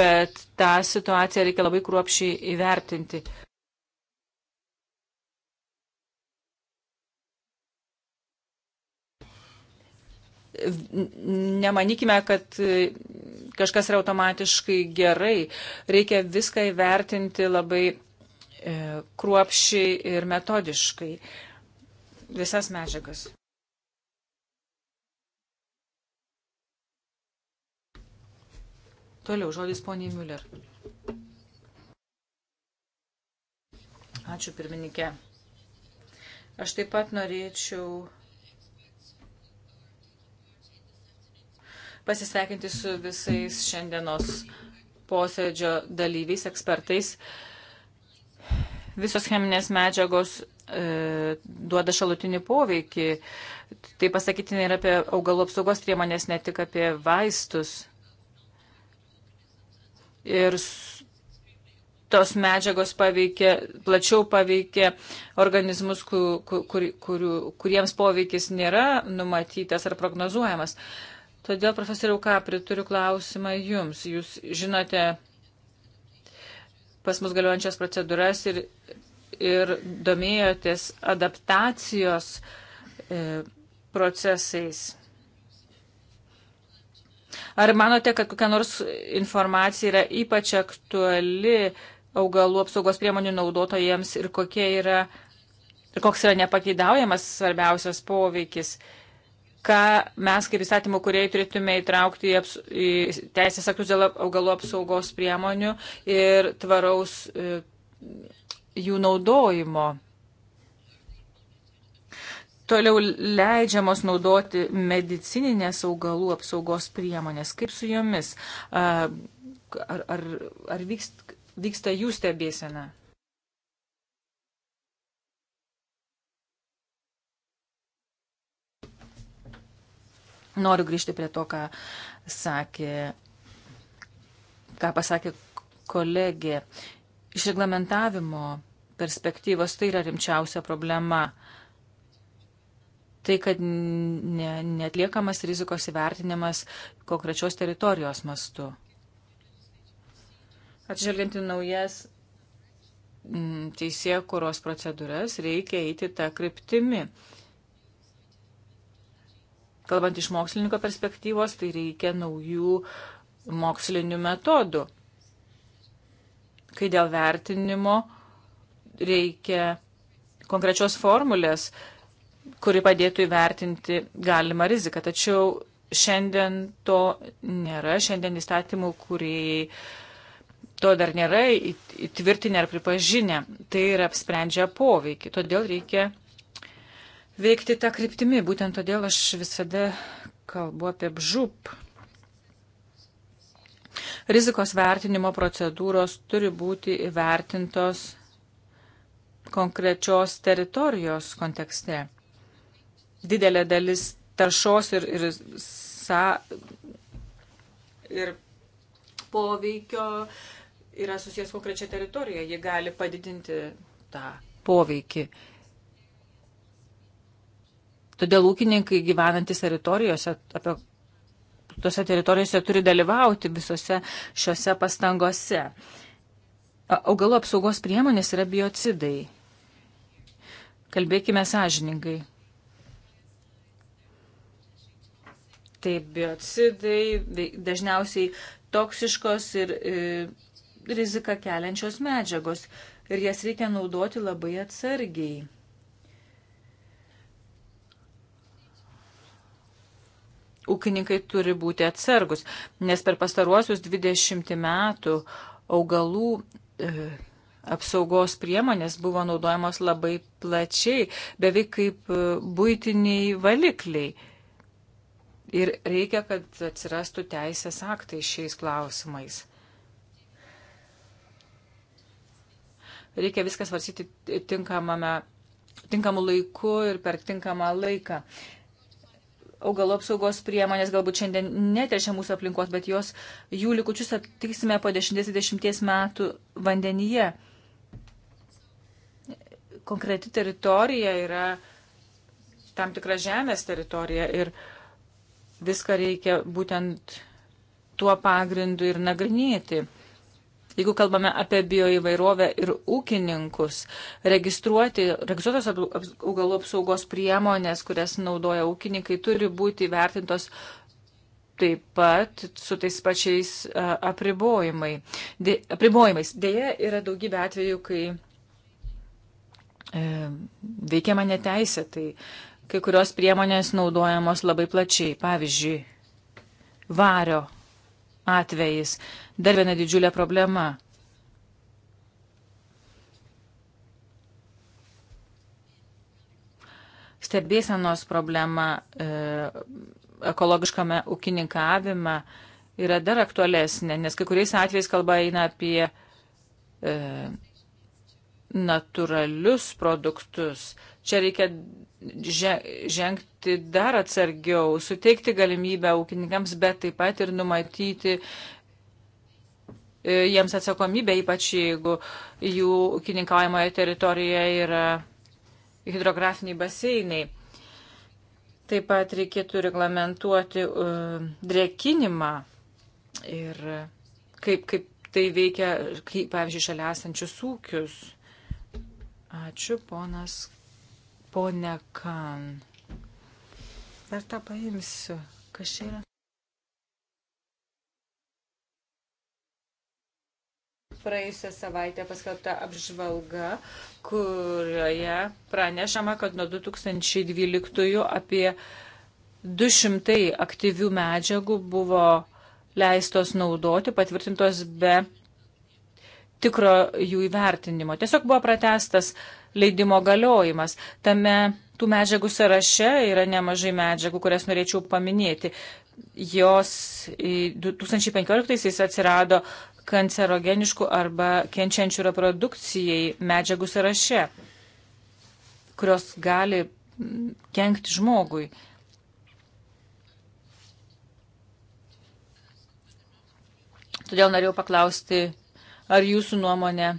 Speaker 2: Bet tą situaciją reikia labai kruopšiai įvertinti. nemanykime, kad e, kažkas yra automatiškai gerai. Reikia viską įvertinti labai e, kruopšiai ir metodiškai. Visas medžiagas. Toliau žodis poniai Müller. Ačiū pirmininkė. Aš taip pat norėčiau pasisveikinti su visais šiandienos posėdžio dalyviais, ekspertais. Visos cheminės medžiagos e, duoda šalutinį poveikį. Tai pasakyti ir apie augalų apsaugos priemonės, ne tik apie vaistus. Ir tos medžiagos paveikia, plačiau paveikia organizmus, kur, kur, kur, kuriems poveikis nėra numatytas ar prognozuojamas. E, Todėl, profesoriau Kapri, turiu klausimą jums. Jūs žinote pas mus galiojančias procedūras ir, ir domėjotės adaptacijos e, procesais. Ar manote, kad kokia nors informacija yra ypač aktuali augalų apsaugos priemonių naudotojams ir, yra, ir koks yra nepakeidaujamas svarbiausias poveikis? E, ką mes kaip įstatymų kuriai turėtume įtraukti į, aps, į teisės aktus dėl augalų apsaugos priemonių ir tvaraus e, jų naudojimo. Toliau leidžiamos naudoti medicininės augalų apsaugos priemonės. Kaip su jomis? Ar, ar, ar vyksta, vyksta jų stebėsena? Noriu grįžti prie to, ką sakė, ką pasakė kolegė. Iš reglamentavimo perspektyvos tai yra rimčiausia problema. Tai, kad ne, netliekamas rizikos įvertinimas konkrečios teritorijos mastu. Atžvelgiant į naujas mm, teisėkuros procedūras, reikia eiti tą kryptimį kalbant iš mokslininko perspektyvos, tai reikia naujų mokslinių metodų. Kai dėl vertinimo reikia konkrečios formulės, kuri padėtų įvertinti galimą riziką. Tačiau šiandien to nėra, šiandien įstatymų, kurie to dar nėra įtvirtinę ar pripažinę. Tai yra apsprendžia poveikį. Todėl reikia veikti tą kryptimį. Būtent todėl aš visada kalbu apie bžūp. Rizikos vertinimo procedūros turi būti įvertintos konkrečios teritorijos kontekste. Didelė dalis taršos ir, ir, sa, ir poveikio yra susijęs konkrečia teritorija. Ji gali padidinti tą poveikį. Todėl ūkininkai gyvenantis teritorijose, apie tuose teritorijose turi dalyvauti visose šiuose pastangose. Augalų apsaugos priemonės yra biocidai. Kalbėkime sąžiningai. Tai biocidai dažniausiai toksiškos ir e, riziką keliančios medžiagos ir jas reikia naudoti labai atsargiai. ūkininkai turi būti atsargus, nes per pastaruosius 20 metų augalų e, apsaugos priemonės buvo naudojamos labai plačiai, beveik kaip e, būtiniai valikliai. Ir reikia, kad atsirastų teisės aktai šiais klausimais. Reikia viskas varsyti tinkamame, tinkamu laiku ir per tinkamą laiką. Uh, augalų apsaugos priemonės galbūt šiandien neteršia mūsų aplinkos, bet jos, jų likučius aptiksime po 10-20 metų vandenyje. Konkreti teritorija yra tam tikra žemės teritorija ir viską reikia būtent tuo pagrindu ir nagrinėti. Jeigu kalbame apie bioįvairovę ir ūkininkus, registruoti, registruotos augalų apsaugos priemonės, kurias naudoja ūkininkai, turi būti vertintos taip pat su tais pačiais apribojimai. De, apribojimais. Deja, yra daugybė atvejų, kai e, veikiama neteisė, tai kai kurios priemonės naudojamos labai plačiai. Pavyzdžiui, vario atvejais. Dar viena didžiulė problema. Stebėsenos problema e, ekologiškame ūkininkavime yra dar aktualesnė, nes kai kuriais atvejais kalba eina apie e, natūralius produktus. Čia reikia žengti dar atsargiau, suteikti galimybę ūkininkams, bet taip pat ir numatyti e, jiems atsakomybę, ypač jeigu jų ūkininkaujamoje teritorijoje yra hidrografiniai baseinai. Taip pat reikėtų reglamentuoti uh, drėkinimą ir kaip, kaip tai veikia, kaip, pavyzdžiui, šalia esančius ūkius. Ačiū, ponas Pone Kan. Dar tą paimsiu. Kas čia yra? praėjusią savaitę paskelbta apžvalga, kurioje pranešama, kad nuo 2012 apie 200 aktyvių medžiagų buvo leistos naudoti, patvirtintos be tikro jų įvertinimo. Tiesiog buvo pratestas uh, leidimo galiojimas. Tame tų medžiagų sąraše yra nemažai medžiagų, kurias norėčiau paminėti. Jos 2015-aisiais atsirado kancerogeniškų arba kenčiančių reprodukcijai medžiagų sąraše, kurios gali kenkti žmogui. Todėl norėjau paklausti, ar jūsų nuomonė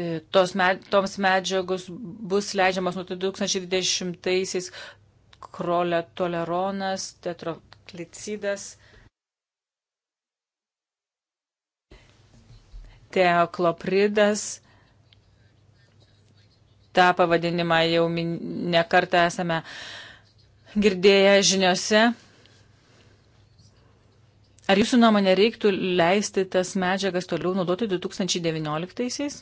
Speaker 2: E, tos med, toms medžiagos bus leidžiamas nuo 2020-aisiais kroletoleronas, tetroklicidas, teoklopridas. Ta pavadinimą jau nekartą esame girdėję žiniuose. Ar jūsų nuomonė reiktų leisti tas medžiagas toliau naudoti 2019-aisiais?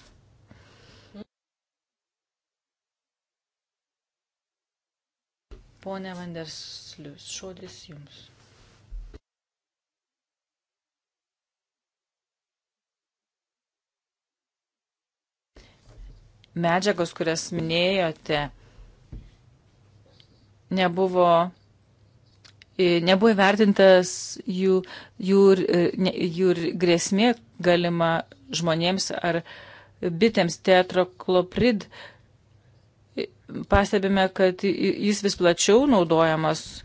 Speaker 2: Pone Vanderslius, žodis jums. Medžiagos, kurias minėjote, nebuvo e, nebuvo įvertintas jų, jų, e, jų grėsmė galima žmonėms ar bitėms teatrokloprid pastebime, kad jis vis plačiau naudojamas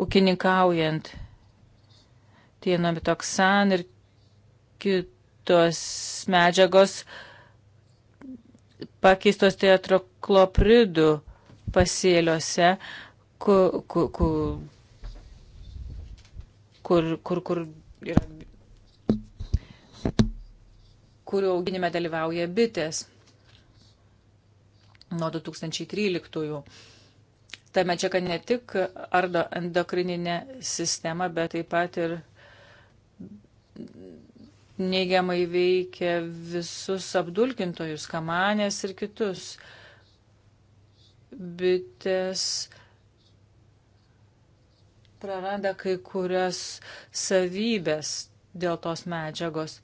Speaker 2: ūkininkaujant tienamitoksan ir kitos medžiagos pakeistos teatroklopridų pasėliuose, kur, kur, kur, kur, kur yra kurių auginime dalyvauja bitės nuo 2013-ųjų. Ta medžiaga ne tik ardo endokrininę sistemą, bet taip pat ir neigiamai veikia visus apdulkintojus, kamanės ir kitus. Bitės praranda kai kurias savybės dėl tos medžiagos.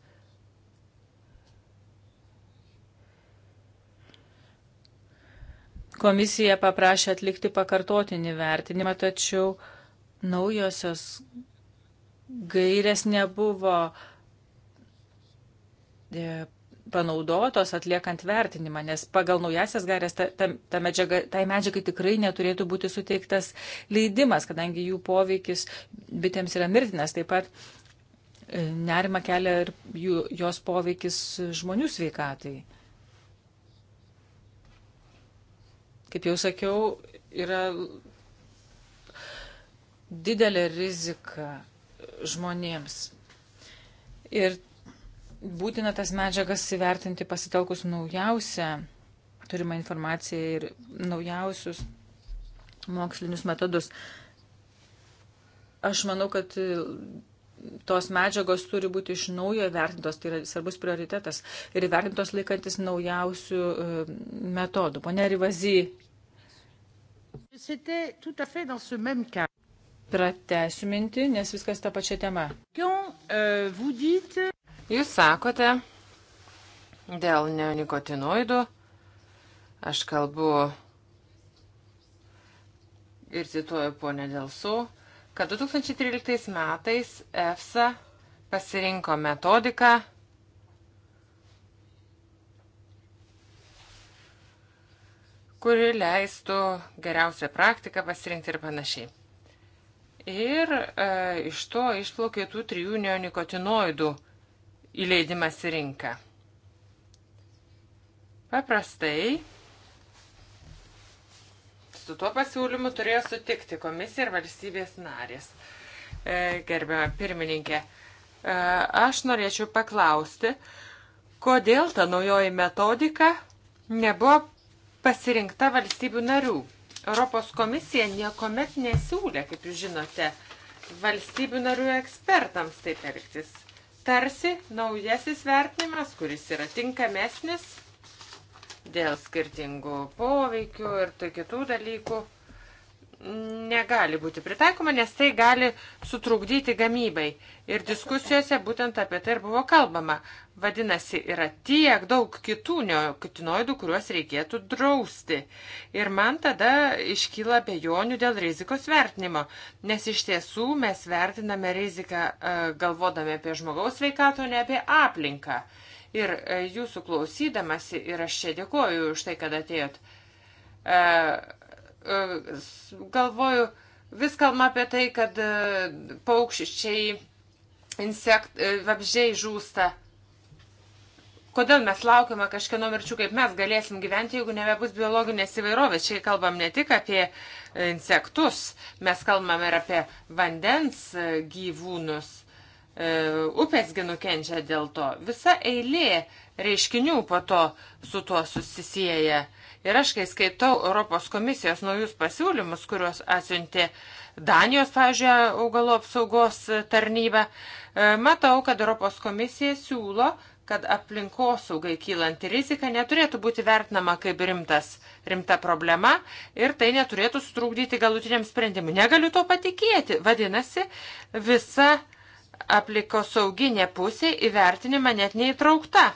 Speaker 2: Komisija paprašė atlikti pakartotinį vertinimą, tačiau naujosios gairės nebuvo e, panaudotos atliekant vertinimą, nes pagal naujasias gairės ta, ta, ta medžiaga, tai medžiagai tikrai neturėtų būti suteiktas leidimas, kadangi jų poveikis bitėms yra mirtinas. Taip pat e, nerima kelia ir jų, jos poveikis žmonių sveikatai. Kaip jau sakiau, yra didelė rizika žmonėms. Ir būtina tas medžiagas įvertinti pasitelkus naujausią turimą informaciją ir naujausius mokslinius metodus. Aš manau, kad e, tos medžiagos turi būti iš naujo vertintos, tai yra svarbus prioritetas ir vertintos laikantis naujausių e, metodų. Pone Rivazy Pratesiu mintį, nes viskas ta pačia tema.
Speaker 3: Euh, Jūs sakote, dėl neonikotinoidų, aš kalbu ir cituoju ponę Delsu, kad 2013 metais EFSA pasirinko metodiką, kuri leistų geriausią praktiką pasirinkti ir panašiai. Ir e, iš to išplaukė tų trijų neonikotinoidų įleidimas į rinką. Paprastai su tuo pasiūlymu turėjo sutikti komisija ir valstybės narės. E, gerbiama pirmininkė, e, aš norėčiau paklausti, kodėl ta naujoji metodika nebuvo pasirinkta valstybių narių. Europos komisija niekuomet nesiūlė, kaip jūs žinote, valstybių narių ekspertams taip elgtis. Tarsi naujasis vertinimas, kuris yra tinkamesnis dėl skirtingų poveikių ir kitų dalykų negali būti pritaikoma, nes tai gali sutrukdyti gamybai. Ir diskusijose būtent apie tai ir buvo kalbama. Vadinasi, yra tiek daug kitų neokitinoidų, kuriuos reikėtų drausti. Ir man tada iškyla bejonių dėl rizikos vertinimo, nes iš tiesų mes vertiname riziką e, galvodami apie žmogaus veikatą, o ne apie aplinką. Ir e, jūsų klausydamasi, ir aš čia dėkoju už tai, kad atėjot e, galvoju, vis kalbama apie tai, kad e, paukščiai, insekt, e, vabžiai žūsta. Kodėl mes laukiame kažkieno mirčių, kaip mes galėsim gyventi, jeigu nebebus biologinės įvairovės? Čia kalbam ne tik apie e, insektus, mes kalbam ir apie vandens gyvūnus. Upėsgi nukenčia dėl to. Visa eilė reiškinių po to su tuo susisieja. Uh, Ir aš, kai skaitau Europos komisijos naujus pasiūlymus, kuriuos atsiuntė Danijos, pavyzdžiui, augalų apsaugos tarnyba, e, matau, kad Europos komisija siūlo, kad aplinkosaugai kylanti rizika neturėtų būti vertinama kaip rimtas, rimta problema ir tai neturėtų sutrukdyti galutiniam sprendimui. Negaliu to patikėti. Vadinasi, visa aplikosauginė pusė įvertinimą net neįtraukta.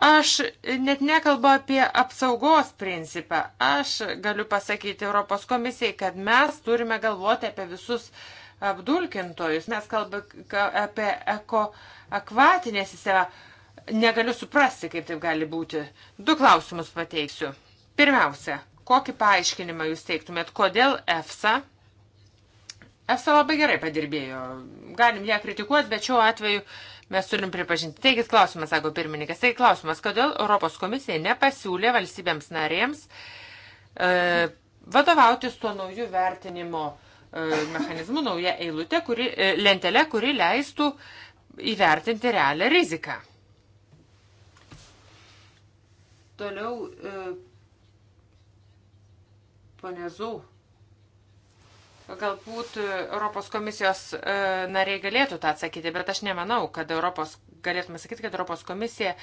Speaker 3: Aš net nekalbu apie apsaugos principą. Aš galiu pasakyti Europos komisijai, kad mes turime galvoti apie visus apdulkintojus. Mes kalbame apie eko akvatinę sistemą. Negaliu suprasti, kaip taip gali būti. Du klausimus pateiksiu. Pirmiausia, kokį paaiškinimą jūs teiktumėt, kodėl EFSA EFSA labai gerai padirbėjo. Galim ją kritikuoti, bet šiuo atveju mes turim pripažinti. Taigi klausimas, sako pirmininkas, taigi klausimas, kodėl Europos komisija nepasiūlė valstybėms narėms e, vadovautis tuo naujų vertinimo e, mechanizmu, nauja eilutė, kuri, e, lentelė, kuri leistų įvertinti realią riziką. Toliau, e, ponezau. Galbūt e, Europos komisijos e, nariai galėtų tą atsakyti, bet aš nemanau, kad Europos, galėtume sakyti, kad Europos komisija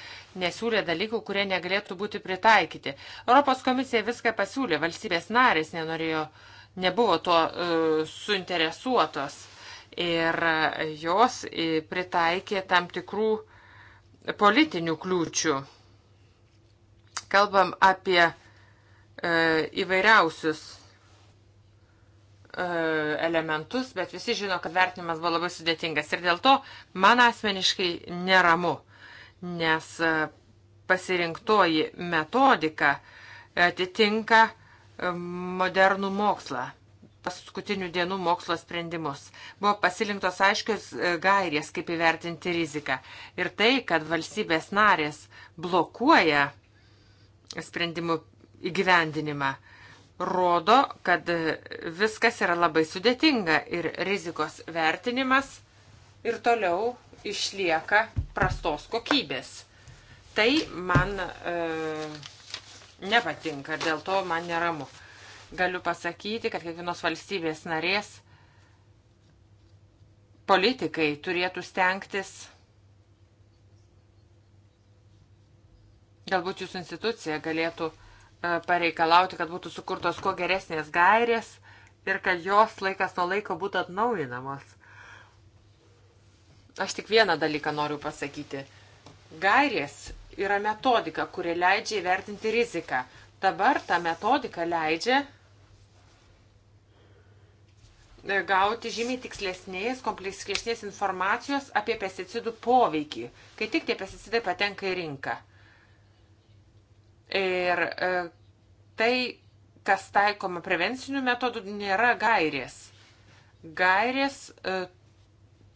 Speaker 3: nesiūlė dalykų, kurie negalėtų būti pritaikyti. Europos komisija viską pasiūlė, valstybės narės nenorėjo, nebuvo to uh, e, suinteresuotos ir jos pritaikė tam tikrų politinių kliūčių. Kalbam apie uh, įvairiausius E, elementus, bet visi žino, kad vertinimas buvo labai sudėtingas. Ir dėl to man asmeniškai neramu, nes e, pasirinktoji metodika atitinka e, modernų mokslą, paskutinių dienų mokslo sprendimus. Buvo pasilinktos aiškios gairės, kaip įvertinti riziką. Ir tai, kad valstybės narės blokuoja sprendimų įgyvendinimą, rodo, kad viskas yra labai sudėtinga ir rizikos vertinimas ir toliau išlieka prastos kokybės. Tai man e, nepatinka, dėl to man neramu. Galiu pasakyti, kad kiekvienos valstybės narės politikai turėtų stengtis, galbūt jūsų institucija galėtų E, pareikalauti, kad būtų sukurtos kuo geresnės gairės ir kad jos laikas nuo laiko būtų atnaujinamos. Aš tik vieną dalyką noriu pasakyti. Gairės yra metodika, kuri leidžia įvertinti riziką. Dabar ta metodika leidžia e, gauti žymiai tikslesnės, kompleksiškesnės informacijos apie pesticidų poveikį, kai tik tie pesticidai patenka į rinką. Ir e, tai, kas taikoma prevencinių metodų, nėra gairės. Gairės e,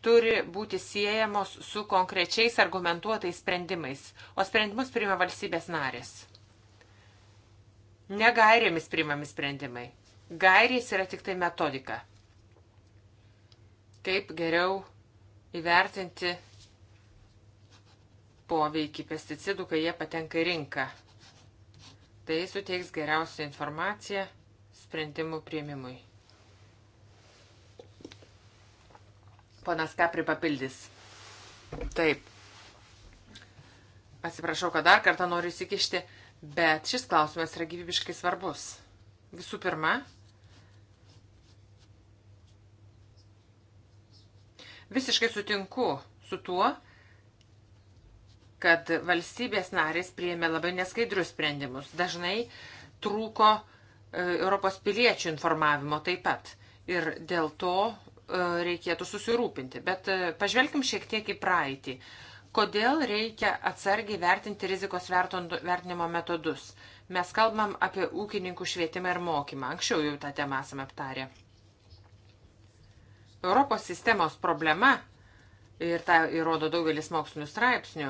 Speaker 3: turi būti siejamos su konkrečiais argumentuotais sprendimais, o sprendimus priima valstybės narės. Ne gairėmis priimami sprendimai. Gairės yra tik tai metodika. Kaip geriau įvertinti poveikį pesticidų, kai jie patenka į rinką. Tai suteiks geriausią informaciją sprendimų prieimimui. Ponas Kapri papildys. Taip. Atsiprašau, kad dar kartą noriu įsikišti, bet šis klausimas yra gyvybiškai svarbus. Visų pirma, visiškai sutinku su tuo, kad valstybės narės priėmė labai neskaidrius sprendimus. Dažnai trūko e, Europos piliečių informavimo taip pat. Ir dėl to e, reikėtų susirūpinti. Bet e, pažvelkim šiek tiek į praeitį. Kodėl reikia atsargiai vertinti rizikos vertinimo metodus? Mes kalbam apie ūkininkų švietimą ir mokymą. Anksčiau jau tą temą esame aptarę. Europos sistemos problema, ir tą įrodo daugelis mokslinių straipsnių,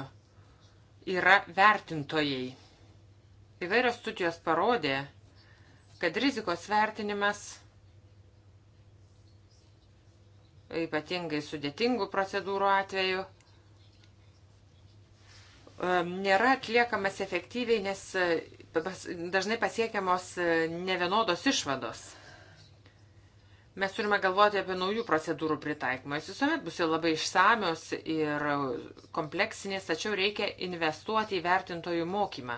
Speaker 3: yra vertintojai. Įvairios studijos parodė, kad rizikos vertinimas ypatingai sudėtingų procedūrų atveju nėra atliekamas efektyviai, nes dažnai pasiekiamos nevienodos išvados. Mes turime galvoti apie naujų procedūrų pritaikymą. Jos visuomet bus labai išsamios ir kompleksinės, tačiau reikia investuoti į vertintojų mokymą,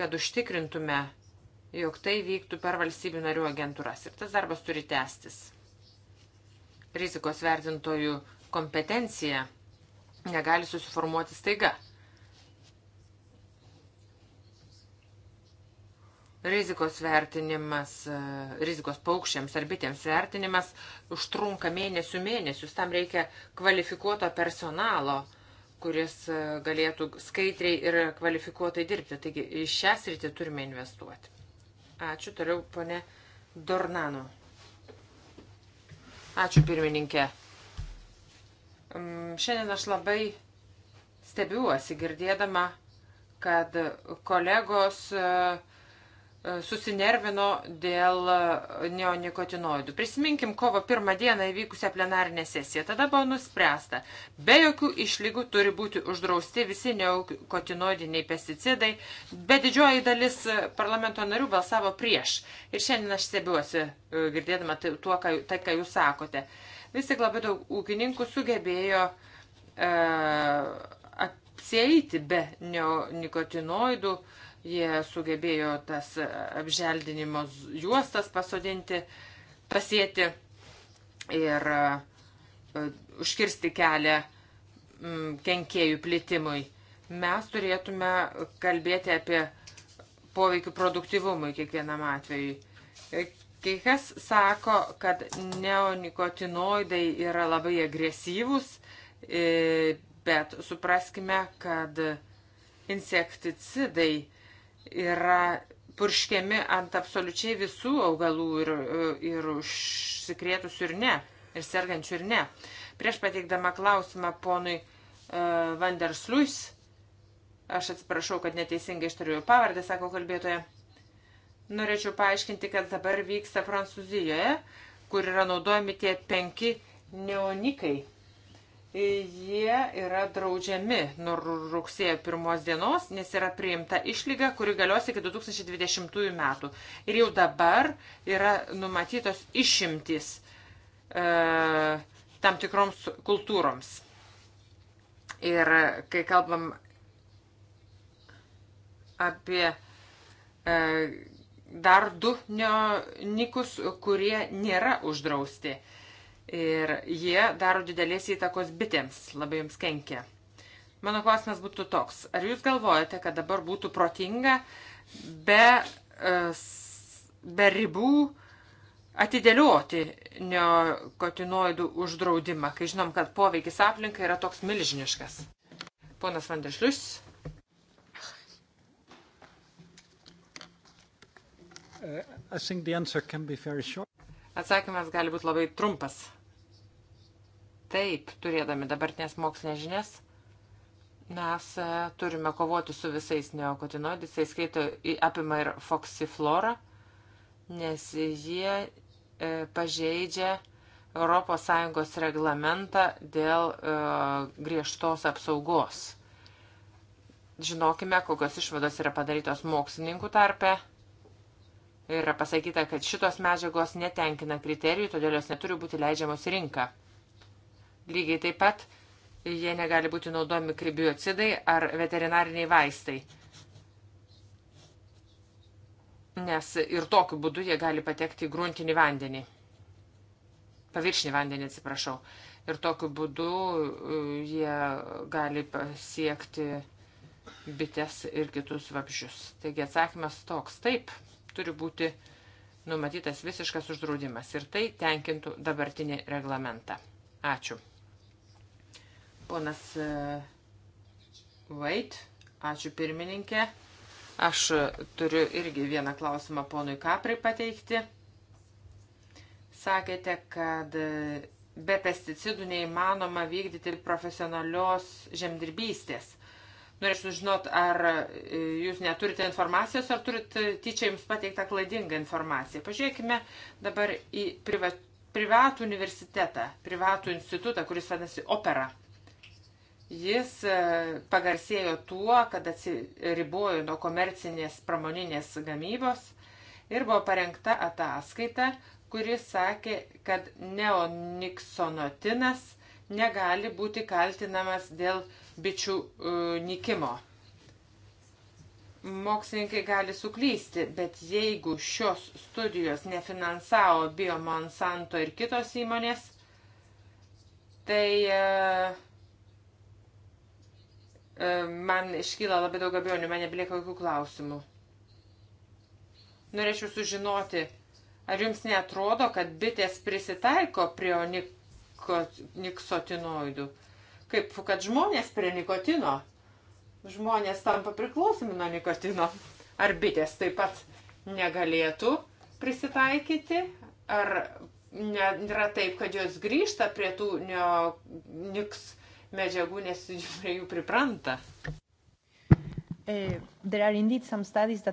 Speaker 3: kad užtikrintume, jog tai vyktų per valstybių narių agentūras. Ir tas darbas turi tęstis. Rizikos vertintojų kompetencija negali susiformuoti staiga. Rizikos vertinimas, e, rizikos paukščiams ar bitėms vertinimas užtrunka mėnesių mėnesius. Tam reikia kvalifikuoto personalo, kuris e, galėtų skaitriai ir kvalifikuotai dirbti. Taigi į šią sritį turime investuoti. Ačiū toliau, ponė Dornano. Ačiū pirmininkė. Mm, šiandien aš labai stebiuosi girdėdama, kad kolegos uh, E, susinervino dėl e, neonikotinoidų. Prisiminkim kovo pirmą dieną įvykusią plenarinę sesiją. Tada buvo nuspręsta, be jokių išlygų turi būti uždrausti visi neonikotinoidiniai pesticidai, bet didžioji dalis e, parlamento narių balsavo prieš. Ir šiandien aš stebiuosi, girdėdama tai, tuo, ką, tai, ką jūs sakote. Vis tik labai daug ūkininkų sugebėjo uh, apsieiti be neonikotinoidų. Uh, Jie sugebėjo tas apželdinimo juostas pasodinti, pasėti ir e, užkirsti kelią mm, kenkėjų plitimui. Mes turėtume kalbėti apie poveikių produktivumui kiekvienam atvejui. E, kai kas sako, kad neonikotinoidai yra labai agresyvūs, e, bet supraskime, kad insekticidai yra purškiami ant absoliučiai visų augalų ir, ir užsikrėtusių ir ne, ir sergančių ir ne. Prieš pateikdama klausimą ponui uh, e, Vandersluis, aš atsiprašau, kad neteisingai ištariu jo pavardę, sako kalbėtoja, norėčiau paaiškinti, kas dabar vyksta Prancūzijoje, kur yra naudojami tie penki neonikai jie yra draudžiami nuo rugsėjo pirmos dienos, nes yra priimta išlyga, kuri galios iki 2020 metų. Ir jau dabar yra numatytos išimtis e, tam tikroms kultūroms. Ir kai kalbam apie e, dar du neonikus, kurie nėra uždrausti. E, Ir jie daro didelės įtakos bitėms, labai jums kenkia. Mano klausimas būtų toks. Ar jūs galvojate, kad dabar būtų protinga be, e, be ribų atidėlioti neokotinoidų uždraudimą, kai žinom, kad poveikis aplinkai yra toks milžiniškas? Ponas Vandešlius. Uh, Atsakymas gali būti labai trumpas. Taip, turėdami dabartinės mokslinės žinias, mes e, turime kovoti su visais neokotinoidais, tai skaito apima ir foksiflorą, nes jie e, pažeidžia ES reglamentą dėl e, griežtos apsaugos. Žinokime, kokios išvados yra padarytos mokslininkų tarpe. Yra pasakyta, kad šitos medžiagos netenkina kriterijų, todėl jos neturi būti leidžiamos rinką. Lygiai taip pat jie negali būti naudojami kaip biocidai ar veterinariniai vaistai. Nes ir tokiu būdu jie gali patekti į gruntinį vandenį. Paviršinį vandenį, atsiprašau. Ir tokiu būdu e, jie gali pasiekti bites ir kitus vabžius. Taigi atsakymas toks. Taip, turi būti numatytas visiškas uždraudimas. Ir tai tenkintų dabartinį reglamentą. Ačiū. Ponas e, Vait, ačiū pirmininkė. Aš turiu irgi vieną klausimą ponui Kaprai pateikti. Sakėte, kad e, be pesticidų neįmanoma vykdyti profesionalios žemdirbystės. Norėčiau sužinot, ar e, jūs neturite informacijos, ar turit tyčia jums pateiktą klaidingą informaciją. Pažiūrėkime dabar į privatų universitetą, privatų institutą, kuris vadinasi Opera. Jis e, pagarsėjo tuo, kad atsiribojo nuo komercinės pramoninės gamybos ir buvo parengta ataskaita, kuris sakė, kad neoniksonotinas negali būti kaltinamas dėl bičių uh, e, nikimo. Mokslininkai gali suklysti, bet jeigu šios studijos nefinansavo BioMonsanto ir kitos įmonės, tai uh, E, man iškyla labai daug abejonių, man nebelieka jokių klausimų. Norėčiau sužinoti, ar jums netrodo, kad bitės prisitaiko prie niksotinoidų, kaip kad žmonės prie nikotino. Žmonės tampa priklausomi nuo nikotino. Ar bitės taip pat negalėtų prisitaikyti, ar nėra taip, kad jos grįžta prie tų niks medžiagų, nes prie jų pripranta. E,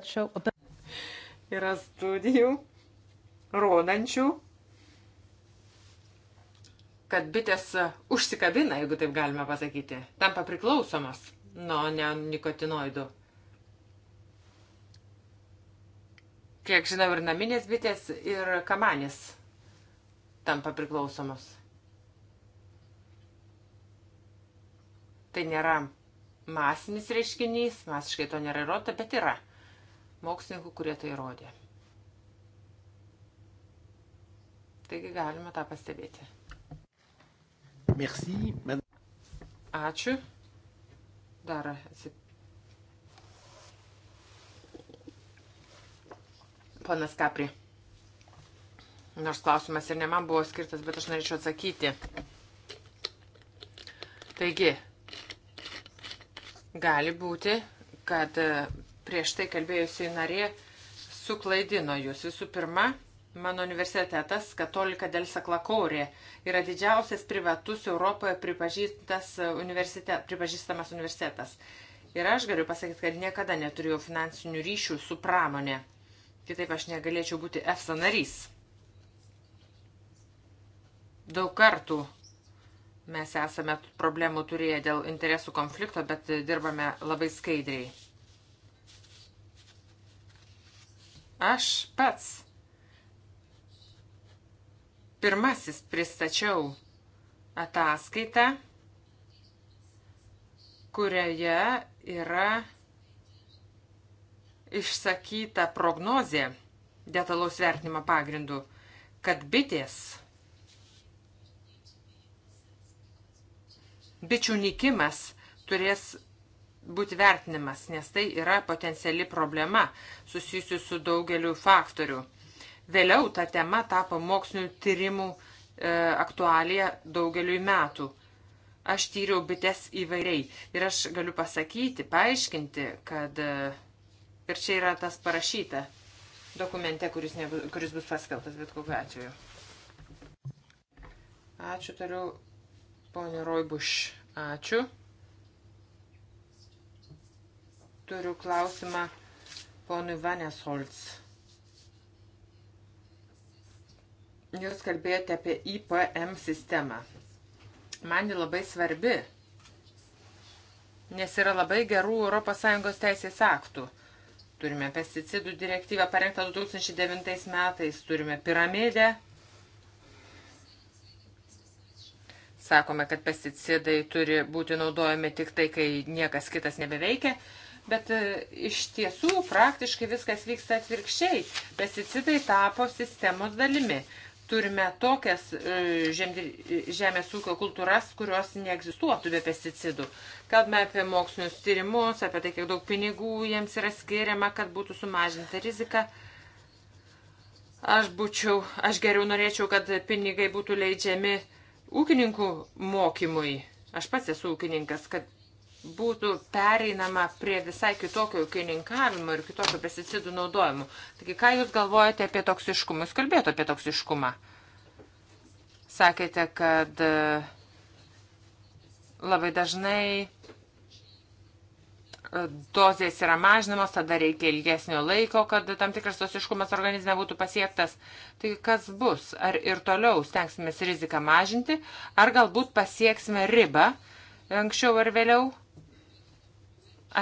Speaker 3: show... Yra studijų rodančių, kad bitės užsikabina, jeigu taip galima pasakyti, tampa priklausomas nuo neonikotinoidų. Kiek žinau, ir naminės bitės, ir kamanės tampa priklausomos. Tai nėra masinis reiškinys, masiškai to nėra įrodyta, bet yra mokslininkų, kurie tai įrodė. Taigi galime tą pastebėti. Merci, man... Ačiū. Dar atsip... Ponas Kapri. Nors klausimas ir ne man buvo skirtas, bet aš norėčiau atsakyti. Taigi, Gali būti, kad e, prieš tai kalbėjusiai narė suklaidino jūs. Visų pirma, mano universitetas Katolika del Saklakorė yra didžiausias privatus Europoje e, universite, pripažįstamas universitetas. Ir aš galiu pasakyti, kad niekada neturėjau finansinių ryšių su pramonė. Kitaip aš negalėčiau būti EFSA narys. Daug kartų Mes esame problemų turėję dėl interesų konflikto, bet dirbame labai skaidriai. Aš pats pirmasis pristačiau ataskaitą, kurioje yra išsakyta prognozė detalaus vertinimo pagrindų, kad bitės bičių nikimas turės būti vertinimas, nes tai yra potenciali problema susijusi su daugeliu faktorių. Vėliau ta tema tapo mokslinių tyrimų e, aktualija daugeliu metų. Aš tyriau bites įvairiai ir aš galiu pasakyti, paaiškinti, kad e, ir čia yra tas parašyta dokumente, kuris, nebu, kuris bus paskeltas bet kokiu atveju. Ačiū toliau Pone Roibuš, ačiū. Turiu klausimą ponui Vanesholz. Jūs kalbėjote apie IPM sistemą. Man ji labai svarbi, nes yra labai gerų ES teisės aktų. Turime pesticidų direktyvą parengtą 2009 metais, turime piramidę sakome, kad pesticidai turi būti naudojami tik tai, kai niekas kitas nebeveikia. Bet e, iš tiesų praktiškai viskas vyksta atvirkščiai. Pesticidai tapo sistemos dalimi. Turime tokias e, žemės ūkio kultūras, kurios neegzistuotų be pesticidų. Kalbame apie mokslinius tyrimus, apie tai, kiek daug pinigų jiems yra skiriama, kad būtų sumažinta rizika. Aš būčiau, aš geriau norėčiau, kad pinigai būtų leidžiami uh, Ūkininkų mokymui, aš pats esu ūkininkas, kad būtų pereinama prie visai kitokio ūkininkavimo ir kitokio pesticidų naudojimo. Taigi, ką Jūs galvojate apie toksiškumą? Jūs kalbėjote apie toksiškumą. Sakėte, kad e, labai dažnai dozės yra mažinamos, tada reikia ilgesnio laiko, kad tam tikras tosiškumas organizme būtų pasiektas. Tai kas bus? Ar ir toliau stengsime riziką mažinti, ar galbūt pasieksime ribą anksčiau ar vėliau?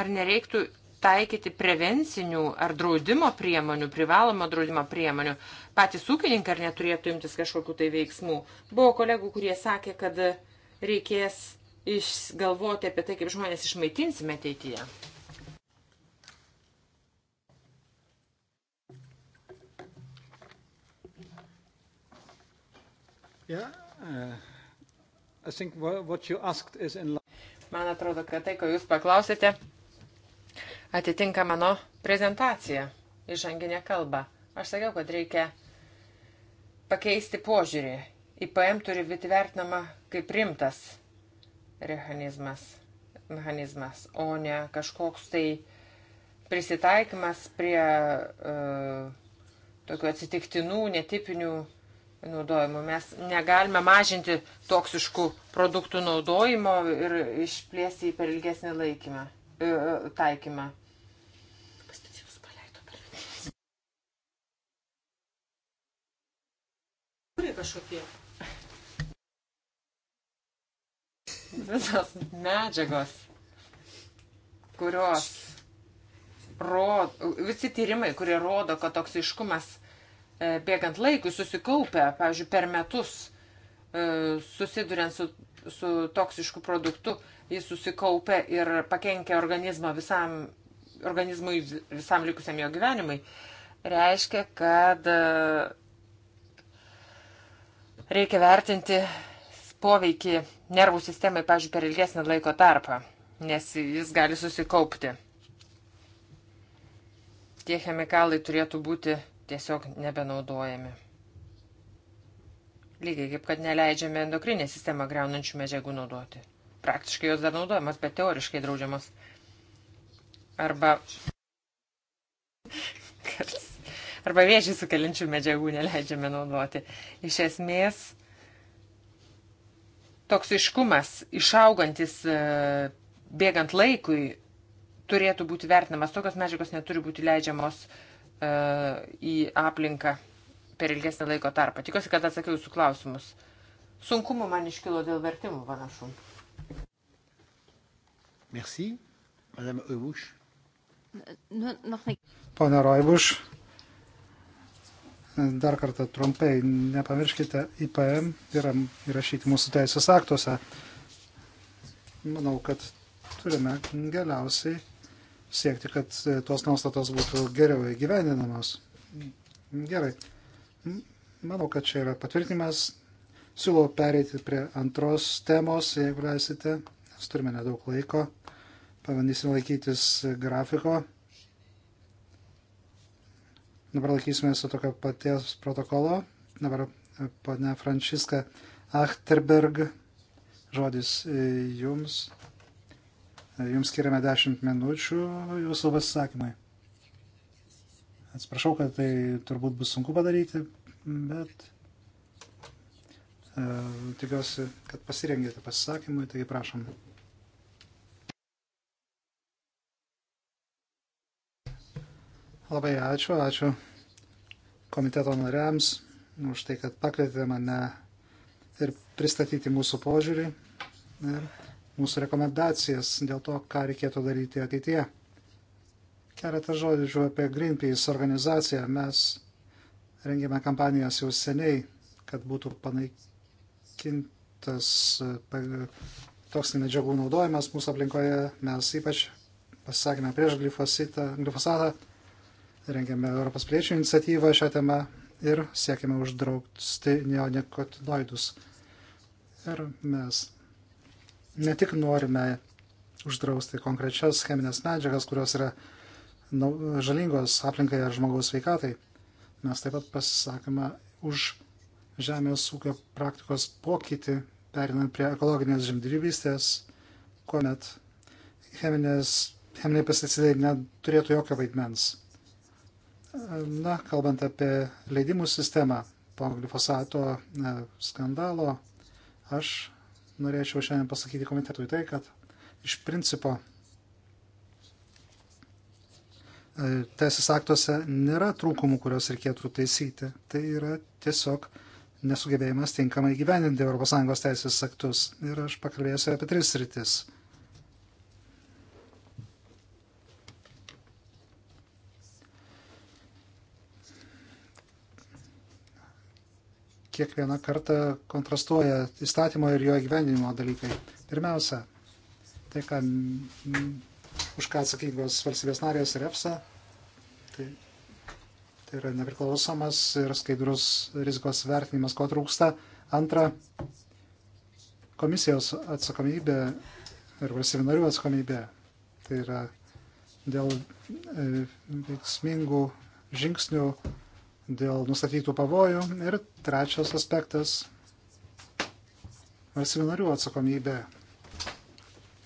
Speaker 3: Ar nereiktų taikyti prevencinių ar draudimo priemonių, privalomo draudimo priemonių? Patys ūkininkai ar neturėtų imtis kažkokiu tai veiksmu? Buvo kolegų, kurie sakė, kad reikės išgalvoti apie tai, kaip žmonės išmaitinsime ateityje.
Speaker 1: Yeah, uh, I think what you asked
Speaker 3: is in Man atrodo, kad tai, ko jūs paklausėte, atitinka mano prezentaciją, įžanginę kalbą. Aš sakiau, kad reikia pakeisti požiūrį. IPM turi būti vertinama kaip rimtas mechanizmas, mechanizmas o ne kažkoks tai prisitaikymas prie uh, tokių atsitiktinų, netipinių naudojimų. Mes negalime mažinti toksiškų produktų naudojimo ir išplėsti jį per ilgesnį laikymą, uh, taikymą. kažkokie Visos medžiagos, kurios rodo, visi tyrimai, kurie rodo, kad toksiškumas e, bėgant laikui susikaupia, pavyzdžiui, per metus e, susiduriant su, su toksišku produktu, jis susikaupia ir pakenkia organizmo visam, organizmui visam likusiam jo gyvenimui, reiškia, kad e, reikia vertinti poveikį nervų sistemai, pažiūrėjau, per ilgesnį laiko tarpą, nes jis gali susikaupti. Tie chemikalai turėtų būti tiesiog nebenaudojami. Lygiai kaip kad neleidžiame endokrinę sistemą greunančių medžiagų naudoti. Praktiškai jos dar naudojamos, bet teoriškai draudžiamos. Arba... (laughs) Arba vėžį sukeliančių medžiagų neleidžiame naudoti. Iš esmės, toksiškumas išaugantis e, bėgant laikui turėtų būti vertinamas. Tokios medžiagos neturi būti leidžiamos e, į aplinką per ilgesnį laiko tarpą. Tikiuosi, kad atsakiau jūsų klausimus. Sunkumų man iškilo dėl vertimų panašų.
Speaker 1: Merci. Madame Eubuš.
Speaker 2: Nu,
Speaker 1: nu, nu, Pone Roibuš, Dar kartą trumpai, nepamirškite, IPM yra įrašyti mūsų teisės aktuose. Manau, kad turime galiausiai siekti, kad tos nuostatos būtų geriau įgyvendinamos. Gerai. Manau, kad čia yra patvirtinimas. Siūlau pereiti prie antros temos, jeigu leisite, nes turime nedaug laiko. Pabandysim laikytis grafiko. Dabar laikysime su tokio paties protokolo. Dabar e, ponia Frančiska Achterberg, žodis e, jums. E, jums skiriame 10 minučių jūsų pasisakymai. Atsiprašau, kad tai turbūt bus sunku padaryti, bet e, tikiuosi, kad pasirengėte pasisakymui, taigi prašom. Labai ačiū, ačiū komiteto nariams už tai, kad pakvietė mane ir pristatyti mūsų požiūrį ir mūsų rekomendacijas dėl to, ką reikėtų daryti ateityje. Keletą žodžių apie Greenpeace organizaciją. Mes rengėme kampanijas jau seniai, kad būtų panaikintas toksinių medžiagų naudojimas mūsų aplinkoje. Mes ypač pasisakėme prieš glifosatą rengiame Europos piliečių iniciatyvą šią temą ir siekime uždrausti neonikotinoidus. Ir mes ne tik norime uždrausti konkrečias cheminės medžiagas, kurios yra žalingos aplinkai ar žmogaus veikatai, mes taip pat pasisakome už žemės ūkio praktikos pokytį, perinant prie ekologinės žemdirbystės, kuomet cheminės, cheminiai pesticidai neturėtų jokio vaidmens Na, kalbant apie leidimų sistemą po glifosato e, skandalo, aš norėčiau šiandien pasakyti komitetui tai, kad iš principo e, teisės aktuose nėra trūkumų, kurios reikėtų taisyti. Tai yra tiesiog nesugebėjimas tinkamai gyveninti ES teisės aktus. Ir aš pakalbėsiu apie tris rytis. kiekvieną kartą kontrastuoja įstatymo ir jo gyvenimo dalykai. Pirmiausia, tai, ką, m, už ką atsakingos valstybės narės ir EFSA, tai, tai yra nepriklausomas ir skaidrus rizikos vertinimas, ko trūksta. Antra, komisijos atsakomybė ir valstybių narių atsakomybė. Tai yra dėl e, veiksmingų žingsnių dėl nustatytų pavojų. Ir trečias aspektas - valstybių narių atsakomybė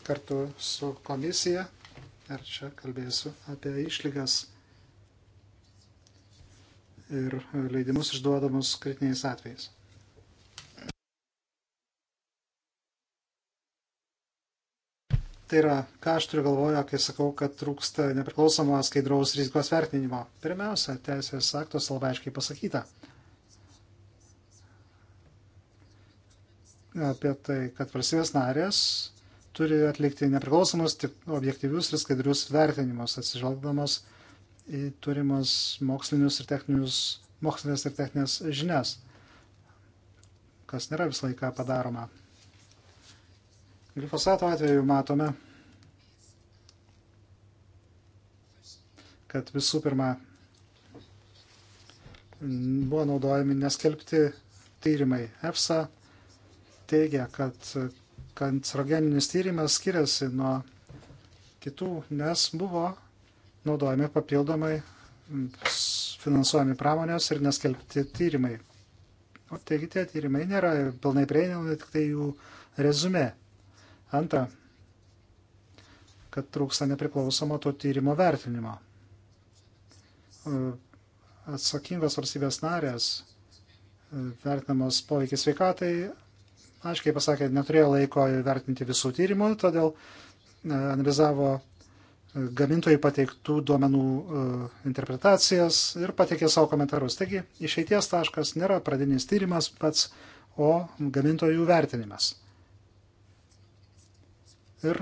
Speaker 1: kartu su komisija. Ir čia kalbėsiu apie išlygas ir leidimus išduodamus kritiniais atvejais. Tai yra, ką aš turiu galvoje, kai sakau, kad trūksta nepriklausomo skaidraus rizikos vertinimo. Pirmiausia, teisės aktos labai aiškiai pasakyta apie tai, kad valstybės narės turi atlikti nepriklausomus, objektyvius ir skaidrius vertinimus, atsižvelgdamos į turimas mokslinius ir techninius, mokslinės ir techninės žinias, kas nėra visą laiką padaroma. Glifosato atveju matome, kad visų pirma buvo naudojami neskelbti tyrimai. EFSA teigia, kad kancerogeninis tyrimas skiriasi nuo kitų, nes buvo naudojami papildomai finansuojami pramonės ir neskelbti tyrimai. O taigi tie tyrimai nėra pilnai prieinami, tik tai jų rezume. Antra, kad trūksta nepriklausomo to tyrimo vertinimo. E, atsakingos valstybės narės e, vertinamos poveikis sveikatai, aiškiai pasakė, neturėjo laiko vertinti visų tyrimų, todėl e, analizavo gamintojai pateiktų duomenų interpretacijas ir pateikė savo komentarus. Taigi, išeities taškas nėra pradinis tyrimas pats, o gamintojų vertinimas. Ir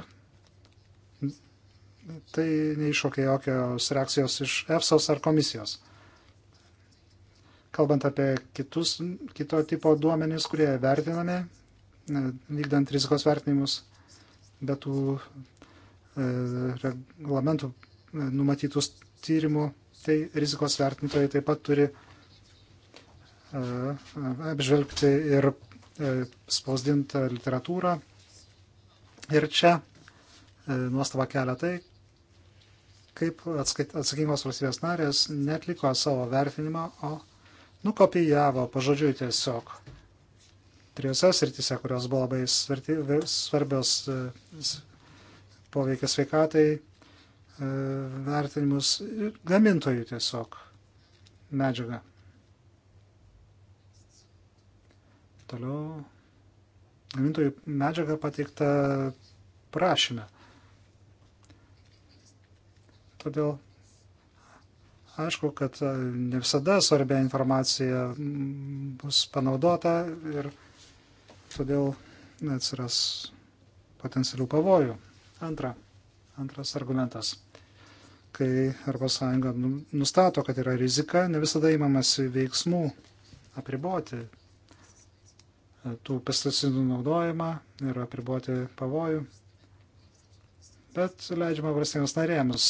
Speaker 1: tai neiššokė jokios reakcijos iš EFSOS ar komisijos. Kalbant apie kitus, kito tipo duomenys, kurie vertinami, e, vykdant rizikos vertinimus, bet tų e, reglamentų e, numatytus tyrimų, tai rizikos vertintojai taip pat turi apžvelgti ir spausdintą literatūrą, Ir čia e, nuostaba kelia tai, kaip atsakingos valstybės narės netliko savo vertinimą, o nukopijavo pažodžiui tiesiog trijose srityse, kurios buvo labai sverti, svarbios e, poveikia sveikatai e, vertinimus gamintojų tiesiog medžiagą. Toliau gamintojų medžiaga pateikta prašyme. Todėl aišku, kad ne visada svarbia informacija bus panaudota ir todėl atsiras potencialių pavojų. Antra, antras argumentas. Kai ES nu, nustato, kad yra rizika, ne visada įmamas veiksmų apriboti tų pesticidų naudojimą ir apriboti pavojų, bet leidžiama valstybėms narėms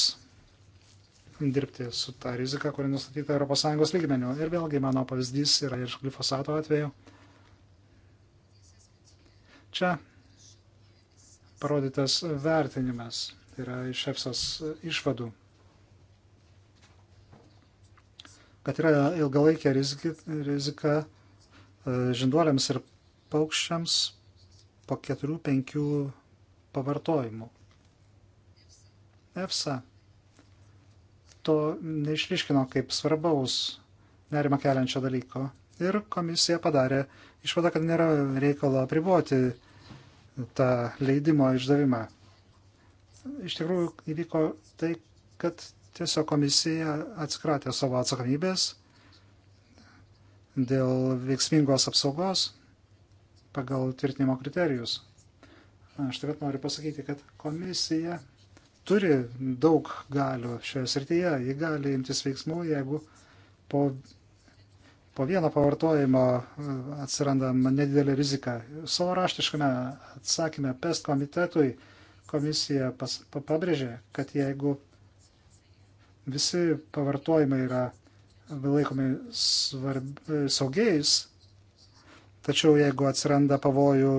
Speaker 1: dirbti su tą riziką, kuri nustatyta ES lygmeniu. Ir vėlgi mano pavyzdys yra ir glifosato atveju. Čia parodytas vertinimas, tai yra iš EFSAS išvadų, kad yra ilgalaikė rizika, rizika e, žinduoliams ir paukščiams po 4-5 pavartojimų. EFSA to neišryškino kaip svarbaus nerima keliančio dalyko. Ir komisija padarė išvadą, kad nėra reikalo apriboti tą leidimo išdavimą. Iš tikrųjų įvyko tai, kad tiesiog komisija atskratė savo atsakomybės dėl veiksmingos apsaugos pagal tvirtinimo kriterijus. Aš taip pat noriu pasakyti, kad komisija turi daug galių šioje srityje. Ji gali imtis veiksmų, jeigu po, po vieno pavartojimo e, atsiranda nedidelė rizika. Savo raštiškame atsakymė PEST komitetui komisija pas, pabrėžė, kad jeigu visi pavartojimai yra laikomi svarb, saugiais, Tačiau jeigu atsiranda pavojų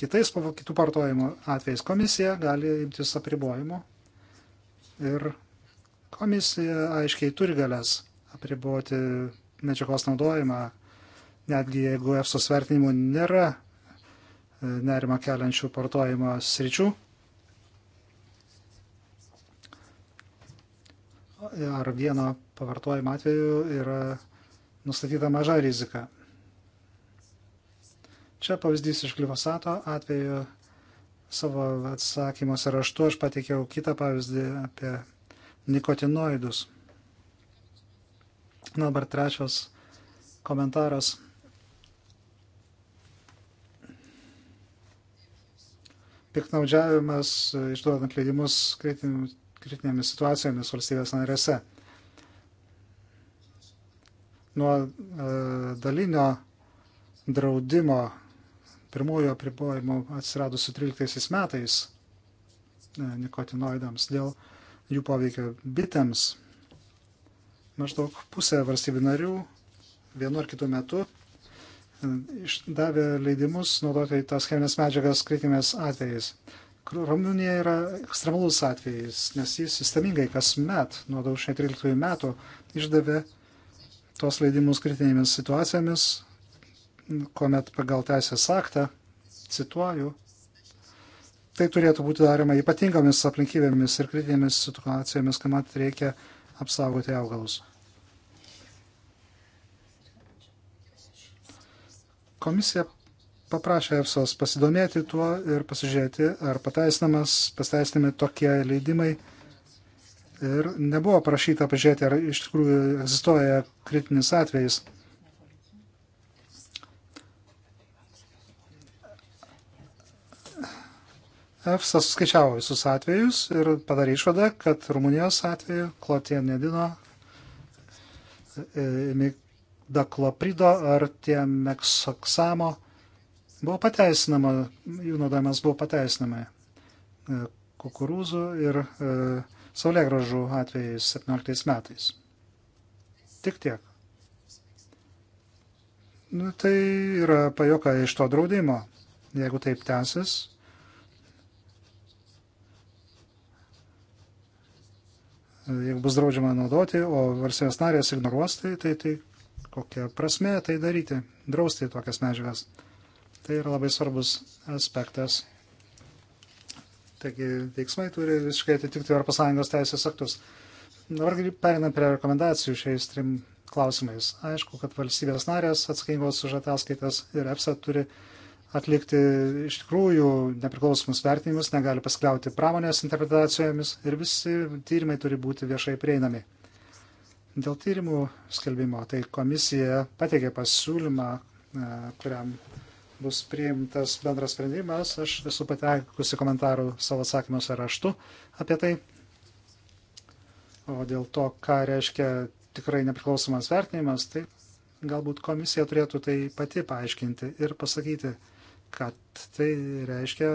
Speaker 1: kitais, kitų vartojimo atvejais, komisija gali imtis apribojimo ir komisija aiškiai turi galės apriboti medžiagos naudojimą, netgi jeigu EFSOS vertinimų nėra e, nerima keliančių vartojimo sričių. Ar vieno pavartojimo atveju yra nustatyta maža rizika. Čia pavyzdys iš glifosato atveju savo atsakymuose raštu aš pateikiau kitą pavyzdį apie nikotinoidus. Na, dabar trečias komentaras. Piknaudžiavimas išduodant leidimus kritinėmis situacijomis valstybės narėse. Nuo e, dalinio draudimo pirmųjų apribojimų atsiradusių 13 metais e, nikotinoidams dėl jų poveikio bitėms. Maždaug pusė valstybių narių vienu ar kitu metu e, išdavė leidimus naudoti tas cheminės medžiagas kritinės atvejais. Rumunija yra ekstremalus atvejis, nes jis sistemingai kasmet nuo 2013 metų išdavė tuos leidimus kritinėmis situacijomis, kuomet pagal teisės aktą, cituoju, tai turėtų būti daroma ypatingomis aplinkybėmis ir kritinėmis situacijomis, kuomet reikia apsaugoti augalus. Komisija paprašė EFSOS pasidomėti tuo ir pasižiūrėti, ar pateisinamas, pateisinami tokie leidimai. Ir nebuvo prašyta pažiūrėti, ar iš tikrųjų egzistuoja kritinis atvejis. EFSA suskaičiavo visus atvejus ir padarė išvadą, kad Rumunijos atveju klotienedino, e, midakloprido ar tiemeksoksamo buvo pateisinama, jų naudojimas buvo pateisinama e, kukurūzų ir e, saulėgražų atvejais 17 metais. Tik tiek. Nu, tai yra pajoka iš to draudimo. Jeigu taip tęsis, jeigu bus draudžiama naudoti, o valstybės narės ignoruos, tai, tai, tai kokia prasme tai daryti, drausti tokias medžiagas. Tai yra labai svarbus aspektas. Taigi veiksmai turi visiškai atitikti ES teisės aktus. Dabar perinam prie rekomendacijų šiais trim klausimais. Aišku, kad valstybės narės atsakingos už ataskaitas ir EPSA turi uh, atlikti iš tikrųjų nepriklausomus vertinimus, negali paskliauti pramonės interpretacijomis ir visi tyrimai turi būti viešai prieinami. Dėl tyrimų skelbimo, tai komisija pateikė pasiūlymą, e, kuriam bus priimtas bendras sprendimas. Aš esu patekusi komentarų savo atsakymuose raštu apie tai. O dėl to, ką reiškia tikrai nepriklausomas vertinimas, tai galbūt komisija turėtų tai pati paaiškinti ir pasakyti, kad tai reiškia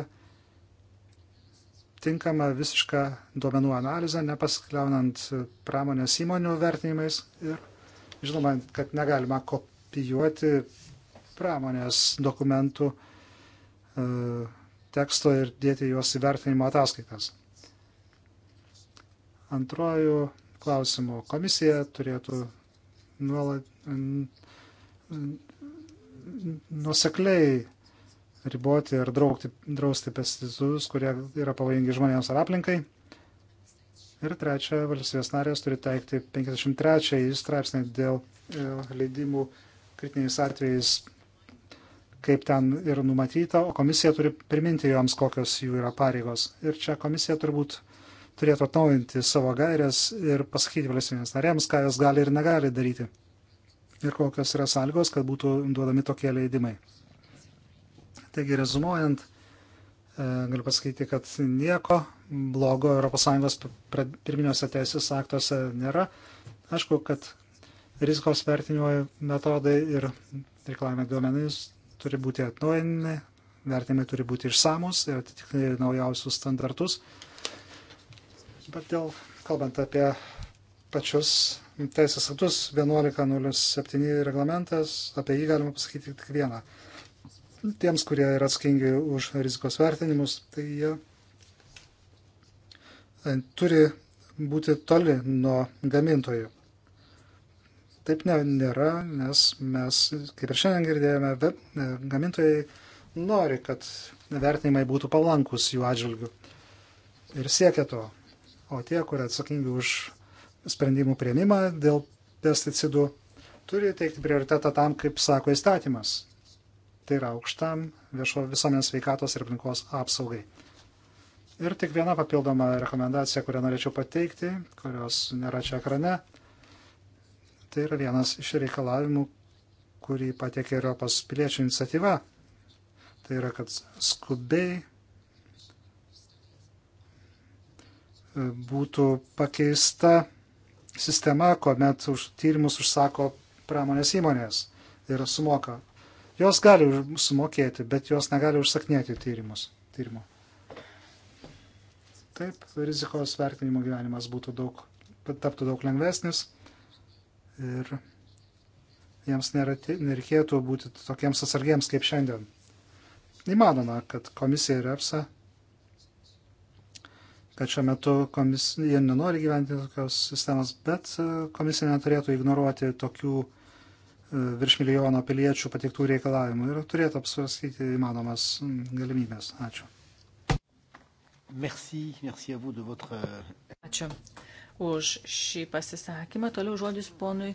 Speaker 1: tinkamą visišką duomenų analizę, nepaskliaunant pramonės įmonių vertinimais ir žinoma, kad negalima kopijuoti pramonės dokumentų e, teksto ir dėti juos į vertinimo ataskaitas. Antrojų klausimų komisija turėtų nuolat nusekliai riboti ir draugti, drausti pesticidus, kurie yra pavojingi žmonėms ar aplinkai. Ir trečia, valstybės narės turi teikti 53 straipsnį dėl e, leidimų kritiniais atvejais, kaip ten ir numatyta, o komisija turi priminti joms, kokios jų yra pareigos. Ir čia komisija turbūt turėtų atnaujinti savo gairias ir pasakyti valstybės narėms, ką jos gali ir negali daryti. Ir kokios yra sąlygos, kad būtų duodami tokie leidimai. Taigi, rezumuojant, e, galiu pasakyti, kad nieko blogo ES pirminiuose teisės aktuose nėra. Aišku, kad rizikos vertinimo metodai ir reikalavimai duomenys turi būti atnaujinami, vertinimai turi būti išsamus ir atitikti naujausius standartus. Bet dėl, kalbant apie pačius teisės aktus, 1107 reglamentas, apie jį galima pasakyti tik vieną tiems, kurie yra atsakingi už rizikos vertinimus, tai jie e, turi būti toli nuo gamintojų. Taip ne, nėra, nes mes, kaip ir šiandien girdėjome, e, gamintojai nori, kad vertinimai būtų palankus jų atžvilgių ir siekia to. O tie, kurie atsakingi už sprendimų prieimimą dėl pesticidų, turi teikti prioritetą tam, kaip sako įstatymas tai yra aukštam viešo visuomenės sveikatos ir aplinkos apsaugai. Ir tik viena papildoma rekomendacija, kurią norėčiau pateikti, kurios nėra čia ekrane, tai yra vienas iš reikalavimų, kurį patiekė Europos piliečių iniciatyva. Tai yra, kad skubiai e, būtų pakeista sistema, kuomet už tyrimus užsako pramonės įmonės ir sumoka Jos gali sumokėti, bet jos negali užsaknėti tyrimus. Tyrimo. Taip, rizikos vertinimo gyvenimas būtų daug, taptų daug lengvesnis ir jiems nėra, nereikėtų būti tokiems atsargiems kaip šiandien. Įmanoma, kad komisija ir EPSA, kad šiuo metu komisija nenori gyventi tokios sistemos, bet e, komisija neturėtų ignoruoti tokių virš milijono piliečių patiktų reikalavimų ir turėtų apsvarstyti įmanomas galimybės. Ačiū.
Speaker 2: Merci, merci votre... Ačiū už šį pasisakymą. Toliau žodis ponui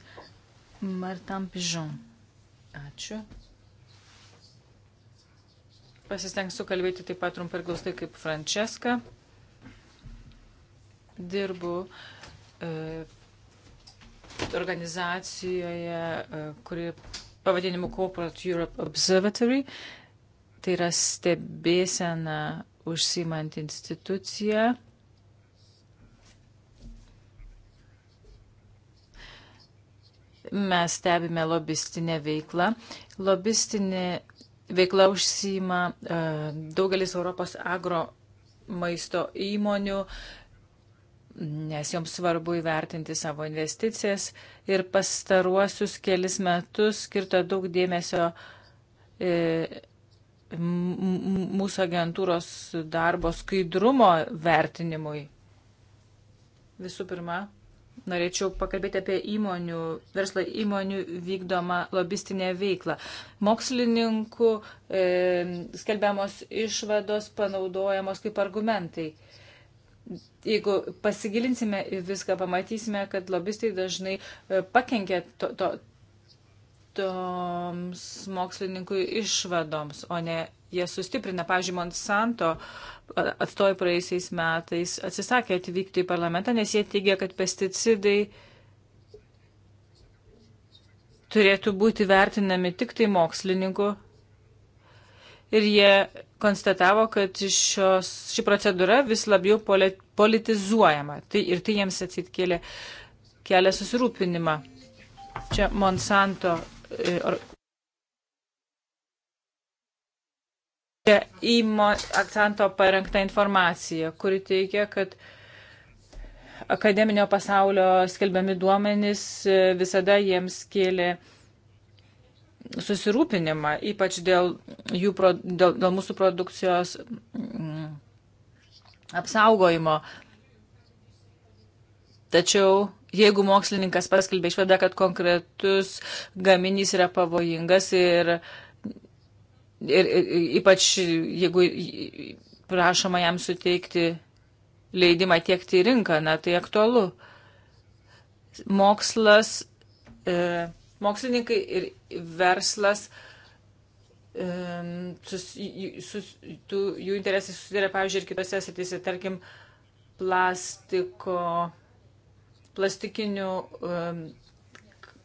Speaker 2: Martam Pižon. Ačiū. Pasistengsiu kalbėti taip pat trumpai ir glaustai kaip Frančeska. Dirbu e, organizacijoje, e, kuri pavadinimu Corporate Europe Observatory. Tai yra stebėsena užsimant instituciją. Mes stebime lobistinę veiklą. Lobistinė veikla užsima e, daugelis Europos agro maisto įmonių, nes joms svarbu įvertinti savo investicijas ir pastaruosius kelis metus skirta daug dėmesio e, mūsų agentūros darbo skaidrumo vertinimui. Visų pirma, norėčiau pakalbėti apie įmonių, verslo įmonių vykdomą lobistinę veiklą. Mokslininkų e, skelbiamos išvados panaudojamos kaip argumentai. E, jeigu pasigilinsime į viską, pamatysime, kad lobistai dažnai e, pakenkia to, to, toms mokslininkų išvadoms, o ne jie sustiprina. Pavyzdžiui, Monsanto atstovai praeisiais metais atsisakė atvykti į parlamentą, nes jie teigia, kad pesticidai turėtų būti vertinami tik tai mokslininkų. Ir jie konstatavo, kad šios, ši procedūra vis labiau politizuojama. Tai ir tai jiems atsitkėlė kelia susirūpinimą. Čia Monsanto. E, Čia į akcento parengta informacija, kuri teigia, kad akademinio pasaulio skelbiami duomenys e, visada jiems kėlė uh, susirūpinimą, ypač dėl, jų, dėl, dėl mūsų produkcijos mm, apsaugojimo. Tačiau jeigu mokslininkas paskelbė išvadą, kad konkretus gaminys yra pavojingas ir, ir, ir ypač jeigu prašoma jam suteikti leidimą tiekti į rinką, na tai aktualu. Mokslas. E, mokslininkai ir verslas, sus, sus, tų, jų interesai susidėrė, pavyzdžiui, ir kitose srityse, tarkim, plastiko, plastikinių um,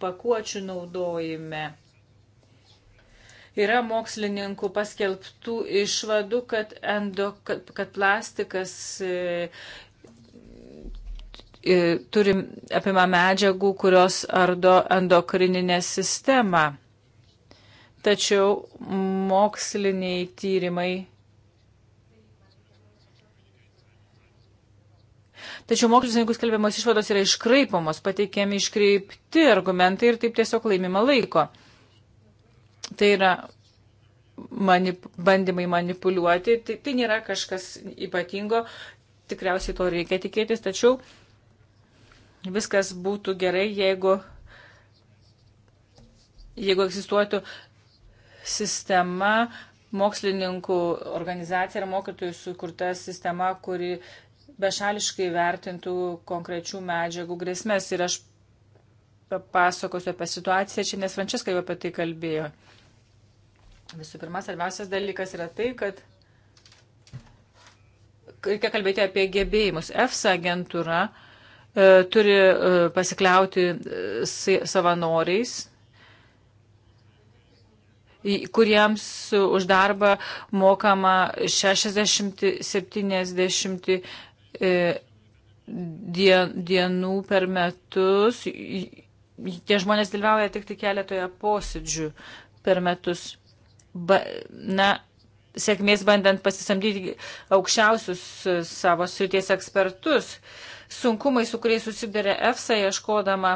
Speaker 2: pakuočių naudojime. Yra mokslininkų paskelbtų išvadų, kad, endo, kad, kad plastikas e, E, turim apima medžiagų, kurios ardo endokrininę sistemą. Tačiau moksliniai tyrimai. Tačiau mokslininkų skelbiamos išvados yra iškraipomos, pateikiami iškreipti argumentai ir taip tiesiog laimima laiko. Tai yra manip, bandymai manipuliuoti, tai, tai nėra kažkas ypatingo, tikriausiai to reikia tikėtis, tačiau uh, viskas būtų gerai, jeigu, jeigu egzistuotų sistema, mokslininkų organizacija ir mokytojų sukurta sistema, kuri bešališkai vertintų konkrečių medžiagų grėsmės. Ir aš papasakosiu apie situaciją čia, nes Frančiska jau apie tai kalbėjo. Visų pirma, svarbiausias dalykas yra tai, kad reikia kalbėti apie gebėjimus. EFSA agentūra uh, E, turi e, pasikliauti e, savanoriais, kuriems už darbą mokama 60-70 dienų per metus. Tie žmonės dalyvauja tik tai keletoje posėdžių per metus. Ba, na, sėkmės bandant pasisamdyti aukščiausius savo srities ekspertus. Uh, sunkumai, su kuriais susiduria EFSA ieškodama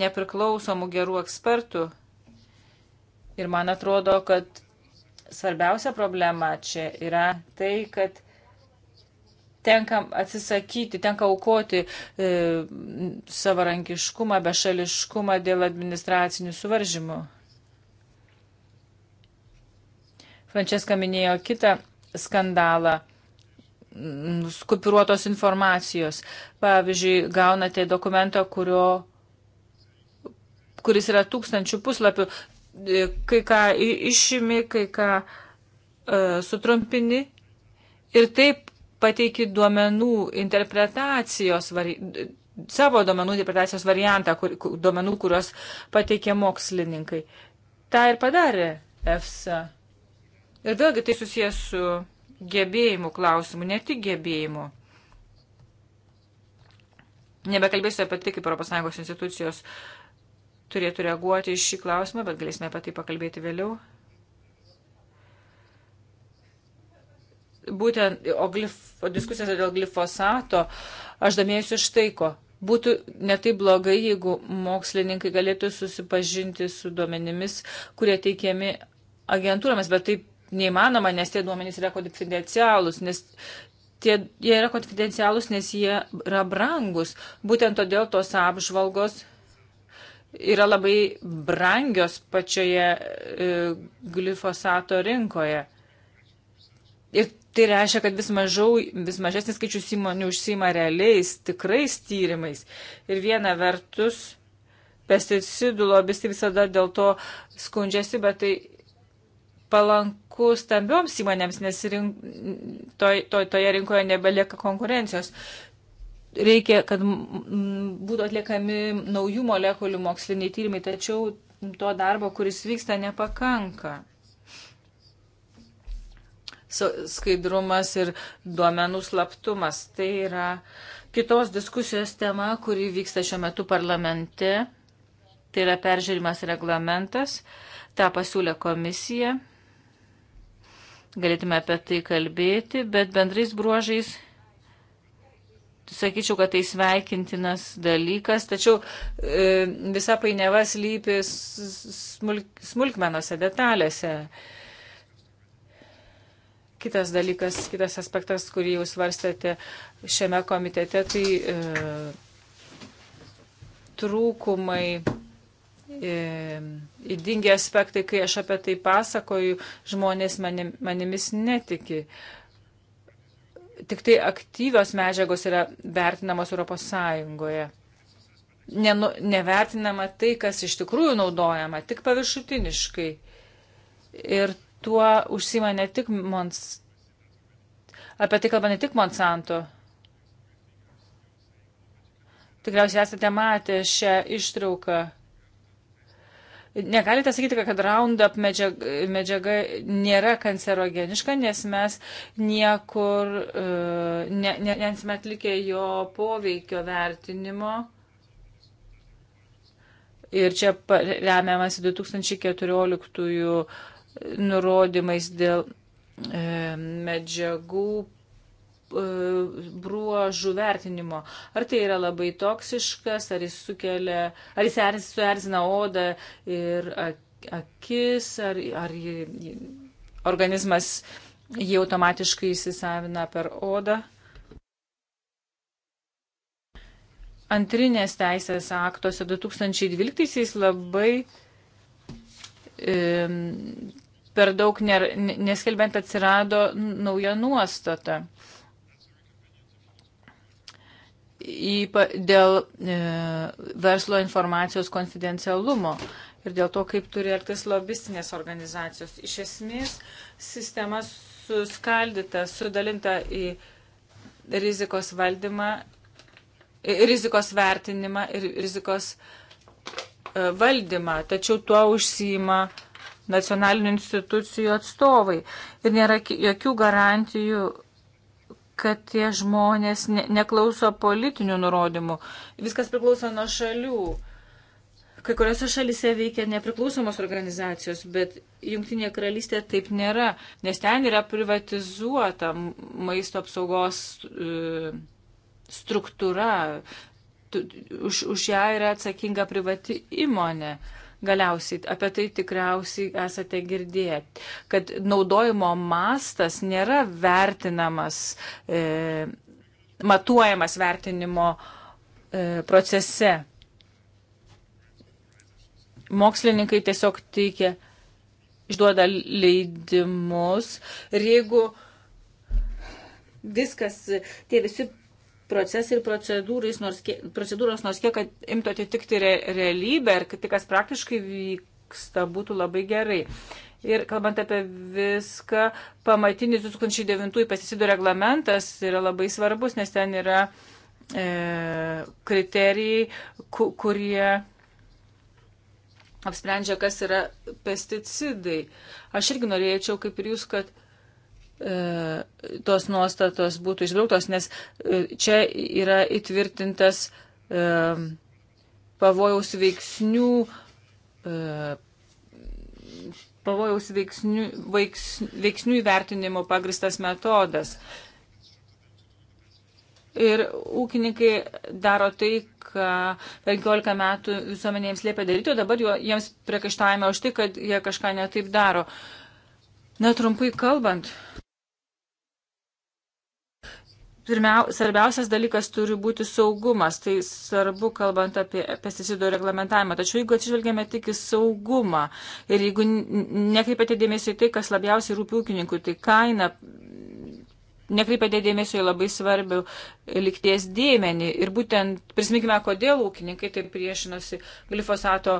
Speaker 2: nepriklausomų gerų ekspertų. Ir man atrodo, kad svarbiausia problema čia yra tai, kad tenka atsisakyti, tenka aukoti e, savarankiškumą, bešališkumą dėl administracinių suvaržymų. Frančeska minėjo kitą skandalą skupiruotos informacijos. Pavyzdžiui, gaunate dokumentą, kurio, kuris yra tūkstančių puslapių, kai ką išimi, kai ką e, sutrumpini ir taip pateiki duomenų interpretacijos, vari, savo duomenų interpretacijos variantą, kur, duomenų, kuriuos pateikė mokslininkai. Ta ir padarė EFSA. Ir vėlgi tai susijęs su gebėjimų klausimų, ne tik gebėjimų. Nebekalbėsiu apie tai, kaip ES institucijos turėtų reaguoti iš šį klausimą, bet galėsime apie tai pakalbėti vėliau. Būtent, o, glif, o diskusijose dėl glifosato aš domėjusiu štai ko. Būtų netai blogai, jeigu mokslininkai galėtų susipažinti su duomenimis, kurie teikiami agentūromis, bet taip neįmanoma, nes tie duomenys yra konfidencialūs, nes tie, jie yra konfidencialūs, nes jie yra brangus. Būtent todėl tos apžvalgos yra labai brangios pačioje e, glifosato rinkoje. Ir tai reiškia, kad vis, mažiau, vis mažesnis skaičius įmonių užsima realiais, tikrais tyrimais. Ir viena vertus, pesticidų lobistai visada dėl to skundžiasi, bet tai palanku sunku stambioms įmonėms, nes rink, to, to, toje rinkoje nebelieka konkurencijos. Reikia, kad būtų atliekami naujų molekulių moksliniai tyrimai, tačiau to darbo, kuris vyksta, nepakanka. Skaidrumas ir duomenų slaptumas - tai yra kitos diskusijos tema, kuri vyksta šiuo metu parlamente. Tai yra peržiūrimas reglamentas, tą pasiūlė komisija galėtume apie tai kalbėti, bet bendrais bruožais sakyčiau, kad tai sveikintinas dalykas, tačiau e, visa painiava slypi smulk, smulkmenose, detalėse. Kitas dalykas, kitas aspektas, kurį jūs varstėte šiame komitete, tai e, trūkumai E, įdingi aspektai, kai aš apie tai pasakoju, žmonės manim, manimis netiki. Tik tai aktyvios medžiagos yra vertinamos Europos Sąjungoje. Nenu, nevertinama tai, kas iš tikrųjų naudojama, tik paviršutiniškai. Ir tuo užsima ne tik Monsanto. Apie tai kalba ne tik Monsanto. Tikriausiai esate matę šią ištrauką Negalite sakyti, kad Roundup medžiaga, medžiaga nėra kancerogeniška, nes mes niekur e, ne, ne, nesame atlikę jo poveikio vertinimo. Ir čia remiamas 2014 nurodymais dėl e, medžiagų E, bruožų vertinimo. Ar tai yra labai toksiškas, ar jis sukelia, ar jis suerzina odą ir akis, ar, ar organizmas jį automatiškai įsisavina per odą. Antrinės teisės aktuose 2012 labai per daug neskelbent atsirado nauja nuostata ypa, dėl e, verslo informacijos konfidencialumo ir dėl to, kaip turi elgtis lobistinės organizacijos. Iš esmės, sistema suskaldyta, sudalinta į rizikos valdymą, e, rizikos vertinimą ir rizikos e, valdymą, tačiau tuo užsijima nacionalinių institucijų atstovai. Ir nėra jokių garantijų kad tie žmonės ne, neklauso politinių nurodymų. Viskas priklauso nuo šalių. Kai kuriuose šalise veikia nepriklausomos organizacijos, bet Junktinė karalystė taip nėra, nes ten yra privatizuota maisto apsaugos e, struktūra, už, už ją yra atsakinga privati įmonė. E, Galiausiai apie tai tikriausiai esate girdėję, kad naudojimo mastas nėra vertinamas, e, matuojamas vertinimo e, procese. Mokslininkai tiesiog teikia, išduoda leidimus ir jeigu viskas, tie visi procesai ir procedūros nors kiek, procedūros nors kiek imtų atitikti re, realybę ir kad tai, kas praktiškai vyksta, būtų labai gerai. Ir kalbant apie viską, pamatinis 2009 pesticidų reglamentas yra labai svarbus, nes ten yra e, kriterijai, ku, kurie apsprendžia, kas yra pesticidai. Aš irgi norėčiau, kaip ir jūs, kad e, tos nuostatos būtų išbrauktos, nes e, čia yra įtvirtintas e, pavojaus veiksnių, e, pavojaus veiksnių, veiks, veiksnių įvertinimo pagristas metodas. Ir ūkininkai daro tai, ką 15 metų visuomenėms liepia daryti, o dabar jiems priekaištavime už tai, kad jie kažką netaip daro. Na, trumpai kalbant, pirmiau, svarbiausias dalykas turi būti saugumas. Tai svarbu, kalbant apie pesticidų reglamentavimą. Tačiau jeigu atsižvelgiame tik į saugumą ir jeigu nekreipiate dėmesio į tai, kas labiausiai rūpi ūkininkui, tai kaina. Nekreipėte dėmesio į labai svarbių likties dėmenį. Ir būtent prisiminkime, kodėl ūkininkai taip priešinosi glifosato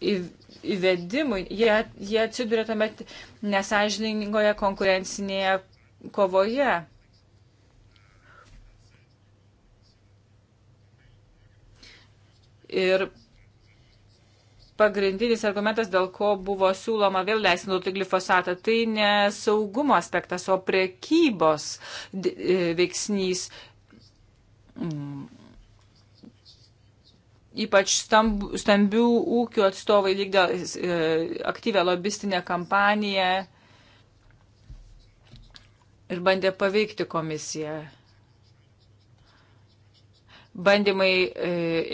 Speaker 2: įvedimui. Jie, jie atsiduria tuomet nesažiningoje konkurencinėje kovoje. Ir pagrindinis argumentas, dėl ko buvo siūloma vėl leisti naudoti glifosatą, tai ne saugumo aspektas, o prekybos e, veiksnys. Mm. Ypač stambių ūkių atstovai vykdo e, aktyvę lobistinę kampaniją ir bandė paveikti komisiją. Bandymai e,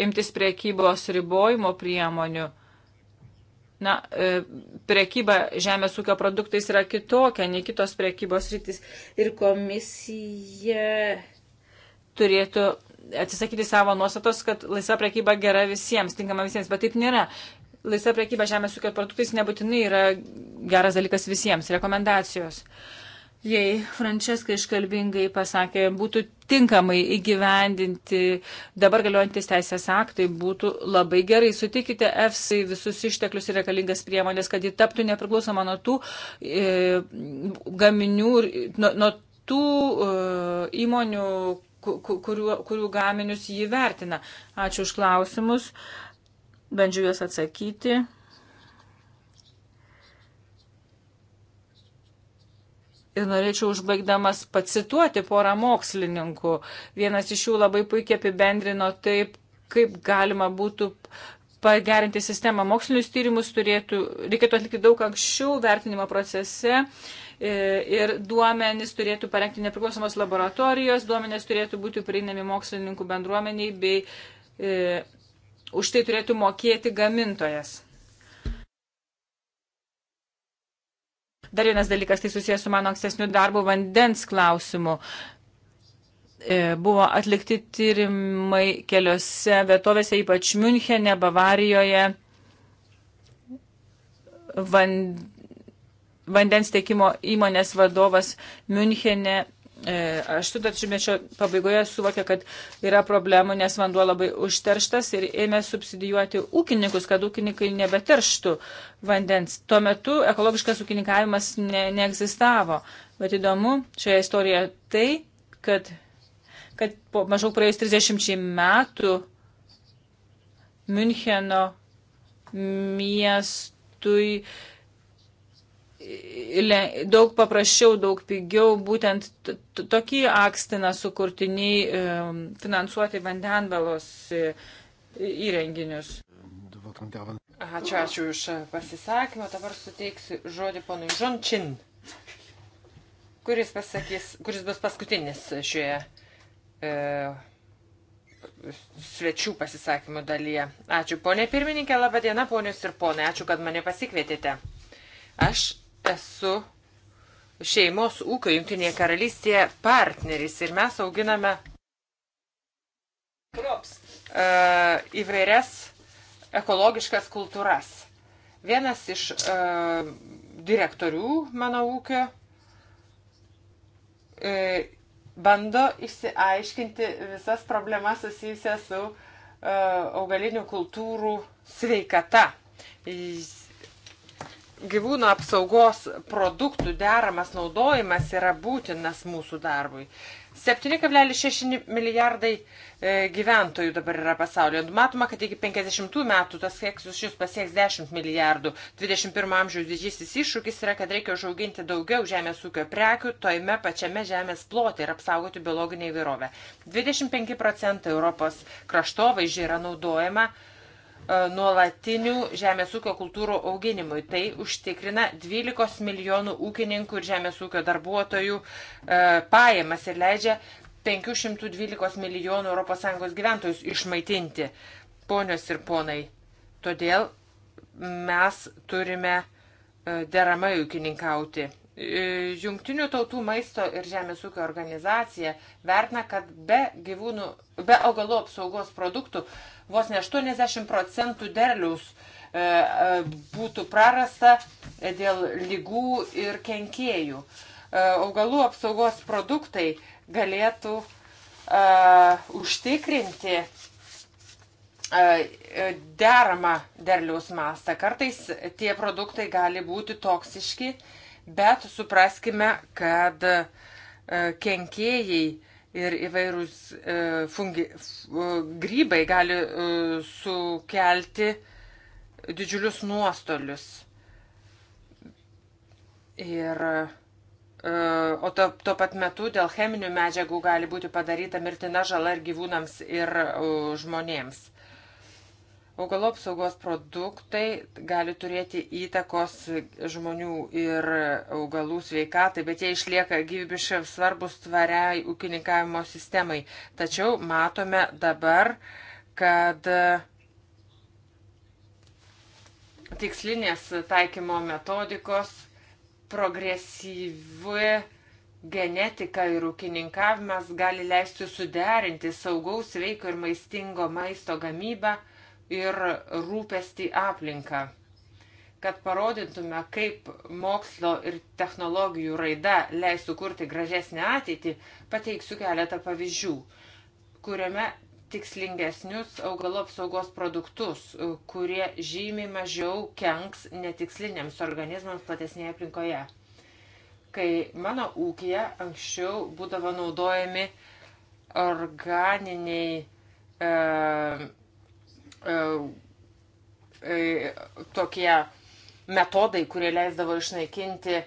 Speaker 2: imtis priekybos ribojimo priemonių. Na, e, priekyba žemės ūkio produktais yra kitokia nei kitos priekybos rytis. Ir komisija turėtų atsisakyti savo nuostatos, kad laisva priekyba gera visiems, tinkama visiems, bet taip nėra laisva priekyba žemės ūkio produktais nebūtinai yra geras dalykas visiems. Rekomendacijos jei Frančeska iškalbingai pasakė, būtų tinkamai įgyvendinti dabar galiojantis teisės aktai, būtų labai gerai. Sutikite EFSA visus išteklius ir reikalingas priemonės, kad ji taptų nepriklausoma nuo tų e, gaminių, nuo, nuo tų e, įmonių, kurių, kurių gaminius jį vertina. Ačiū už klausimus. Bandžiu juos atsakyti. Ir norėčiau užbaigdamas pacituoti porą mokslininkų. Vienas iš jų labai puikiai apibendrino taip, kaip galima būtų pagerinti sistemą. Mokslinius tyrimus turėtų, reikėtų atlikti daug anksčiau vertinimo procese e, ir duomenys turėtų parengti nepriklausomos laboratorijos, duomenys turėtų būti prieinami mokslininkų bendruomeniai bei e, už tai turėtų mokėti gamintojas. Dar vienas dalykas, tai susijęs su mano ankstesniu darbu vandens klausimu. E, buvo atlikti tyrimai keliose vietovėse, ypač Münchenė, Bavarijoje. Van, vandens tiekimo įmonės vadovas Münchenė 80-mečio e, pabaigoje suvokė, kad yra problemų, nes vanduo labai užterštas ir ėmė subsidijuoti ūkininkus, kad ūkininkai nebeterštų vandens. Tuo metu ekologiškas ūkininkavimas ne, neegzistavo. Bet įdomu šioje istorijoje tai, kad, kad po maždaug praėjus 30 metų Müncheno miestui daug paprasčiau, daug pigiau būtent tokį akstiną sukurti nei finansuoti vandenvalos e, įrenginius.
Speaker 1: Ačiū,
Speaker 3: ačiū už pasisakymą. Dabar suteiksiu žodį ponui Žončin, kuris, pasakys, kuris bus paskutinis šioje e, svečių pasisakymų dalyje. Ačiū, ponė pirmininkė, laba diena, ponius ir ponai. Ačiū, kad mane pasikvietėte. Aš esu šeimos ūkio Junktinėje karalystėje partneris ir mes auginame krops uh, įvairias ekologiškas kultūras. Vienas iš uh, direktorių mano ūkio uh, bando išsiaiškinti visas problemas susijusias su uh, augalinių kultūrų sveikata. Jis gyvūnų apsaugos produktų deramas naudojimas yra būtinas mūsų darbui. 7,6 milijardai e, gyventojų dabar yra pasaulyje. Matoma, kad iki 50 metų tas skaičius pasieks 10 milijardų. 21 amžiaus didžiasis iššūkis yra, kad reikia užauginti daugiau žemės ūkio prekių toime pačiame žemės plote ir apsaugoti biologinę įvairovę. 25 procentai Europos kraštovaizdžiai yra naudojama E, nuolatinių žemės ūkio kultūrų auginimui. Tai užtikrina 12 milijonų ūkininkų ir žemės ūkio darbuotojų e, pajamas ir leidžia 512 milijonų ES gyventojus išmaitinti. Ponios ir ponai, todėl mes turime e, deramai ūkininkauti. E, Jungtinių tautų maisto ir žemės ūkio organizacija vertina, kad be, gyvūnų, be augalų apsaugos produktų vos ne 80 procentų derliaus e, e, būtų prarasta dėl lygų ir kenkėjų. Augalų apsaugos produktai galėtų uh, užtikrinti deramą derliaus mastą. Kartais tie produktai gali būti toksiški bet supraskime, kad e, kenkėjai ir įvairūs e, fungi, e, grybai gali sukelti didžiulius nuostolius. Ir o to, tuo pat metu dėl cheminių medžiagų gali būti padaryta mirtina žala ir gyvūnams, ir žmonėms. Augalo apsaugos produktai gali turėti įtakos žmonių ir augalų sveikatai, bet jie išlieka gyvybiškai svarbus tvariai ūkininkavimo sistemai. Tačiau matome dabar, kad tikslinės taikymo metodikos progresyvi genetika ir ūkininkavimas gali leisti suderinti saugaus, sveiko ir maistingo maisto gamybą ir rūpestį aplinką, kad parodintume, kaip mokslo ir technologijų raida leis sukurti gražesnę ateitį, pateiksiu keletą pavyzdžių, kuriame tikslingesnius augalo apsaugos produktus, kurie žymiai mažiau kenks netiksliniams organizmams platesnėje aplinkoje. Kai mano ūkija anksčiau būdavo naudojami organiniai e, E, e, tokie metodai, kurie leisdavo išnaikinti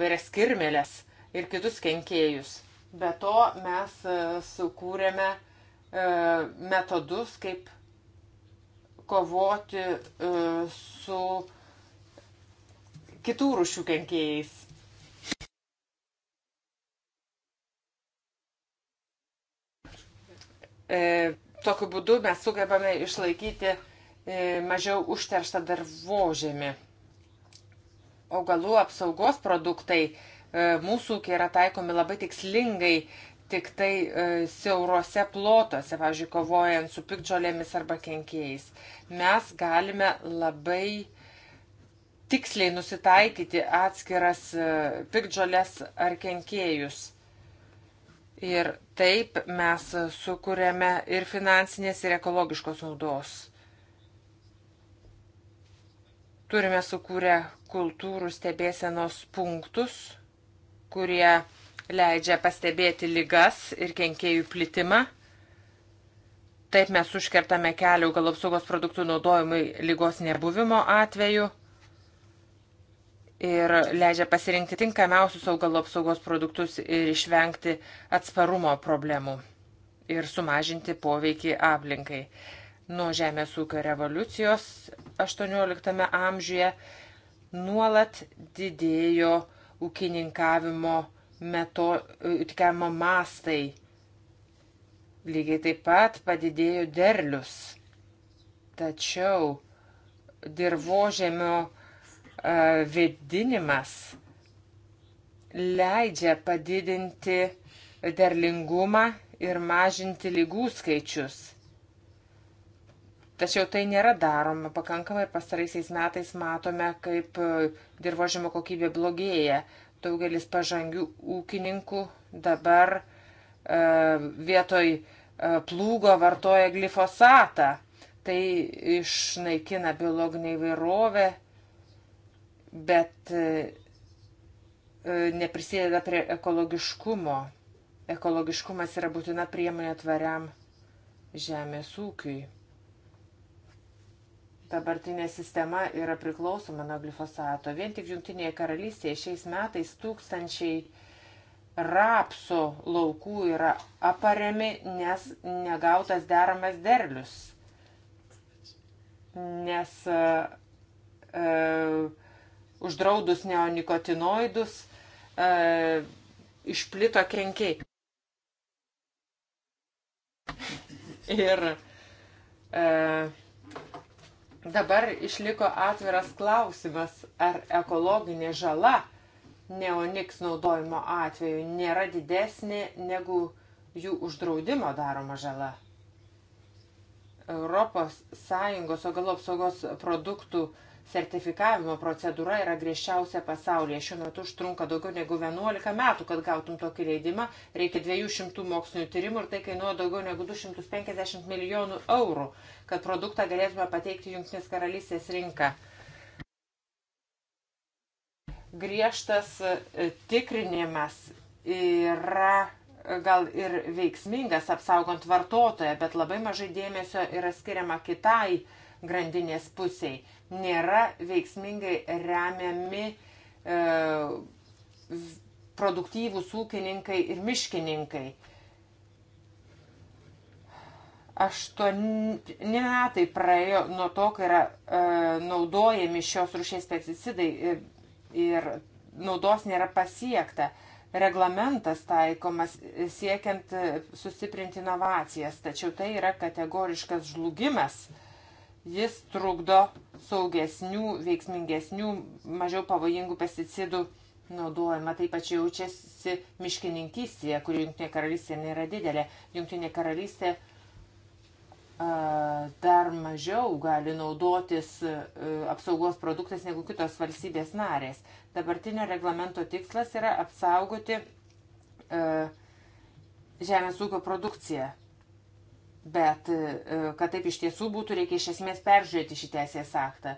Speaker 3: vairias kirmelės ir kitus kenkėjus. Be to mes e, sukūrėme metodus, kaip kovoti su kitų rušių kenkėjais. Tokiu būdu mes sugebame išlaikyti e, mažiau užterštą darbožėmį. Augalų apsaugos produktai e, mūsų ūkiai yra taikomi labai tikslingai, tik tai e, siaurose plotuose, pavyzdžiui, kovojant su pikdžiolėmis arba kenkėjais. Mes galime labai tiksliai nusitaikyti atskiras pikdžiolės ar kenkėjus. Ir taip mes sukūrėme ir finansinės, ir ekologiškos naudos. Turime sukūrę kultūrų stebėsenos punktus, kurie leidžia pastebėti lygas ir kenkėjų plitimą. Taip mes užkertame kelių gal apsaugos produktų naudojimui lygos nebuvimo atveju ir leidžia pasirinkti tinkamiausius augalų apsaugos produktus ir išvengti atsparumo problemų ir sumažinti poveikį aplinkai. Nuo žemės ūkio revoliucijos 18 amžiuje nuolat didėjo ūkininkavimo meto, ūkininkavimo mastai. Lygiai taip pat padidėjo derlius. Tačiau dirbožėmio vėdinimas leidžia padidinti derlingumą ir mažinti lygų skaičius. Tačiau tai nėra daroma pakankamai ir pastaraisiais metais matome, kaip dirbožimo kokybė blogėja. Daugelis pažangių ūkininkų dabar e, vietoj e, plūgo vartoja glifosatą. Tai išnaikina biologinę įvairovę, bet e, e, neprisideda prie ekologiškumo. Ekologiškumas yra būtina priemonė tvariam žemės ūkiui. Dabartinė sistema yra priklausoma nuo glifosato. Vien tik Junktinėje karalystėje šiais metais tūkstančiai rapsų laukų yra apariami, nes negautas deramas derlius. Nes uh, uh, uždraudus neonikotinoidus, e, išplito kenkiai. Ir e, dabar išliko atviras klausimas, ar ekologinė žala neoniks naudojimo atveju nėra didesnė negu jų uždraudimo daroma žala. Europos Sąjungos augalų apsaugos produktų e, sertifikavimo procedūra yra griežčiausia pasaulyje. Šiuo metu užtrunka daugiau negu 11 metų, kad gautum tokį leidimą. Reikia 200 mokslinių tyrimų ir tai kainuoja daugiau negu 250 milijonų eurų, kad produktą galėtume pateikti Junktinės karalystės rinką. Griežtas e, tikrinimas yra e, gal ir veiksmingas apsaugant vartotoją, bet labai mažai dėmesio yra skiriama kitai grandinės pusiai nėra veiksmingai remiami e, produktyvūs ūkininkai ir miškininkai. Aštuoni metai praėjo nuo to, kai yra e, naudojami šios rušės pesticidai ir, e, ir naudos nėra pasiekta. Reglamentas taikomas e, siekiant e, sustiprinti inovacijas, tačiau tai yra kategoriškas žlugimas. E, Jis trukdo saugesnių, veiksmingesnių, mažiau pavojingų pesticidų naudojimą. Taip pat jaučiasi miškininkystėje, kuri Junktinė karalystė nėra didelė. Junktinė karalystė dar mažiau gali naudotis apsaugos produktais negu kitos valstybės narės. Dabartinio reglamento tikslas yra apsaugoti žemės ūkio produkciją. Bet e, kad taip iš tiesų būtų, reikia iš esmės peržiūrėti šį teisės aktą.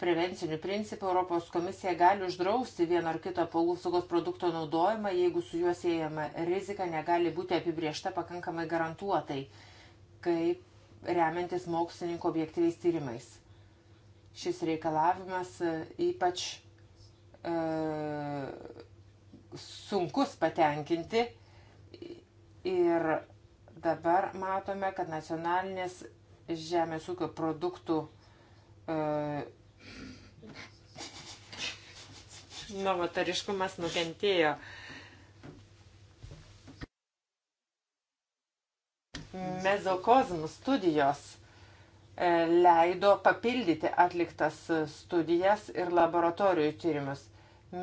Speaker 3: Prevencinių principų Europos komisija gali uždrausti vieno ar kito apsaugos produkto naudojimą, jeigu su juo siejama rizika negali būti apibriešta pakankamai garantuotai, kaip remiantis mokslininko objektyviais tyrimais. Šis reikalavimas e, ypač e, sunkus patenkinti ir Dabar matome, kad nacionalinės žemės ūkio produktų e, novatariškumas nukentėjo. Mezokozmų studijos e, leido papildyti atliktas studijas ir laboratorijų tyrimus.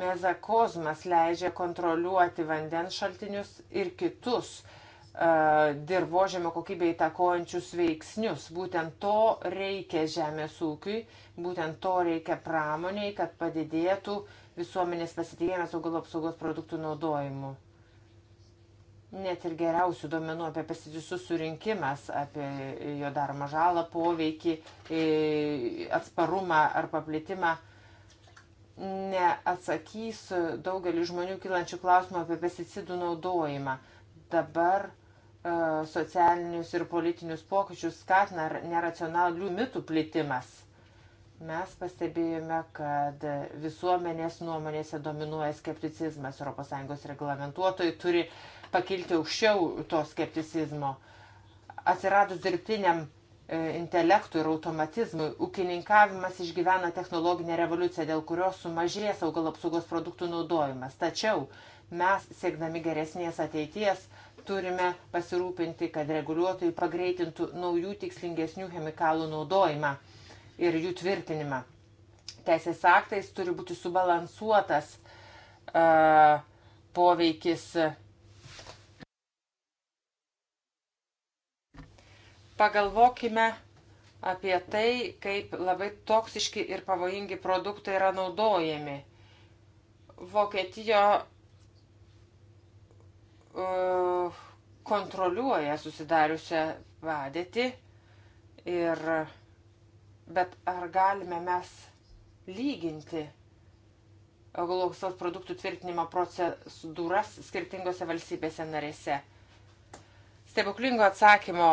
Speaker 3: Mezokozmas leidžia kontroliuoti vandens šaltinius ir kitus uh, dirbožėmio kokybę įtakojančius veiksnius. Būtent to reikia žemės ūkiui, būtent to reikia pramoniai, kad padidėtų visuomenės pasitikėjimas augalų apsaugos produktų naudojimu. Net ir geriausių duomenų apie pesticidus surinkimas, apie jo daromą žalą, poveikį, e, atsparumą ar paplitimą neatsakys daugelį žmonių kilančių klausimų apie pesticidų naudojimą dabar E, socialinius ir politinius pokyčius skatina neracionalių mitų plitimas. Mes pastebėjome, kad visuomenės nuomonėse dominuoja skepticizmas. ES reglamentuotojai turi pakilti aukščiau to skepticizmo. Atsiradus dirbtiniam e, intelektui ir automatizmui, ūkininkavimas išgyvena technologinę revoliuciją, dėl kurios sumažės augalų apsaugos produktų naudojimas. Tačiau mes, siekdami geresnės ateities, turime pasirūpinti, kad reguliuotojai pagreitintų naujų tikslingesnių chemikalų naudojimą ir jų tvirtinimą. Teisės aktais turi būti subalansuotas uh, poveikis. Pagalvokime apie tai, kaip labai toksiški ir pavojingi produktai yra naudojami. Vokietijoje Uh, kontroliuoja susidariusią padėtį ir bet ar galime mes lyginti augalų produktų tvirtinimo procedūras skirtingose valstybėse narėse? Stebuklingo atsakymo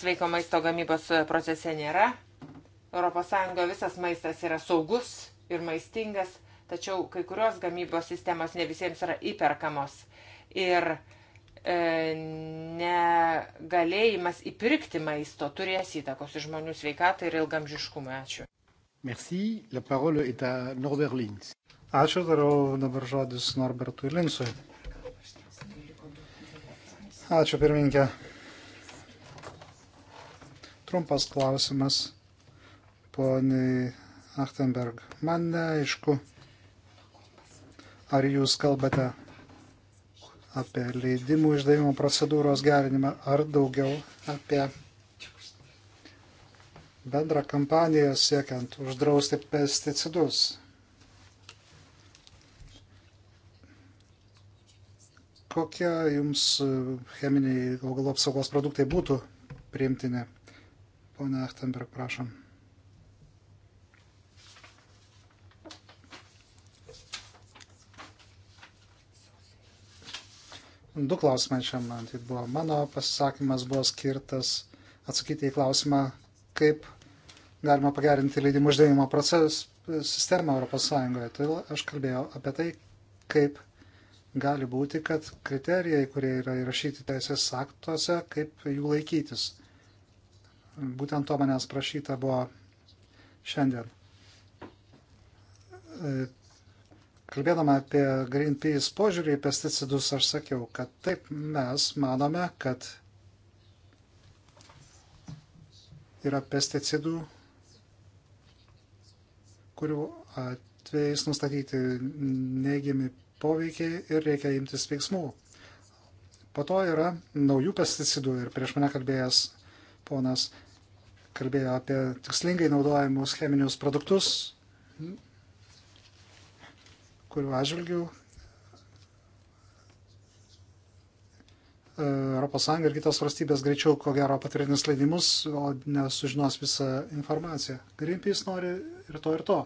Speaker 3: sveiko maisto gamybos procese nėra. ES visas maistas yra saugus ir maistingas, tačiau kai kurios gamybos sistemos ne visiems yra įperkamos. Ir uh, E, negalėjimas įpirkti maisto turės įtakos žmonių sveikatai ir ilgamžiškumui. Ačiū.
Speaker 1: Merci. La parole est à Norbert Linz. Ačiū, darau dabar žodis Norbertui Linsui. Ačiū, pirmininkė. Trumpas klausimas, poniai Achtenberg. Man neaišku, ar jūs kalbate apie leidimų išdavimo procedūros gerinimą ar daugiau apie bendrą kampaniją siekiant uždrausti pesticidus. Kokie jums cheminiai augalų apsaugos produktai būtų priimtini? Pone Achtenberg, prašom. Du klausimai čia man tai buvo. Mano pasisakymas buvo skirtas atsakyti į klausimą, kaip galima pagerinti leidimų uždėjimo procesą sistemą ES. Todėl aš kalbėjau apie tai, kaip gali būti, kad kriterijai, kurie yra įrašyti teisės aktuose, kaip jų laikytis. Būtent to manęs prašyta buvo šiandien. E, Kalbėdama apie Greenpeace požiūrį į pesticidus, aš sakiau, kad taip mes manome, kad yra pesticidų, kurių atvejais nustatyti neigiami poveikiai ir reikia imtis veiksmų. Po to yra naujų pesticidų ir prieš mane kalbėjęs ponas kalbėjo apie tikslingai naudojamus cheminius produktus, kurių atžvilgių ES ir kitos valstybės greičiau, ko gero, patvirtins leidimus, o nesužinos visą informaciją. Greenpeace nori ir to, ir to.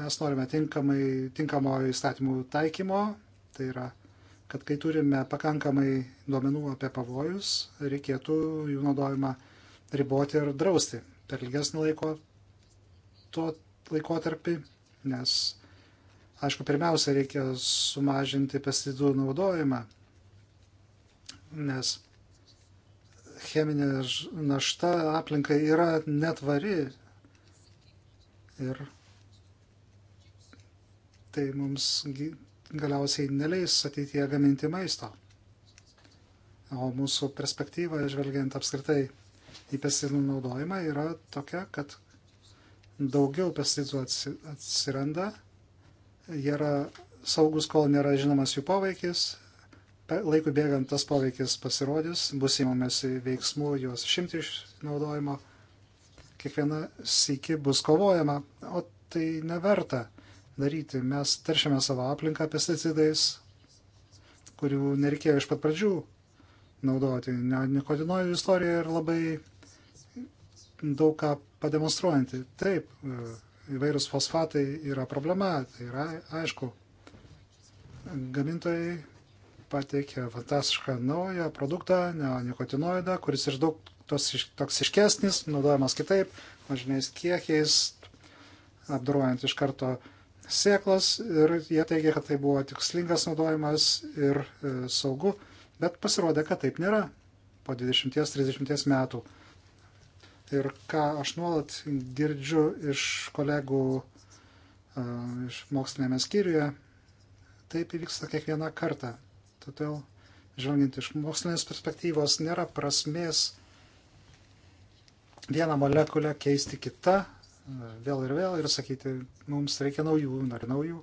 Speaker 1: Mes norime tinkamai, tinkamo įstatymų taikymo, tai yra, kad kai turime pakankamai duomenų apie pavojus, reikėtų jų naudojimą riboti ir drausti per ilgesnį laiko, to laikotarpį, nes Aišku, pirmiausia, reikia sumažinti pesticidų naudojimą, nes cheminė našta aplinkai yra netvari ir tai mums galiausiai neleis ateityje gaminti maisto. O mūsų perspektyva, žvelgiant apskritai į pesticidų naudojimą, yra tokia, kad daugiau pesticidų atsiranda jie yra saugus, kol nėra žinomas jų poveikis. Laikui bėgant tas poveikis pasirodys, bus įmamasi veiksmų juos šimti iš naudojimo. Kiekviena sėki bus kovojama, o tai neverta daryti. Mes teršiame savo aplinką pesticidais, kurių nereikėjo iš pat pradžių naudoti. Nikodinojo istorija ir labai daug ką pademonstruojanti. Taip, e, įvairūs fosfatai yra problema. Tai yra aišku, gamintojai pateikė fantastišką naują produktą, neonikotinoidą, kuris ir daug toksiškesnis, naudojamas kitaip, mažiniais kiekiais, apdorojant iš karto sėklas ir jie teigia, kad tai buvo tikslingas naudojimas ir e, saugu, bet pasirodė, kad taip nėra po 20-30 metų. Ir ką aš nuolat girdžiu iš kolegų iš mokslinėme skyriuje, taip įvyksta kiekvieną kartą. Todėl, žvelgiant iš mokslinės perspektyvos, nėra prasmės vieną molekulę keisti kitą, vėl ir vėl ir sakyti, mums reikia naujų, dar naujų.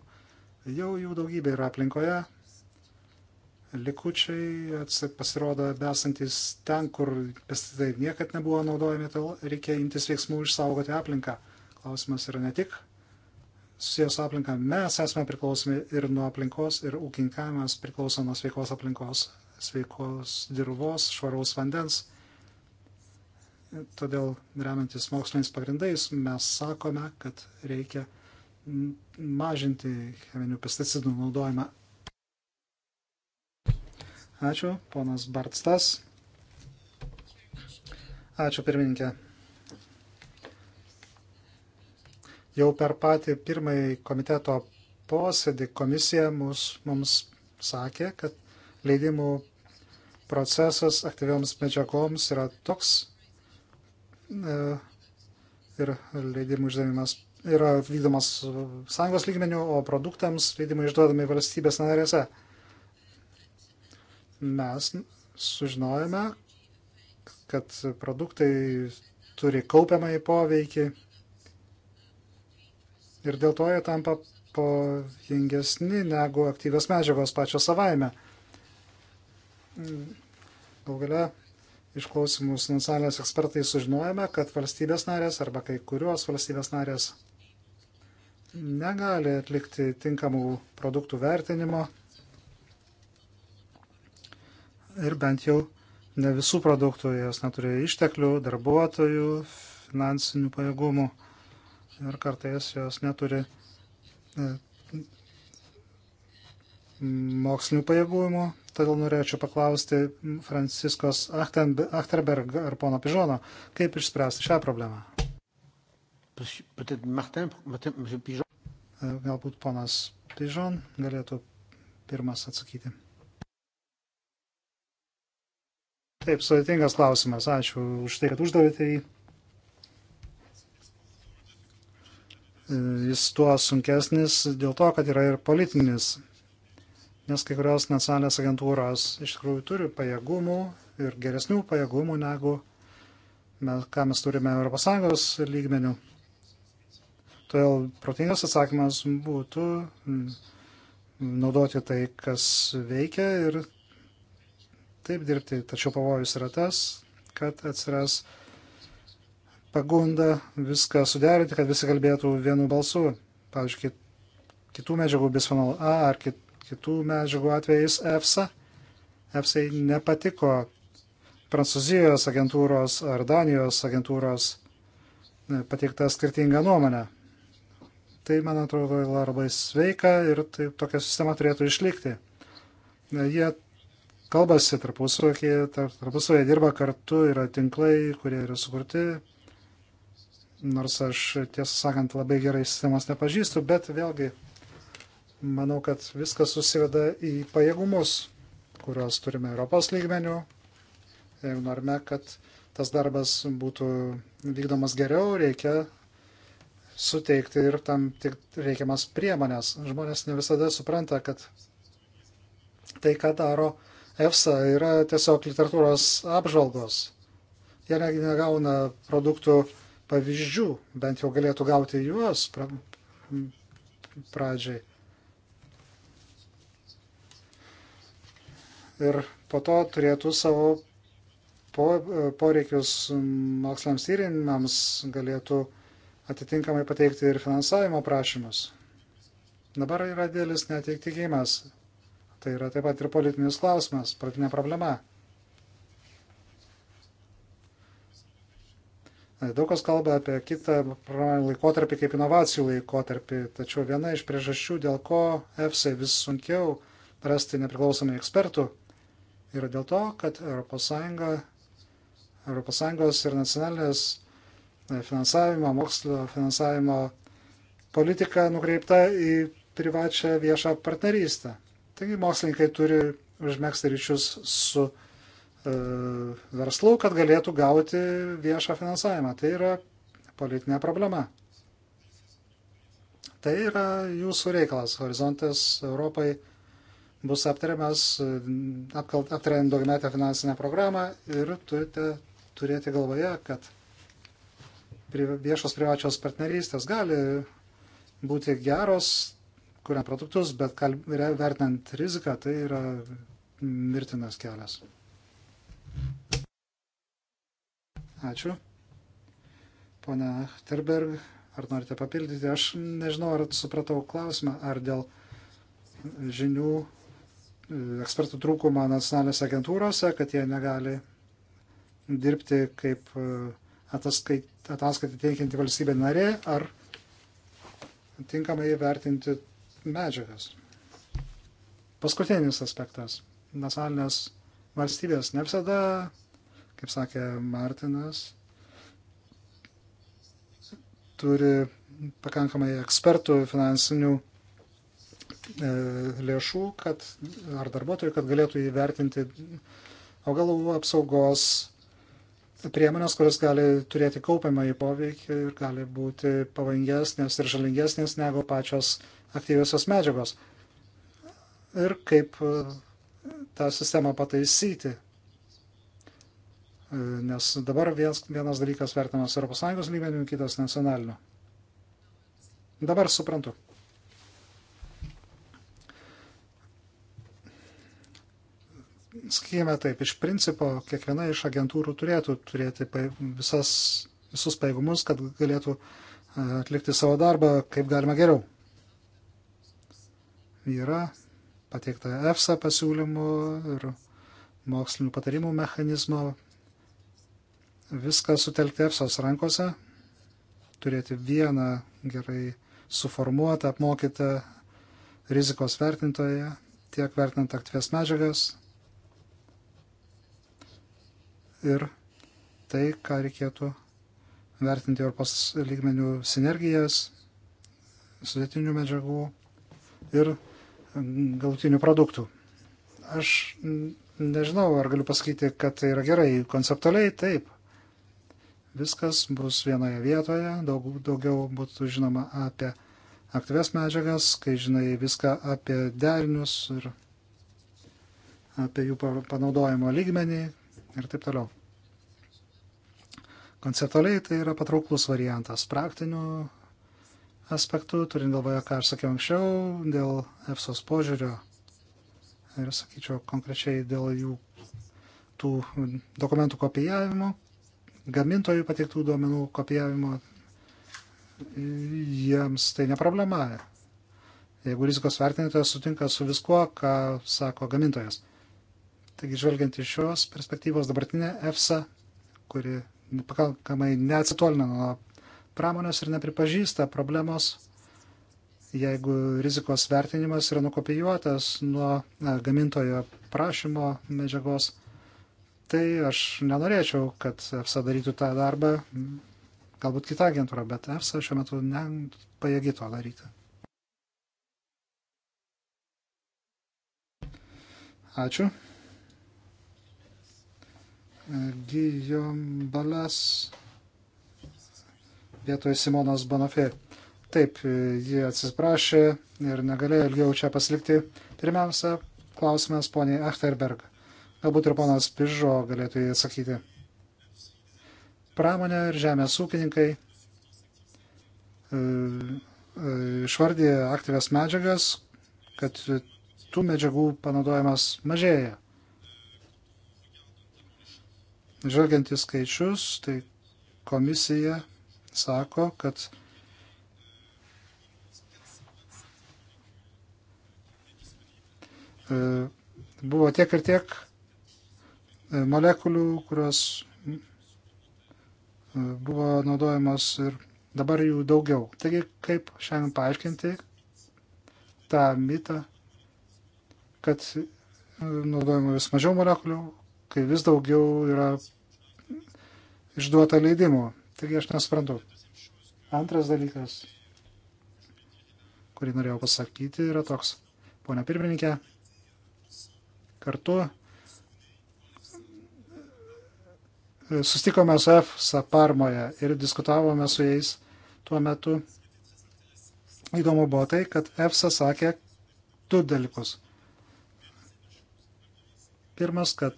Speaker 1: Jau jų daugybė yra aplinkoje, likučiai pasirodo besantis ten, kur pesticidai niekad nebuvo naudojami, tol reikia imtis veiksmų išsaugoti aplinką. Klausimas yra ne tik susijęs su aplinka, mes esame priklausomi ir nuo aplinkos, ir ūkininkavimas priklauso nuo sveikos aplinkos, sveikos dirvos, švaraus vandens. Todėl, remiantis moksliniais pagrindais, mes sakome, kad reikia mažinti cheminių pesticidų naudojimą Ačiū, ponas Bartstas. Ačiū, pirmininkė. Jau per patį pirmąjį komiteto posėdį komisija mus, mums sakė, kad leidimų procesas aktyvioms medžiagoms yra toks e, ir leidimų išdavimas yra vykdomas sąjungos lygmenių, o produktams leidimai išduodami valstybės narėse mes sužinojame, kad produktai turi kaupiamąjį poveikį ir dėl to jie tampa pavojingesni negu aktyvios medžiagos pačio savaime. Daugale išklausimų su nacionalinės ekspertai sužinojame, kad valstybės narės arba kai kurios valstybės narės negali atlikti tinkamų produktų vertinimo ir bent jau ne visų produktų, jos neturi išteklių, darbuotojų, finansinių pajėgumų ir kartais jos neturi e, mokslinių pajėgumų. Todėl norėčiau paklausti Franciskos Achterberg ar pono Pižono, kaip išspręsti šią problemą. E, galbūt ponas Pižon galėtų pirmas atsakyti. Taip, sudėtingas klausimas. Ačiū už tai, kad uždavėte jį. E, jis tuo sunkesnis dėl to, kad yra ir politinis. Nes kai kurios nacionalinės agentūros iš tikrųjų turi pajėgumų ir geresnių pajėgumų negu mes, ką mes turime ES lygmenių. Todėl protingas atsakymas būtų mm, naudoti tai, kas veikia ir taip dirbti, tačiau pavojus yra tas, kad atsiras pagunda viską suderinti, kad visi kalbėtų vienu balsu. Pavyzdžiui, kitų medžiagų bisfenol A ar kitų medžiagų atvejais EFSA. EFSA nepatiko Prancūzijos agentūros ar Danijos agentūros e, pateikta skirtinga nuomonė. Tai, man atrodo, labai sveika ir tai, tokia sistema turėtų išlikti. E, jie kalbasi tarpusavėje, tarpusavėje dirba kartu, yra tinklai, kurie yra sukurti. Nors aš, tiesą sakant, labai gerai sistemos nepažįstu, bet vėlgi manau, kad viskas susiveda į pajėgumus, kuriuos turime Europos lygmenių. Jeigu norime, kad tas darbas būtų vykdomas geriau, reikia suteikti ir tam tik reikiamas priemonės. Žmonės ne visada supranta, kad tai, ką daro EFSA yra tiesiog literatūros apžvalgos. Jie negi negauna produktų pavyzdžių, bent jau galėtų gauti juos pra, pradžiai. Ir po to turėtų savo po, poreikius mokslams tyrinimams galėtų atitinkamai pateikti ir finansavimo prašymus. Dabar yra dėlis netiktikimas. Tai yra taip pat ir politinis klausimas, pratinė problema. Daug kas kalba apie kitą laikotarpį kaip inovacijų laikotarpį, tačiau viena iš priežasčių, dėl ko EFSA vis sunkiau rasti nepriklausomai ekspertų, yra dėl to, kad ES, ES ir nacionalinės e, finansavimo, mokslo finansavimo politika nukreipta į privačią viešą partnerystę. Taigi mokslininkai turi užmėgsti ryšius su e, verslu, kad galėtų gauti viešą finansavimą. Tai yra politinė problema. Tai yra jūsų reikalas. Horizontas Europai bus aptariamas, aptariant daugiametę finansinę programą ir turite turėti galvoje, kad viešos privačios partnerystės gali būti geros kuriant produktus, bet kalb, vertinant riziką, tai yra mirtinas kelias. Ačiū. Pone Terberg, ar norite papildyti? Aš nežinau, ar supratau klausimą, ar dėl žinių e, ekspertų trūkumą nacionalinėse agentūrose, kad jie negali dirbti kaip e, ataskaitį teikianti valstybė narė, ar tinkamai vertinti medžiagas. Paskutinis aspektas. Nacionalinės valstybės ne visada, kaip sakė Martinas, turi pakankamai ekspertų finansinių e, lėšų kad, ar darbuotojų, kad galėtų įvertinti augalų apsaugos priemonės, kurios gali turėti kaupiamąjį poveikį ir gali būti pavojingesnės ir žalingesnės negu pačios aktyviosios medžiagos. Ir kaip e, tą sistemą pataisyti. E, nes dabar vienas, vienas dalykas vertinamas ES lygmenių, kitas nacionaliniu. Dabar suprantu. Sakykime taip, iš principo kiekviena iš agentūrų turėtų turėti visas, visus pajėgumus, kad galėtų e, atlikti savo darbą kaip galima geriau. Yra pateikta EFSA pasiūlymų ir mokslinių patarimų mechanizmo. Viską sutelkti EFSOS rankose, turėti vieną gerai suformuotą, apmokytą rizikos vertintoje, tiek vertinant aktyves medžiagas, ir tai, ką reikėtų vertinti Europos lygmenių sinergijas, sudėtinių medžiagų ir galutinių produktų. Aš nežinau, ar galiu pasakyti, kad tai yra gerai. Konceptualiai taip. Viskas bus vienoje vietoje, daug, daugiau būtų žinoma apie aktyves medžiagas, kai žinai viską apie derinius ir apie jų panaudojimo lygmenį, ir taip toliau. Konceptualiai tai yra patrauklus variantas. Praktiniu aspektu, turint galvoje, ką aš sakiau anksčiau, dėl EFSOS požiūrio ir, sakyčiau, konkrečiai dėl jų tų dokumentų kopijavimo, gamintojų pateiktų duomenų kopijavimo, jiems tai ne problema. Jeigu rizikos vertintojas sutinka su viskuo, ką sako gamintojas. Taigi, žvelgiant iš šios perspektyvos, dabartinė EFSA, kuri pakankamai neatsitolina nuo pramonės ir nepripažįsta problemos, jeigu rizikos vertinimas yra nukopijuotas nuo na, gamintojo prašymo medžiagos, tai aš nenorėčiau, kad EFSA darytų tą darbą, galbūt kita agentūra, bet EFSA šiuo metu nepajėgi to daryti. Ačiū. Gijom Balas vietoj Simonos Bonafė. Taip, ji atsiprašė ir negalėjo ilgiau čia pasilikti. Pirmiausia, klausimas poniai Achterberg. Galbūt ir ponas Pižo galėtų jį atsakyti. Pramonė ir žemės ūkininkai e, e, išvardė aktyves medžiagas, kad tų medžiagų panaudojimas mažėja. Žvelgiant į skaičius, tai komisija sako, kad e, buvo tiek ir tiek e, molekulių, kurios e, buvo naudojamos ir dabar jų daugiau. Taigi, kaip šiandien paaiškinti tą mitą, kad naudojama vis mažiau molekulių, kai vis daugiau yra išduota leidimų. Taigi aš nesprantu. Antras dalykas, kurį norėjau pasakyti, yra toks. Pone pirmininkė, kartu e, sustikome su EFSA Parmoje ir diskutavome su jais tuo metu. Įdomu buvo tai, kad EFSA sakė du dalykus. Pirmas, kad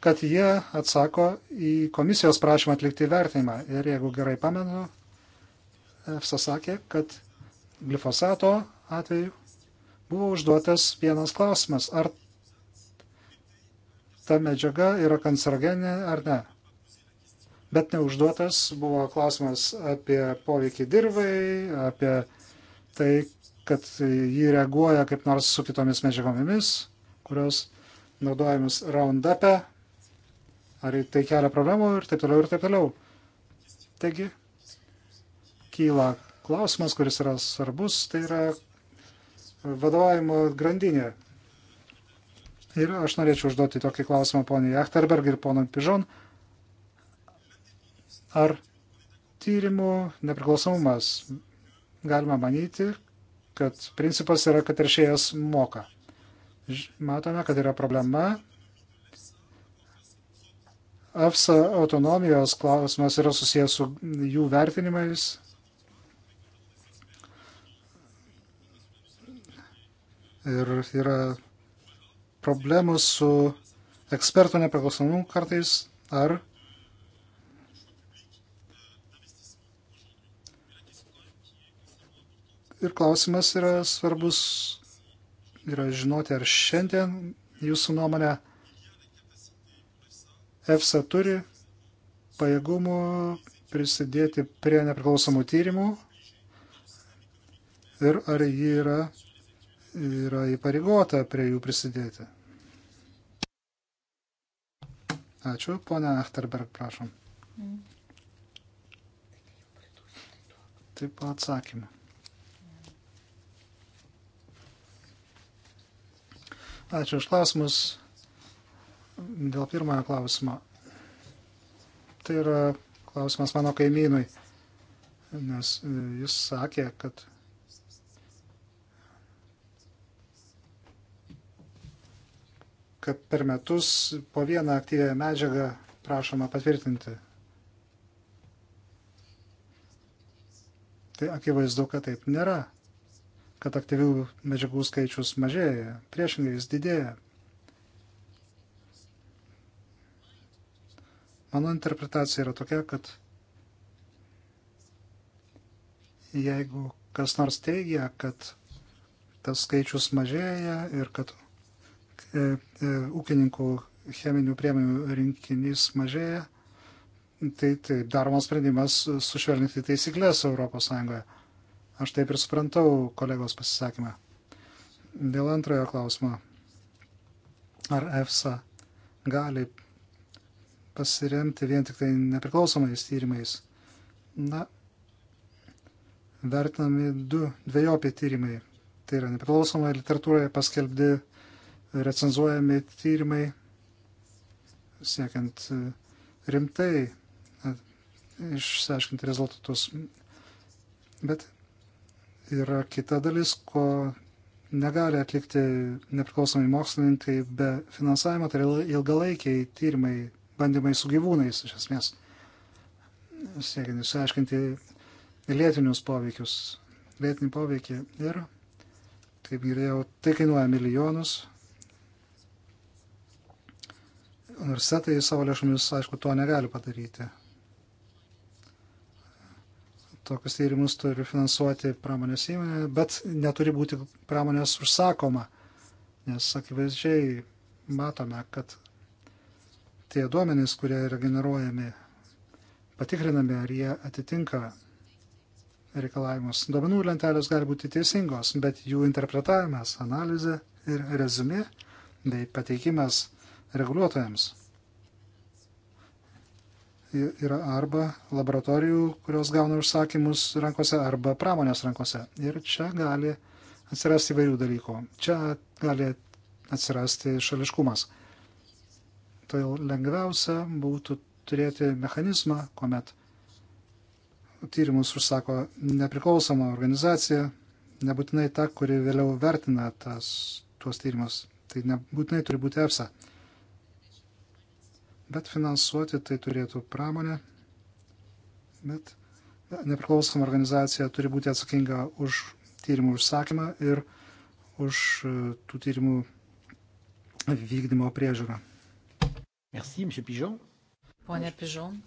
Speaker 1: kad jie atsako į komisijos prašymą atlikti vertinimą. Ir jeigu gerai pamenu, EFSA sakė, kad glifosato atveju buvo užduotas vienas klausimas, ar ta medžiaga yra kancerogeninė ar ne. Bet neužduotas buvo klausimas apie poveikį dirbai, apie tai, kad jį reaguoja kaip nors su kitomis medžiagomis, kurios naudojamas raundapė ar tai kelia problemų ir taip toliau ir taip toliau. Taigi, kyla klausimas, kuris yra svarbus, tai yra vadovavimo grandinė. Ir aš norėčiau užduoti tokį klausimą poniai Achterberg ir ponui Pižon. Ar tyrimų nepriklausomumas galima manyti, kad principas yra, kad teršėjas moka? Matome, kad yra problema EFSA autonomijos klausimas yra susijęs su jų vertinimais. Ir yra problemų su ekspertų nepriklausomumu kartais ar ir klausimas yra svarbus, yra žinoti, ar šiandien jūsų nuomonė EFSA turi pajėgumų prisidėti prie nepriklausomų tyrimų ir ar ji yra, yra įpareigota prie jų prisidėti. Ačiū, ponia Achterberg, prašom. Taip pat atsakymą. Ačiū už klausimus. Dėl pirmojo klausimo. Tai yra klausimas mano kaimynui, nes e, jis sakė, kad kad per metus po vieną aktyvę medžiagą prašoma patvirtinti. Tai akivaizdu, kad taip nėra, kad aktyvių medžiagų skaičius mažėja, priešingai jis didėja. Mano interpretacija yra tokia, kad jeigu kas nors teigia, kad tas skaičius mažėja ir kad e, e, ūkininkų cheminių priemonių rinkinys mažėja, tai, tai daromas sprendimas sušvelninti taisyklės ES. Aš taip ir suprantau kolegos pasisakymą. Dėl antrojo klausimo. Ar EFSA gali pasiremti vien tik tai nepriklausomais tyrimais. Na, vertinami du dviejopiai tyrimai. Tai yra nepriklausomoje literatūroje paskelbti recenzuojami tyrimai, siekiant e, rimtai e, išsiaiškinti rezultatus. Bet yra kita dalis, ko negali atlikti nepriklausomi mokslininkai be finansavimo, tai yra ilgalaikiai tyrimai, bandymai su gyvūnais, iš esmės, siekiant išsiaiškinti lėtinius poveikius, lėtinį poveikį. Ir, kaip girdėjau, tai kainuoja milijonus. Universitetai savo lėšomis, aišku, to negali padaryti. Tokius tyrimus turi finansuoti pramonės įmonė, bet neturi būti pramonės užsakoma, nes akivaizdžiai matome, kad tie duomenys, kurie yra generuojami, patikrinami, ar jie atitinka reikalavimus. Duomenų lentelės gali būti teisingos, bet jų interpretavimas, analizė ir rezumė bei pateikimas reguliuotojams yra arba laboratorijų, kurios gauna užsakymus rankose, arba pramonės rankose. Ir čia gali atsirasti įvairių dalykų. Čia gali atsirasti šališkumas. Tai lengviausia būtų turėti mechanizmą, kuomet tyrimus užsako nepriklausoma organizacija, nebūtinai ta, kuri vėliau vertina tas, tuos tyrimus. Tai nebūtinai turi būti EFSA. Bet finansuoti tai turėtų pramonė. Bet nepriklausoma organizacija turi būti atsakinga už tyrimų užsakymą ir už e, tų tyrimų vykdymo priežiūrą. Merci, M. Pigeon.
Speaker 2: Pone Pižon.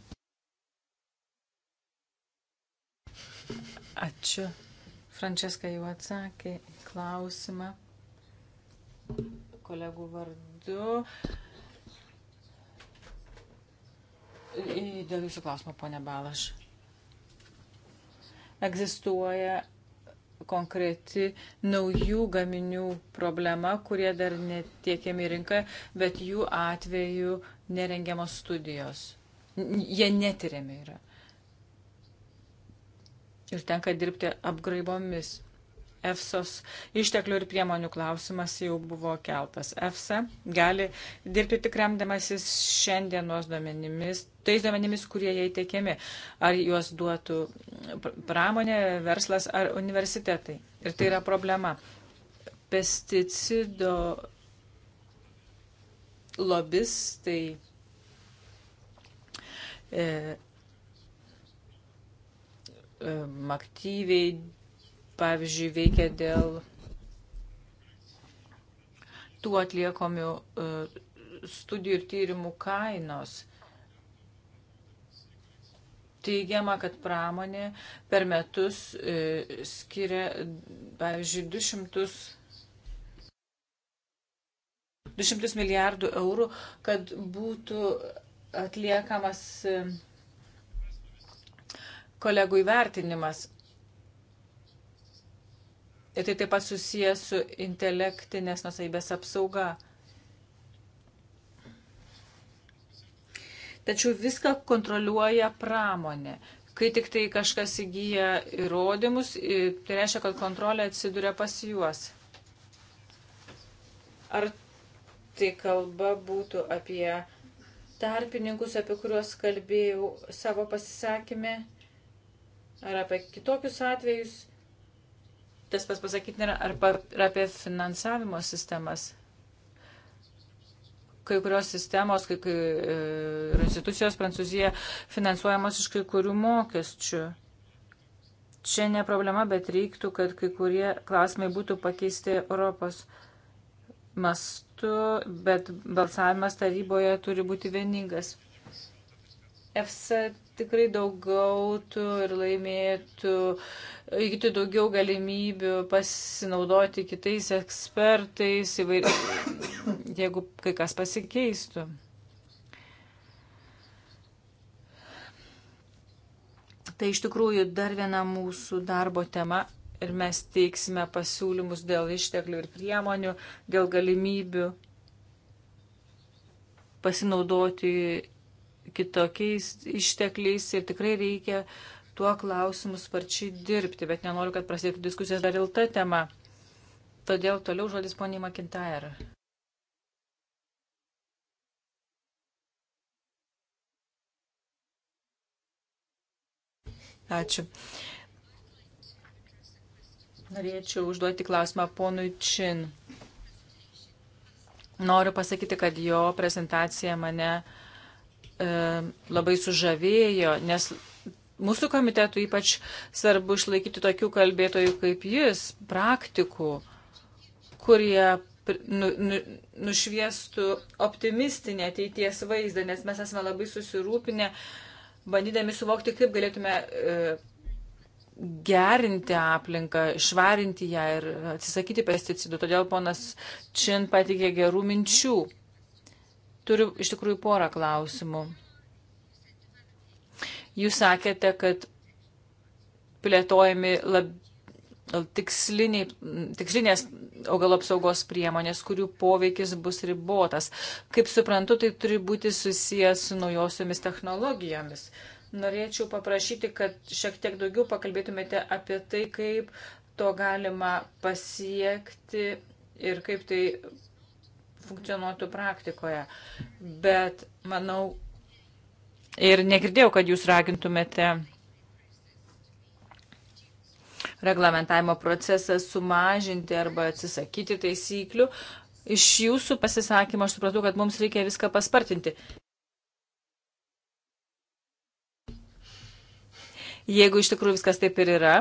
Speaker 2: Ačiū. Frančiska jau atsakė į klausimą kolegų vardu. Dėl jūsų klausimo, ponė Balaš. Egzistuoja konkreti naujų gaminių problema, kurie dar netiekiami rinką, bet jų atveju nerengiamos studijos. Jie netiriami yra. Ir tenka dirbti apgraibomis. EFSOS išteklių ir priemonių klausimas jau buvo keltas. EFSA gali dirbti tik remdamasis šiandienos duomenimis, tais duomenimis, kurie jai teikiami, ar juos duotų pramonė, verslas ar universitetai. Ir tai yra problema. Pesticido lobistai. E, e aktyviai pavyzdžiui, veikia dėl tų atliekomių e, studijų ir tyrimų kainos. Teigiama, kad pramonė per metus e, skiria, pavyzdžiui, 200 200 milijardų eurų, kad būtų atliekamas e, kolegų įvertinimas. Ir tai taip pat susijęs su intelektinės nusaibės apsauga. Tačiau viską kontroliuoja pramonė. Kai tik tai kažkas įgyja įrodymus, tai reiškia, kad kontrolė atsiduria pas juos. Ar tai kalba būtų apie tarpininkus, apie kuriuos kalbėjau savo pasisakymę, ar apie kitokius atvejus, tas pas pasakyti nėra arba ir apie finansavimo sistemas. Kai kurios sistemos, kai, kai ir e, institucijos Prancūzija finansuojamos iš kai kurių mokesčių. Čia ne problema, bet reiktų, kad kai kurie klausimai būtų pakeisti Europos mastu, bet balsavimas taryboje turi būti vieningas. EFSA tikrai daug gautų ir laimėtų uh, įgyti daugiau galimybių, pasinaudoti kitais ekspertais, įvair... (coughs) jeigu kai kas pasikeistų. Tai iš tikrųjų dar viena mūsų darbo tema ir mes teiksime pasiūlymus dėl išteklių ir priemonių, dėl galimybių pasinaudoti kitokiais ištekliais ir tikrai reikia uh, tuo klausimu sparčiai dirbti, bet nenoriu, kad prasidėtų diskusijos dar ilta tema. Todėl toliau žodis poniai McIntyre. Ačiū. Norėčiau užduoti klausimą ponui Čin. Noriu pasakyti, kad jo prezentacija mane e, labai sužavėjo, nes mūsų komitetų ypač svarbu išlaikyti tokių kalbėtojų kaip jis, praktikų, kurie nu, nu, nušviestų optimistinę ateities vaizdą, nes mes esame labai susirūpinę, bandydami suvokti, kaip galėtume e, gerinti aplinką, švarinti ją ir atsisakyti pesticidų. Todėl ponas Čin patikė gerų minčių. Turiu iš tikrųjų porą klausimų. Jūs sakėte, kad plėtojami lab, tiksliniai, tikslinės augalo apsaugos priemonės, kurių poveikis bus ribotas. Kaip suprantu, tai turi būti susijęs su naujosiomis technologijomis. Norėčiau paprašyti, kad šiek tiek daugiau pakalbėtumėte apie tai, kaip to galima pasiekti ir kaip tai funkcionuotų praktikoje. Bet manau, Ir negirdėjau, kad jūs ragintumėte reglamentavimo procesą sumažinti arba atsisakyti taisyklių. Iš jūsų pasisakymo aš supratau, kad mums reikia viską paspartinti. Jeigu iš tikrųjų viskas taip ir yra,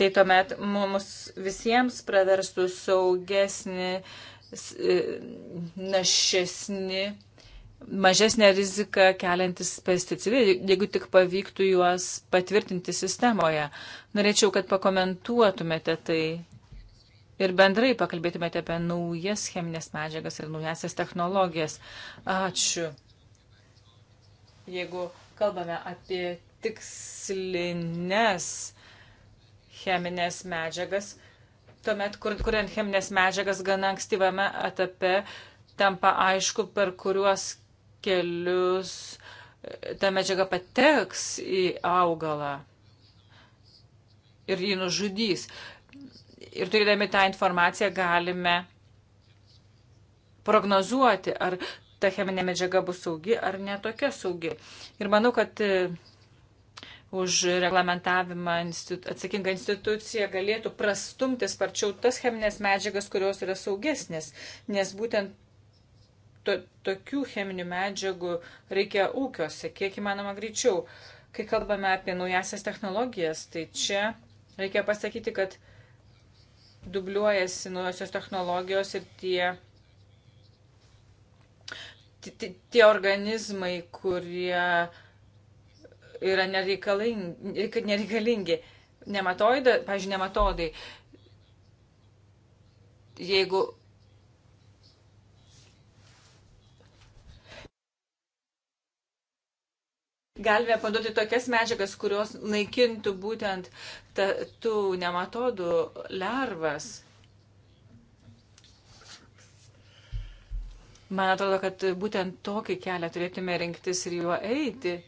Speaker 2: tai tuomet mums visiems praverstų saugesni, e, našesni mažesnę riziką keliantis pesticidai, jeigu tik pavyktų juos patvirtinti sistemoje. Norėčiau, kad pakomentuotumėte tai ir bendrai pakalbėtumėte apie naujas cheminės medžiagas ir naujasias technologijas. Ačiū. Jeigu kalbame apie tikslinės cheminės medžiagas, tuomet, kur, kuriant cheminės medžiagas gana ankstyvame etape, tampa aišku, per kuriuos kelius ta medžiaga pateks į augalą ir jį nužudys. Ir turėdami tą informaciją galime prognozuoti, ar ta cheminė medžiaga bus saugi ar netokia saugi. Ir manau, kad e, už reglamentavimą institu atsakinga institucija galėtų prastumti sparčiau tas cheminės medžiagas, kurios yra saugesnės, nes būtent to, tokių cheminių medžiagų reikia ūkiuose, kiek įmanoma greičiau. Kai kalbame apie naujasias technologijas, tai čia reikia pasakyti, kad dubliuojasi naujosios technologijos ir tie, tie, tie organizmai, kurie yra nereikalingi, nereikalingi. nematoidai, pažiūrėjau, nematodai, jeigu galime panduoti tokias medžiagas, kurios naikintų būtent ta, tų nematodų lervas. Man atrodo, kad būtent tokį kelią turėtume rinktis ir juo eiti.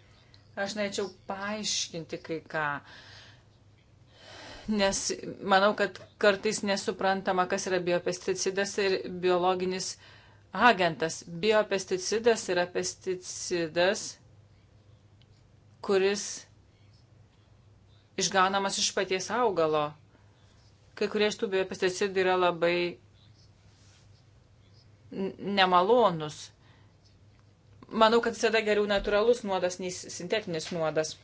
Speaker 2: Aš norėčiau paaiškinti kai ką. Nes manau, kad kartais nesuprantama, kas yra biopesticidas ir biologinis agentas. Biopesticidas yra pesticidas kuris išgaunamas iš paties augalo. Kai kurie iš tų biopisticidų yra labai nemalonus. Manau, kad visada geriau natūralus nuodas nei sintetinis nuodas.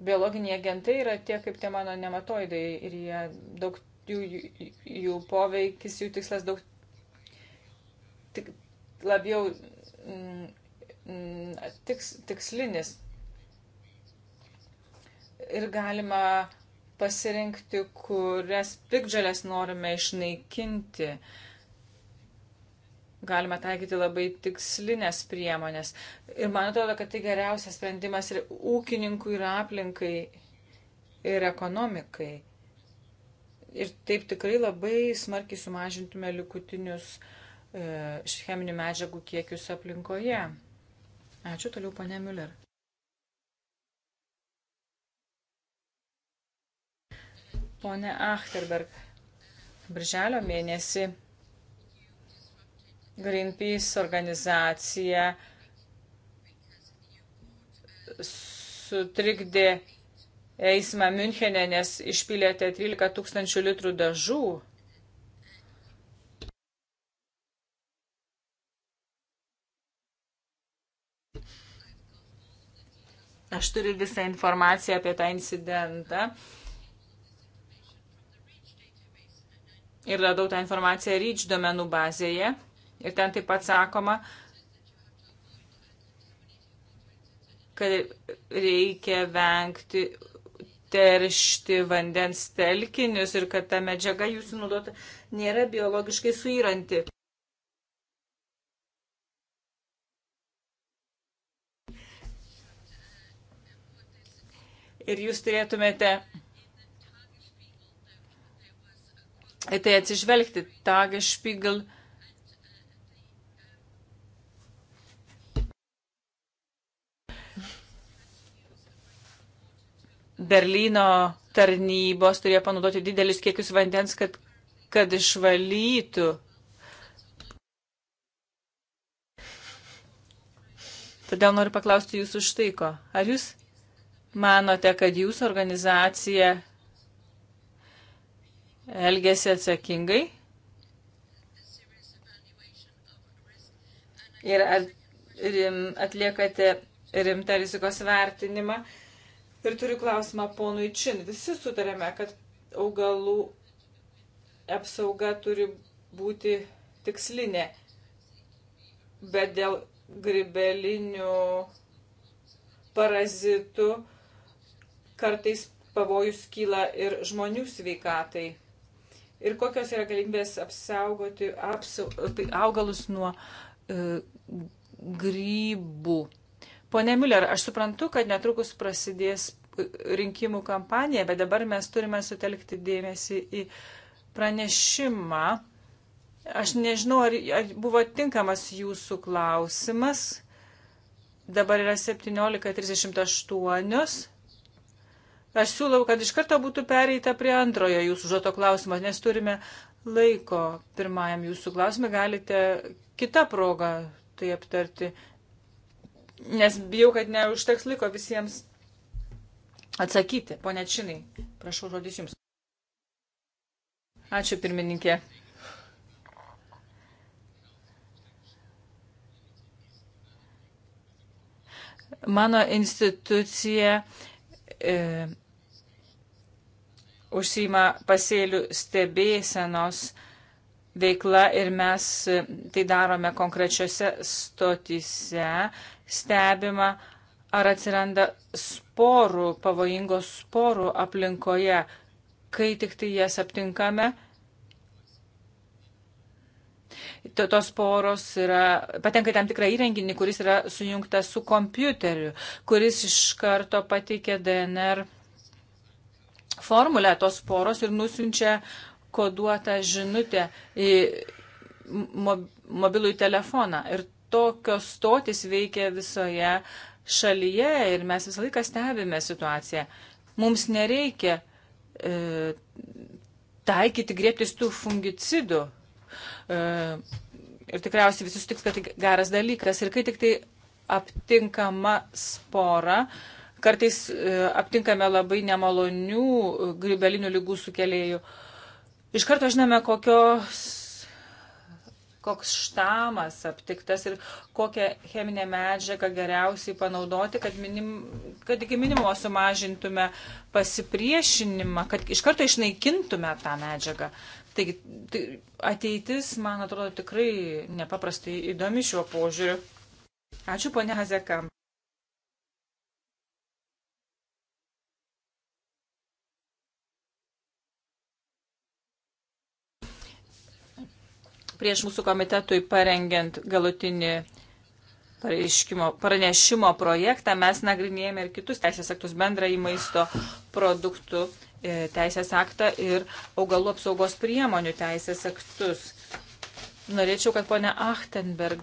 Speaker 2: Biologiniai agentai yra tie kaip tie mano nematoidai ir jie daug jų, jų, jų poveikis, jų tikslas daug tik labiau mm, Mm, tiks, tikslinis. Ir galima pasirinkti, kurias pikdželės norime išnaikinti. Galima taikyti labai tikslinės priemonės. Ir man atrodo, kad tai geriausias sprendimas ir ūkininkui, ir aplinkai, ir ekonomikai. Ir taip tikrai labai smarkiai sumažintume likutinius e, cheminių medžiagų kiekius aplinkoje. Mm. Ačiū toliau, ponė Müller. Pone Achterberg, birželio mėnesį Greenpeace organizacija sutrikdė eismą Münchenė, nes išpylėte 13 tūkstančių litrų dažų Aš turiu visą informaciją apie tą incidentą. Ir radau tą informaciją ryč domenų bazėje. Ir ten taip pat sakoma, kad reikia vengti teršti vandens telkinius ir kad ta medžiaga jūsų naudota nėra biologiškai suiranti. ir jūs turėtumėte į tai atsižvelgti. Tagespiegel. Berlyno tarnybos turėjo panaudoti didelius kiekius vandens, kad, kad išvalytų. Todėl noriu paklausti jūsų štai ko. Ar jūs manote, kad jūsų organizacija elgesi atsakingai? Ir atliekate rimtą rizikos vertinimą. Ir turiu klausimą ponui Čin. Visi sutarėme, kad augalų apsauga turi būti tikslinė, bet dėl gribelinių parazitų kartais pavojus kyla ir žmonių sveikatai. Ir kokios yra galimybės apsaugoti apsau, tai augalus nuo e, grybų. Pone Miller, aš suprantu, kad netrukus prasidės rinkimų kampanija, bet dabar mes turime sutelkti dėmesį į pranešimą. Aš nežinau, ar, ar buvo tinkamas jūsų klausimas. Dabar yra 17.38. Aš siūlau, kad iš karto būtų pereita prie antrojo jūsų žoto klausimo, nes turime laiko pirmajam jūsų klausimui. Galite kitą progą tai aptarti, nes bijau, kad neužteks laiko visiems atsakyti. Pone Činai, prašau žodis jums. Ačiū pirmininkė. Mano institucija e, užsima pasėlių stebėsenos veikla ir mes e, tai darome konkrečiose stotise, stebima, ar atsiranda sporų, pavojingos sporų aplinkoje. Kai tik tai jas aptinkame, tos poros yra, patenka į tam tikrą įrenginį, kuris yra sujungtas su kompiuteriu, kuris iš karto pateikia DNR formulę tos poros ir nusiunčia koduotą žinutę į mobilųjį telefoną. Ir tokios stotis veikia visoje šalyje ir mes visą laiką stebime situaciją. Mums nereikia e, taikyti griebtis tų fungicidų E, ir tikriausiai visi sutiks, kad tai geras dalykas. Ir kai tik tai aptinkama spora, kartais e, aptinkame labai nemalonių e, grybelinių lygų sukėlėjų. Iš karto žinome, kokios koks štamas aptiktas ir kokią cheminę medžiagą geriausiai panaudoti, kad, minim, kad iki minimumo sumažintume pasipriešinimą, kad iš karto išnaikintume tą medžiagą. Taigi tai ateitis, man atrodo, tikrai nepaprastai įdomi šiuo požiūriu. Ačiū, ponė Hazekam. Prieš mūsų komitetui parengiant galutinį pranešimo projektą mes nagrinėjame ir kitus teisės aktus bendrąjį maisto produktų E, teisės aktą ir augalų apsaugos priemonių teisės aktus. Norėčiau, kad ponia Achtenberg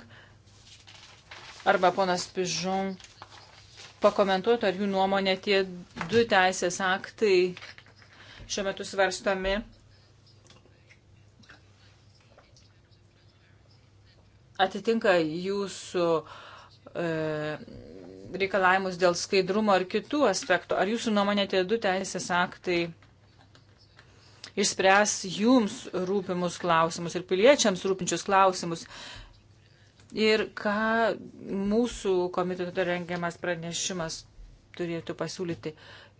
Speaker 2: arba ponas Pižon pakomentuotų, ar jų nuomonė tie du teisės aktai šiuo metu svarstomi atitinka jūsų e, reikalavimus dėl skaidrumo ar kitų aspektų. Ar jūsų nuomonė tie du teisės aktai išspręs jums rūpimus klausimus ir piliečiams rūpinčius klausimus? Ir ką mūsų komiteto rengiamas pranešimas turėtų pasiūlyti?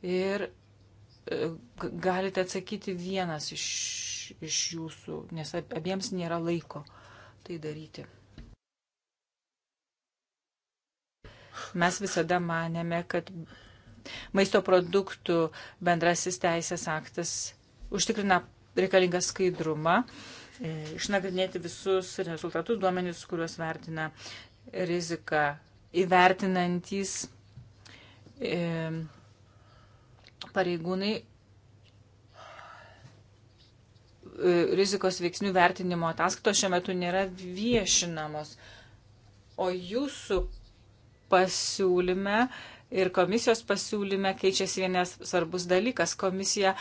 Speaker 2: Ir e, galite atsakyti vienas iš, iš jūsų, nes abiems nėra laiko tai daryti. Mes visada manėme, kad maisto produktų bendrasis teisės aktas užtikrina reikalingą skaidrumą, e, išnagrinėti visus rezultatus, duomenys, kuriuos vertina rizika įvertinantys e, pareigūnai e, rizikos veiksnių vertinimo ataskaitos šiuo metu nėra viešinamos. O jūsų pasiūlyme ir komisijos pasiūlyme keičiasi vienas svarbus dalykas. Komisija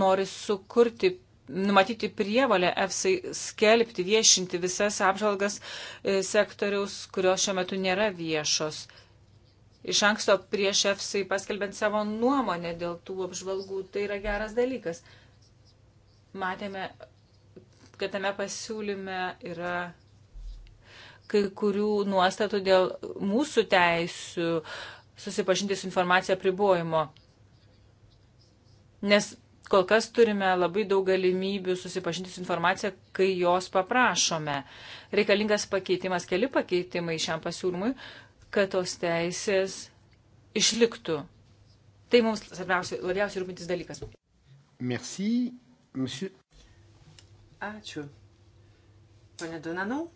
Speaker 2: nori sukurti, numatyti prievalę EFSA skelbti, viešinti visas apžvalgas e, sektoriaus, kurios šiuo metu nėra viešos. Iš anksto prieš EFSA paskelbent savo nuomonę dėl tų apžvalgų, tai yra geras dalykas. Matėme, kad tame pasiūlyme yra kai kurių nuostatų dėl mūsų teisių susipažinti su informacija pribojimo. Nes kol kas turime labai daug galimybių susipažinti su informacija, kai jos paprašome. Reikalingas pakeitimas, keli pakeitimai šiam pasiūlymui, kad tos teisės išliktų. Tai mums labiausiai rūpintis dalykas.
Speaker 1: Merci, monsieur.
Speaker 2: Ačiū.
Speaker 3: Pane Donanau.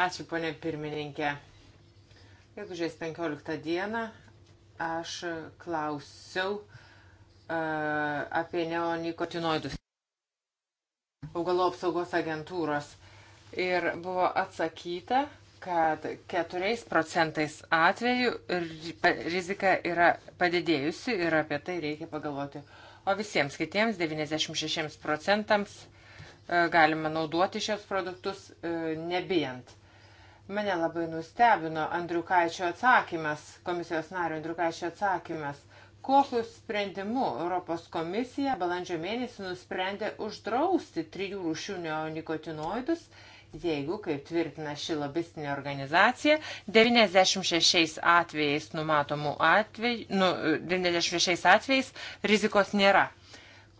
Speaker 3: Ačiū, ponė pirmininkė. Gegužės 15 dieną aš klausiau uh, apie neonikotinoidus augalų apsaugos agentūros ir buvo atsakyta, kad 4 procentais atvejų rizika yra padidėjusi ir apie tai reikia pagalvoti. O visiems kitiems 96 procentams e, galima naudoti šios produktus e, nebijant. Mane labai nustebino Andriukaičio atsakymas, komisijos nario Andriukaičio atsakymas, kokiu sprendimu Europos komisija balandžio mėnesį nusprendė uždrausti trijų rūšių neonikotinoidus, jeigu, kaip tvirtina ši lobistinė organizacija, 96 atvejais numatomų atvejų, nu, 96 atvejais rizikos nėra.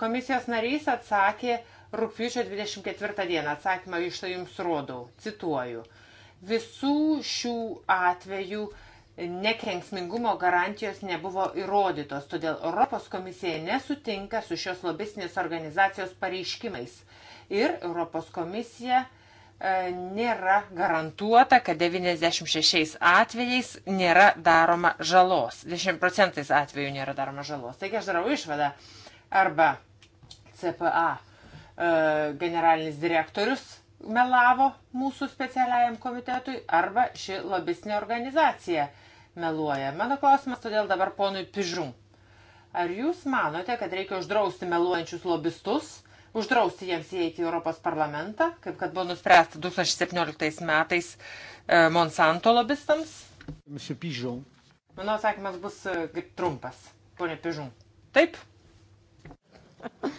Speaker 3: Komisijos narys atsakė rūpjūčio 24 dieną, atsakymą iš tai jums rodau, cituoju. Visų šių atvejų nekrenksmingumo garantijos nebuvo įrodytos, todėl Europos komisija nesutinka su šios lobistinės organizacijos pareiškimais. Ir Europos komisija e, nėra garantuota, kad 96 atvejais nėra daroma žalos. 10 procentais atvejų nėra daroma žalos. Taigi aš darau išvadą. Arba CPA e, generalinis direktorius melavo mūsų specialiajam komitetui, arba ši lobistinė organizacija meluoja. Mano klausimas todėl dabar ponui Pižum. Ar jūs manote, kad reikia uždrausti meluojančius lobistus, uždrausti jiems įeiti į Europos parlamentą, kaip kad buvo nuspręsta 2017 metais e, Monsanto lobistams? Mano atsakymas bus kaip e, trumpas, ponė Pižum. Taip?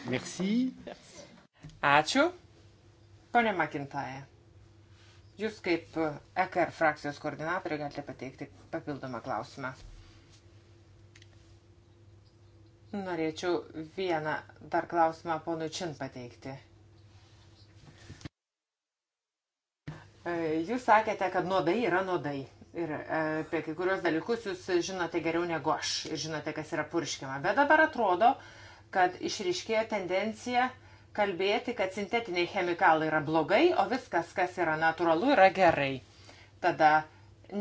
Speaker 3: Merci. Ačiū. Pone Makintaja, jūs kaip EKR frakcijos koordinatorė galite pateikti papildomą klausimą. Norėčiau vieną dar klausimą ponui Čin pateikti. E, jūs sakėte, kad nuodai yra nuodai. Ir e, apie kai kurios dalykus jūs žinote geriau negu aš ir žinote, kas yra purškiama. Bet dabar atrodo, kad išriškėjo tendencija kalbėti, kad sintetiniai chemikalai yra blogai, o viskas, kas yra natūralu, yra gerai. Tada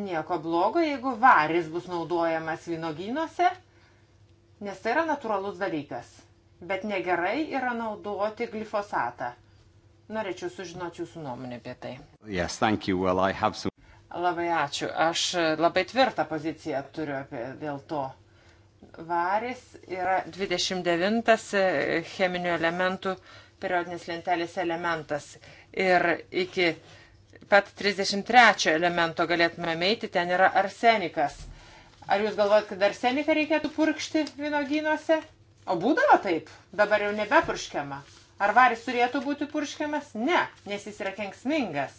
Speaker 3: nieko blogo, jeigu varis bus naudojamas vynogynuose, nes tai yra natūralus dalykas. Bet negerai yra naudoti glifosatą. Norėčiau sužinoti jūsų nuomonę apie tai.
Speaker 1: Yes, thank you. Well, I have some...
Speaker 3: Labai ačiū. Aš labai tvirtą poziciją turiu apie dėl to. Varis yra 29 e, cheminių elementų periodinės lentelės elementas. Ir iki pat 33 elemento galėtume meiti, ten yra arsenikas. Ar jūs galvojat, kad arseniką reikėtų purkšti vynogynuose? O būdavo taip, dabar jau nebepurškiama. Ar varis turėtų būti purškiamas? Ne, nes jis yra kenksmingas.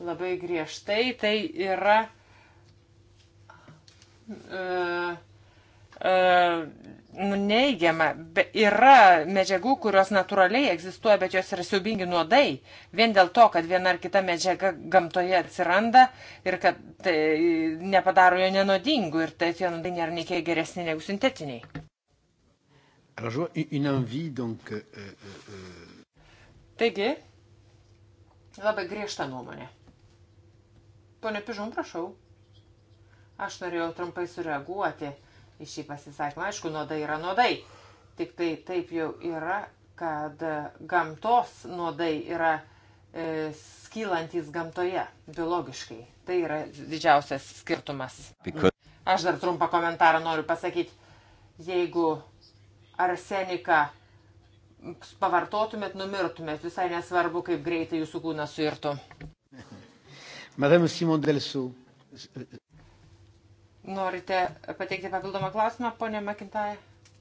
Speaker 3: Labai griežtai tai yra E, e, nuneigiama. Yra medžiagų, kurios natūraliai egzistuoja, bet jos yra siubingi nuodai. Vien dėl to, kad viena ar kita medžiaga gamtoje atsiranda ir kad tai nepadaro jo nenodingų ir tai tie nuodai nėra nei kiek geresni negu sintetiniai.
Speaker 1: Euh, euh, euh.
Speaker 3: Taigi, labai griežta nuomonė. Pone Pižum, prašau. Aš norėjau trumpai sureaguoti į šį pasisakymą. Aišku, nuodai yra nuodai. Tik tai taip jau yra, kad gamtos nuodai yra e, skylantis gamtoje, biologiškai. Tai yra didžiausias skirtumas. Aš dar trumpą komentarą noriu pasakyti. Jeigu arseniką pavartotumėt, numirtumėt, visai nesvarbu, kaip greitai jūsų kūnas suirtų.
Speaker 1: Madame Simon Delsou.
Speaker 3: Norite pateikti papildomą klausimą, ponė Makintai?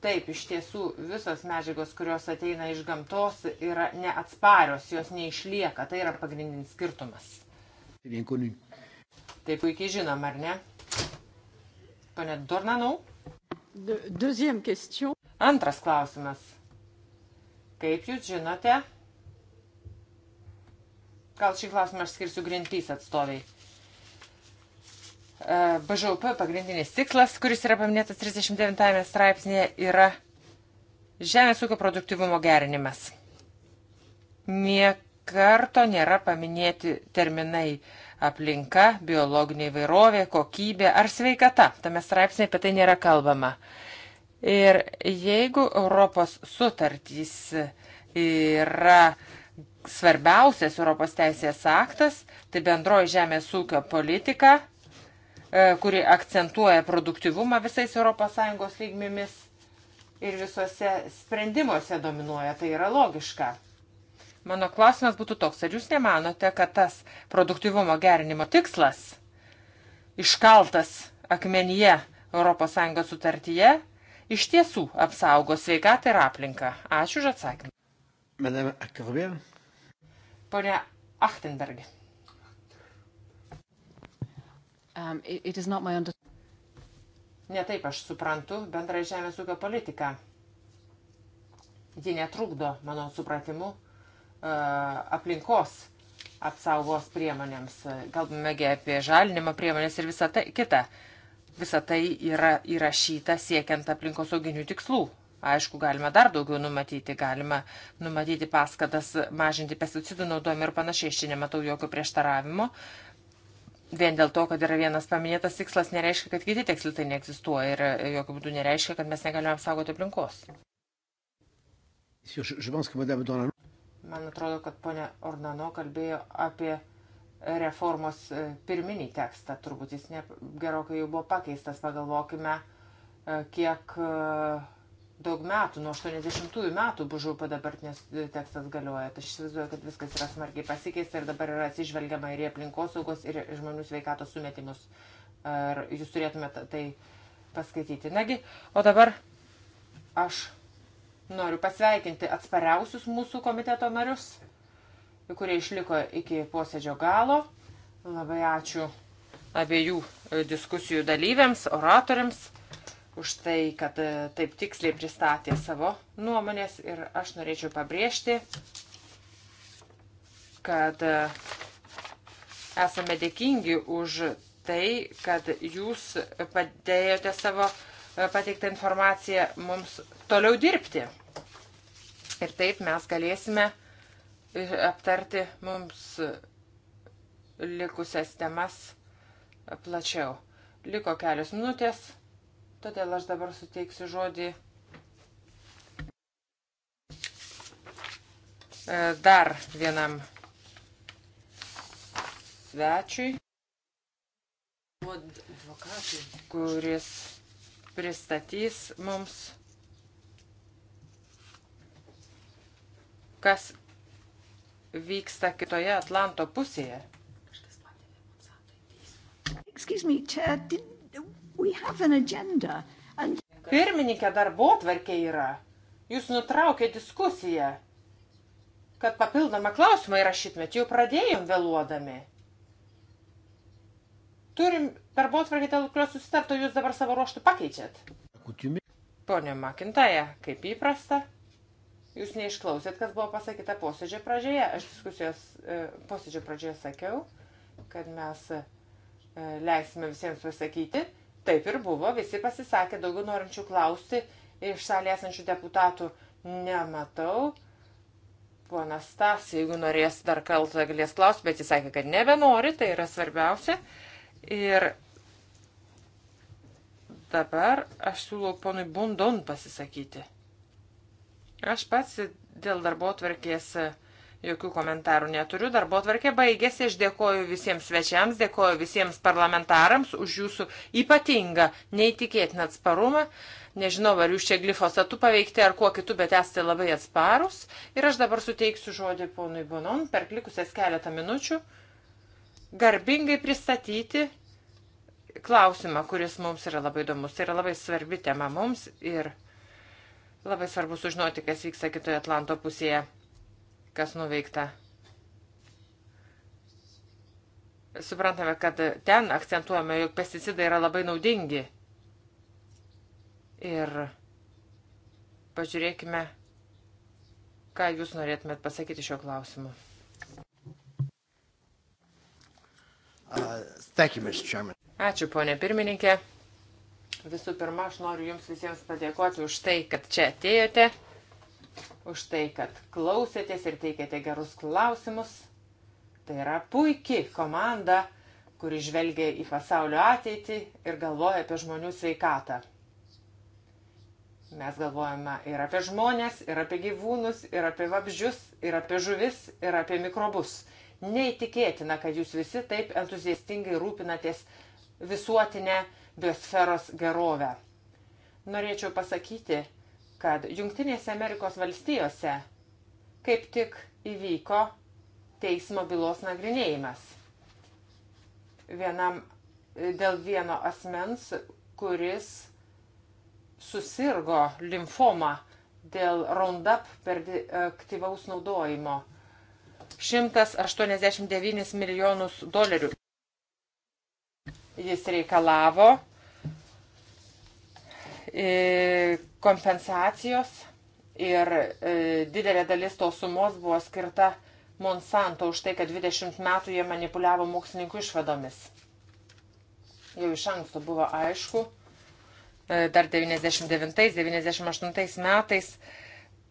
Speaker 3: Taip, iš tiesų visos medžiagos, kurios ateina iš gamtos, yra neatsparios, jos neišlieka. Tai yra pagrindinis skirtumas. Tai puikiai žinom, ar ne? Pane Dornanau? Antras klausimas. Kaip jūs žinote? Gal šį klausimą aš skirsiu Greenpeace atstoviai. E, BŽP pagrindinis tikslas, kuris yra paminėtas 39 straipsnėje, yra žemės ūkio produktivumo gerinimas. Niekarto nėra paminėti terminai aplinka, biologinė įvairovė, kokybė ar sveikata. Tame straipsnėje apie tai nėra kalbama. Ir jeigu Europos sutartys yra svarbiausias Europos teisės aktas, tai bendroji žemės ūkio politika E, kuri akcentuoja produktivumą visais ES lygmėmis ir visuose sprendimuose dominuoja, tai yra logiška. Mano klausimas būtų toks, ar jūs nemanote, kad tas produktivumo gerinimo tikslas iškaltas akmenyje ES sutartyje iš tiesų apsaugo sveikatą ir aplinką? Ačiū už atsakymą.
Speaker 1: Madame Akarbė.
Speaker 3: Pone Achtenbergė. Um, it, it is not my under... Netaip aš suprantu bendrą žemės ūkio politiką. Ji netrukdo, mano supratimu, uh, aplinkos apsaugos priemonėms. Kalbamegi apie žalinimo priemonės ir visą tai kitą. Visą tai yra įrašyta siekiant aplinkosauginių tikslų. Aišku, galima dar daugiau numatyti, galima numatyti paskatas mažinti pesticidų naudojimą ir panašiai. Aš čia nematau jokio prieštaravimo. Uh, vien dėl to, kad yra vienas paminėtas tikslas, nereiškia, kad kiti tikslai tai neegzistuoja ir e, jokių būdų nereiškia, kad mes negalime apsaugoti aplinkos. Man atrodo, kad ponia Ornano kalbėjo apie reformos e, pirminį tekstą, turbūt jis ne, gerokai jau buvo pakeistas, pagalvokime, e, kiek daug metų, nuo 80-ųjų metų BŽP dabartinės tekstas galioja. Tai aš įsivaizduoju, kad viskas yra smarkiai pasikeista ir dabar yra atsižvelgiama ir į aplinkosaugos, ir žmonių sveikatos sumetimus. Ar jūs turėtumėte tai paskaityti. Nagi, o dabar aš noriu pasveikinti atspariausius mūsų komiteto narius, kurie išliko iki posėdžio galo. Labai ačiū abiejų diskusijų dalyviams, oratoriams už tai, kad e, taip tiksliai pristatė savo nuomonės ir aš norėčiau pabrėžti, kad e, esame dėkingi už tai, kad jūs padėjote savo e, pateiktą informaciją mums toliau dirbti. Ir taip mes galėsime aptarti mums likusias temas plačiau. Liko kelios minutės. Todėl aš dabar suteiksiu žodį e, dar vienam svečiui, kuris pristatys mums, kas vyksta kitoje Atlanto pusėje.
Speaker 2: Excuse me, čia did
Speaker 3: And... Pirmininkė darbo tvarkė yra. Jūs nutraukė diskusiją, kad papildomą klausimą įrašytumėt, jau pradėjom vėluodami. Turim darbo tvarkį, dėl kurios susitarto, jūs dabar savo ruoštų pakeičiat. Pone Makintaja, kaip įprasta, jūs neišklausėt, kas buvo pasakyta posėdžio pradžioje. Aš diskusijos e, posėdžio pradžioje sakiau, kad mes e, leisime visiems pasakyti Taip ir buvo, visi pasisakė, daugiau norinčių klausti iš salės esančių deputatų nematau. Ponas Tas, jeigu norės dar kaltą, galės klausti, bet jis sakė, kad nebenori, tai yra svarbiausia. Ir dabar aš siūlau ponui Bundon pasisakyti. Aš pats dėl darbo tvarkės uh, Jokių komentarų neturiu. Darbo tvarkė baigėsi. Aš dėkoju visiems svečiams, dėkoju visiems parlamentarams už jūsų ypatingą, neįtikėtiną atsparumą. Nežinau, ar jūs čia glifosatu paveikti ar kuo kitu, bet esate labai atsparus. Ir aš dabar suteiksiu žodį ponui Bonon per likusias keletą minučių garbingai pristatyti klausimą, kuris mums yra labai įdomus. Tai yra labai svarbi tema mums ir labai svarbu sužinoti, kas vyksta kitoje Atlanto pusėje kas nuveikta. Suprantame, kad ten akcentuojame, jog pesticidai yra labai naudingi. Ir pažiūrėkime, ką jūs norėtumėt pasakyti šio klausimu. Uh, you, Ačiū, ponė pirmininkė. Visų pirma, aš noriu Jums visiems padėkoti už tai, kad čia atėjote už tai, kad klausėtės ir teikėte gerus klausimus. Tai yra puikiai komanda, kuri žvelgia į pasaulio ateitį ir galvoja apie žmonių sveikatą. Mes galvojame ir apie žmonės, ir apie gyvūnus, ir apie vabzdžius, ir apie žuvis, ir apie mikrobus. Neįtikėtina, kad jūs visi taip entuziastingai rūpinatės visuotinę biosferos gerovę. Norėčiau pasakyti, kad Junktinėse Amerikos valstijose kaip tik įvyko teismo bylos nagrinėjimas. Vienam dėl vieno asmens, kuris susirgo limfoma dėl Roundup per aktyvaus naudojimo. 189 milijonus dolerių. Jis reikalavo E, kompensacijos ir e, didelė dalis tos sumos buvo skirta Monsanto už tai, kad 20 metų jie manipuliavo mokslininkų išvadomis. Jau iš anksto buvo aišku, e, dar 99-98 metais,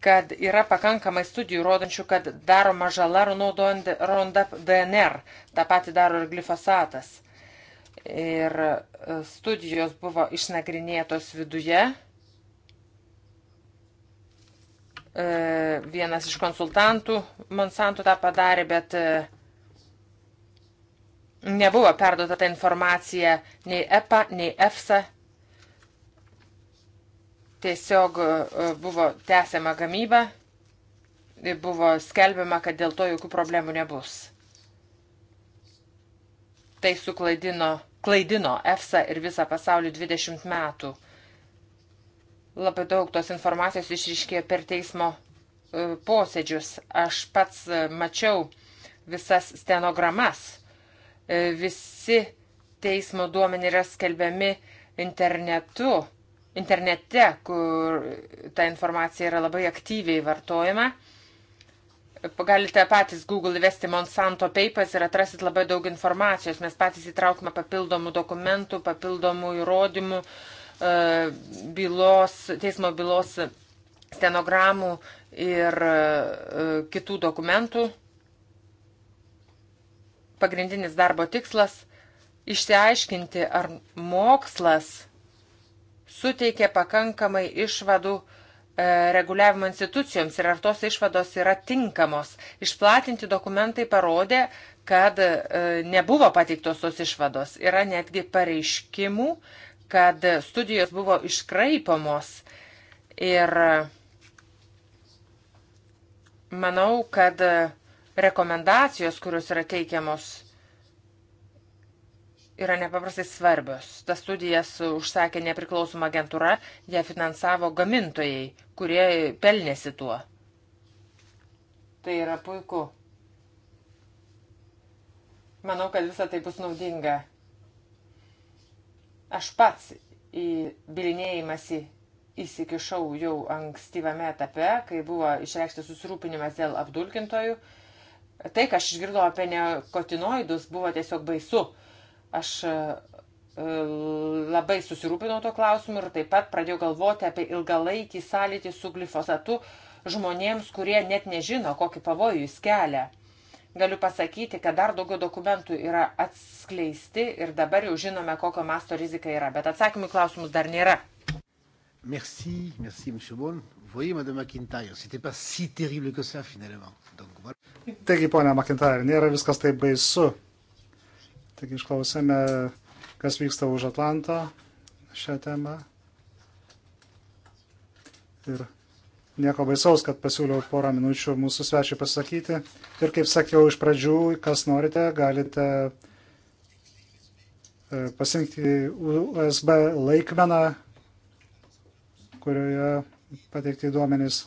Speaker 3: kad yra pakankamai studijų rodančių, kad daroma žala naudojant Roundup DNR. Ta pati daro ir glifosatas ir e, studijos buvo išnagrinėtos viduje. E, vienas iš konsultantų Monsanto tą padarė, bet e, nebuvo perduota ta informacija nei EPA, nei EFSA. Tiesiog buvo tęsiama gamyba, buvo skelbiama, kad dėl to jokių problemų nebus. Tai suklaidino klaidino EFSA ir visą pasaulį 20 metų. Labai daug tos informacijos išriškėjo per teismo e, posėdžius. Aš pats e, mačiau visas stenogramas. E, visi teismo duomenį yra skelbiami internetu, internete, kur ta informacija yra labai aktyviai vartojama. Galite patys Google įvesti Monsanto Papers ir atrasit labai daug informacijos. Mes patys įtraukime papildomų dokumentų, papildomų įrodymų, e, bylos, teismo bylos stenogramų ir e, kitų dokumentų. Pagrindinis darbo tikslas - išsiaiškinti, ar mokslas suteikė pakankamai išvadų, E, reguliavimo institucijoms ir ar tos išvados yra tinkamos. Išplatinti dokumentai parodė, kad e, nebuvo pateiktos tos išvados. Yra netgi pareiškimų, kad studijos buvo iškraipomos ir e, manau, kad rekomendacijos, kurios yra teikiamos yra nepaprastai svarbios. Tas studijas užsakė nepriklausoma agentūra, ją finansavo gamintojai, kurie pelnėsi tuo. Tai yra puiku. Manau, kad visa tai bus naudinga. Aš pats į bilinėjimąsi įsikišau jau ankstyvame etape, kai buvo išreikštas susirūpinimas dėl apdulkintojų. Tai, ką aš išgirdau apie nekotinoidus, buvo tiesiog baisu. Uh, Aš e, e, labai susirūpinau tuo klausimu ir taip pat pradėjau galvoti apie ilgalaikį sąlytį su glifosatu žmonėms, kurie net nežino, kokį pavojų jis kelia. Galiu pasakyti, kad dar daugiau dokumentų yra atskleisti ir dabar jau žinome, kokio masto rizika yra, bet atsakymų į klausimus dar nėra.
Speaker 1: Merci, merci, monsieur Bon. Voyez, madame McIntyre, c'était pas si terrible que ça, finalement. Donc, voilà. Taigi, ponia McIntyre, nėra viskas taip baisu. Taigi išklausėme, kas vyksta už Atlanto šią temą. Ir nieko baisaus, kad pasiūliau porą minučių mūsų svečiui pasakyti. Ir kaip sakiau iš pradžių, kas norite, galite e, pasirinkti USB laikmeną, kurioje pateikti duomenys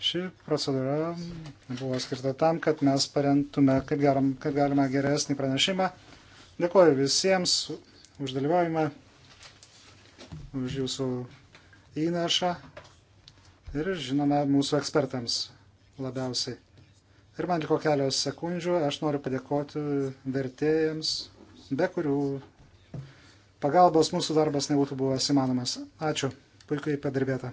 Speaker 1: Ši procedūra buvo skirta tam, kad mes parengtume kaip, geram, kaip galima geresnį pranešimą. Dėkuoju visiems už dalyvavimą, už jūsų įnašą ir žinoma mūsų ekspertams labiausiai. Ir man liko kelios sekundžių, aš noriu padėkoti vertėjams, be kurių pagalbos mūsų darbas nebūtų buvęs įmanomas. Ačiū, puikiai padirbėta.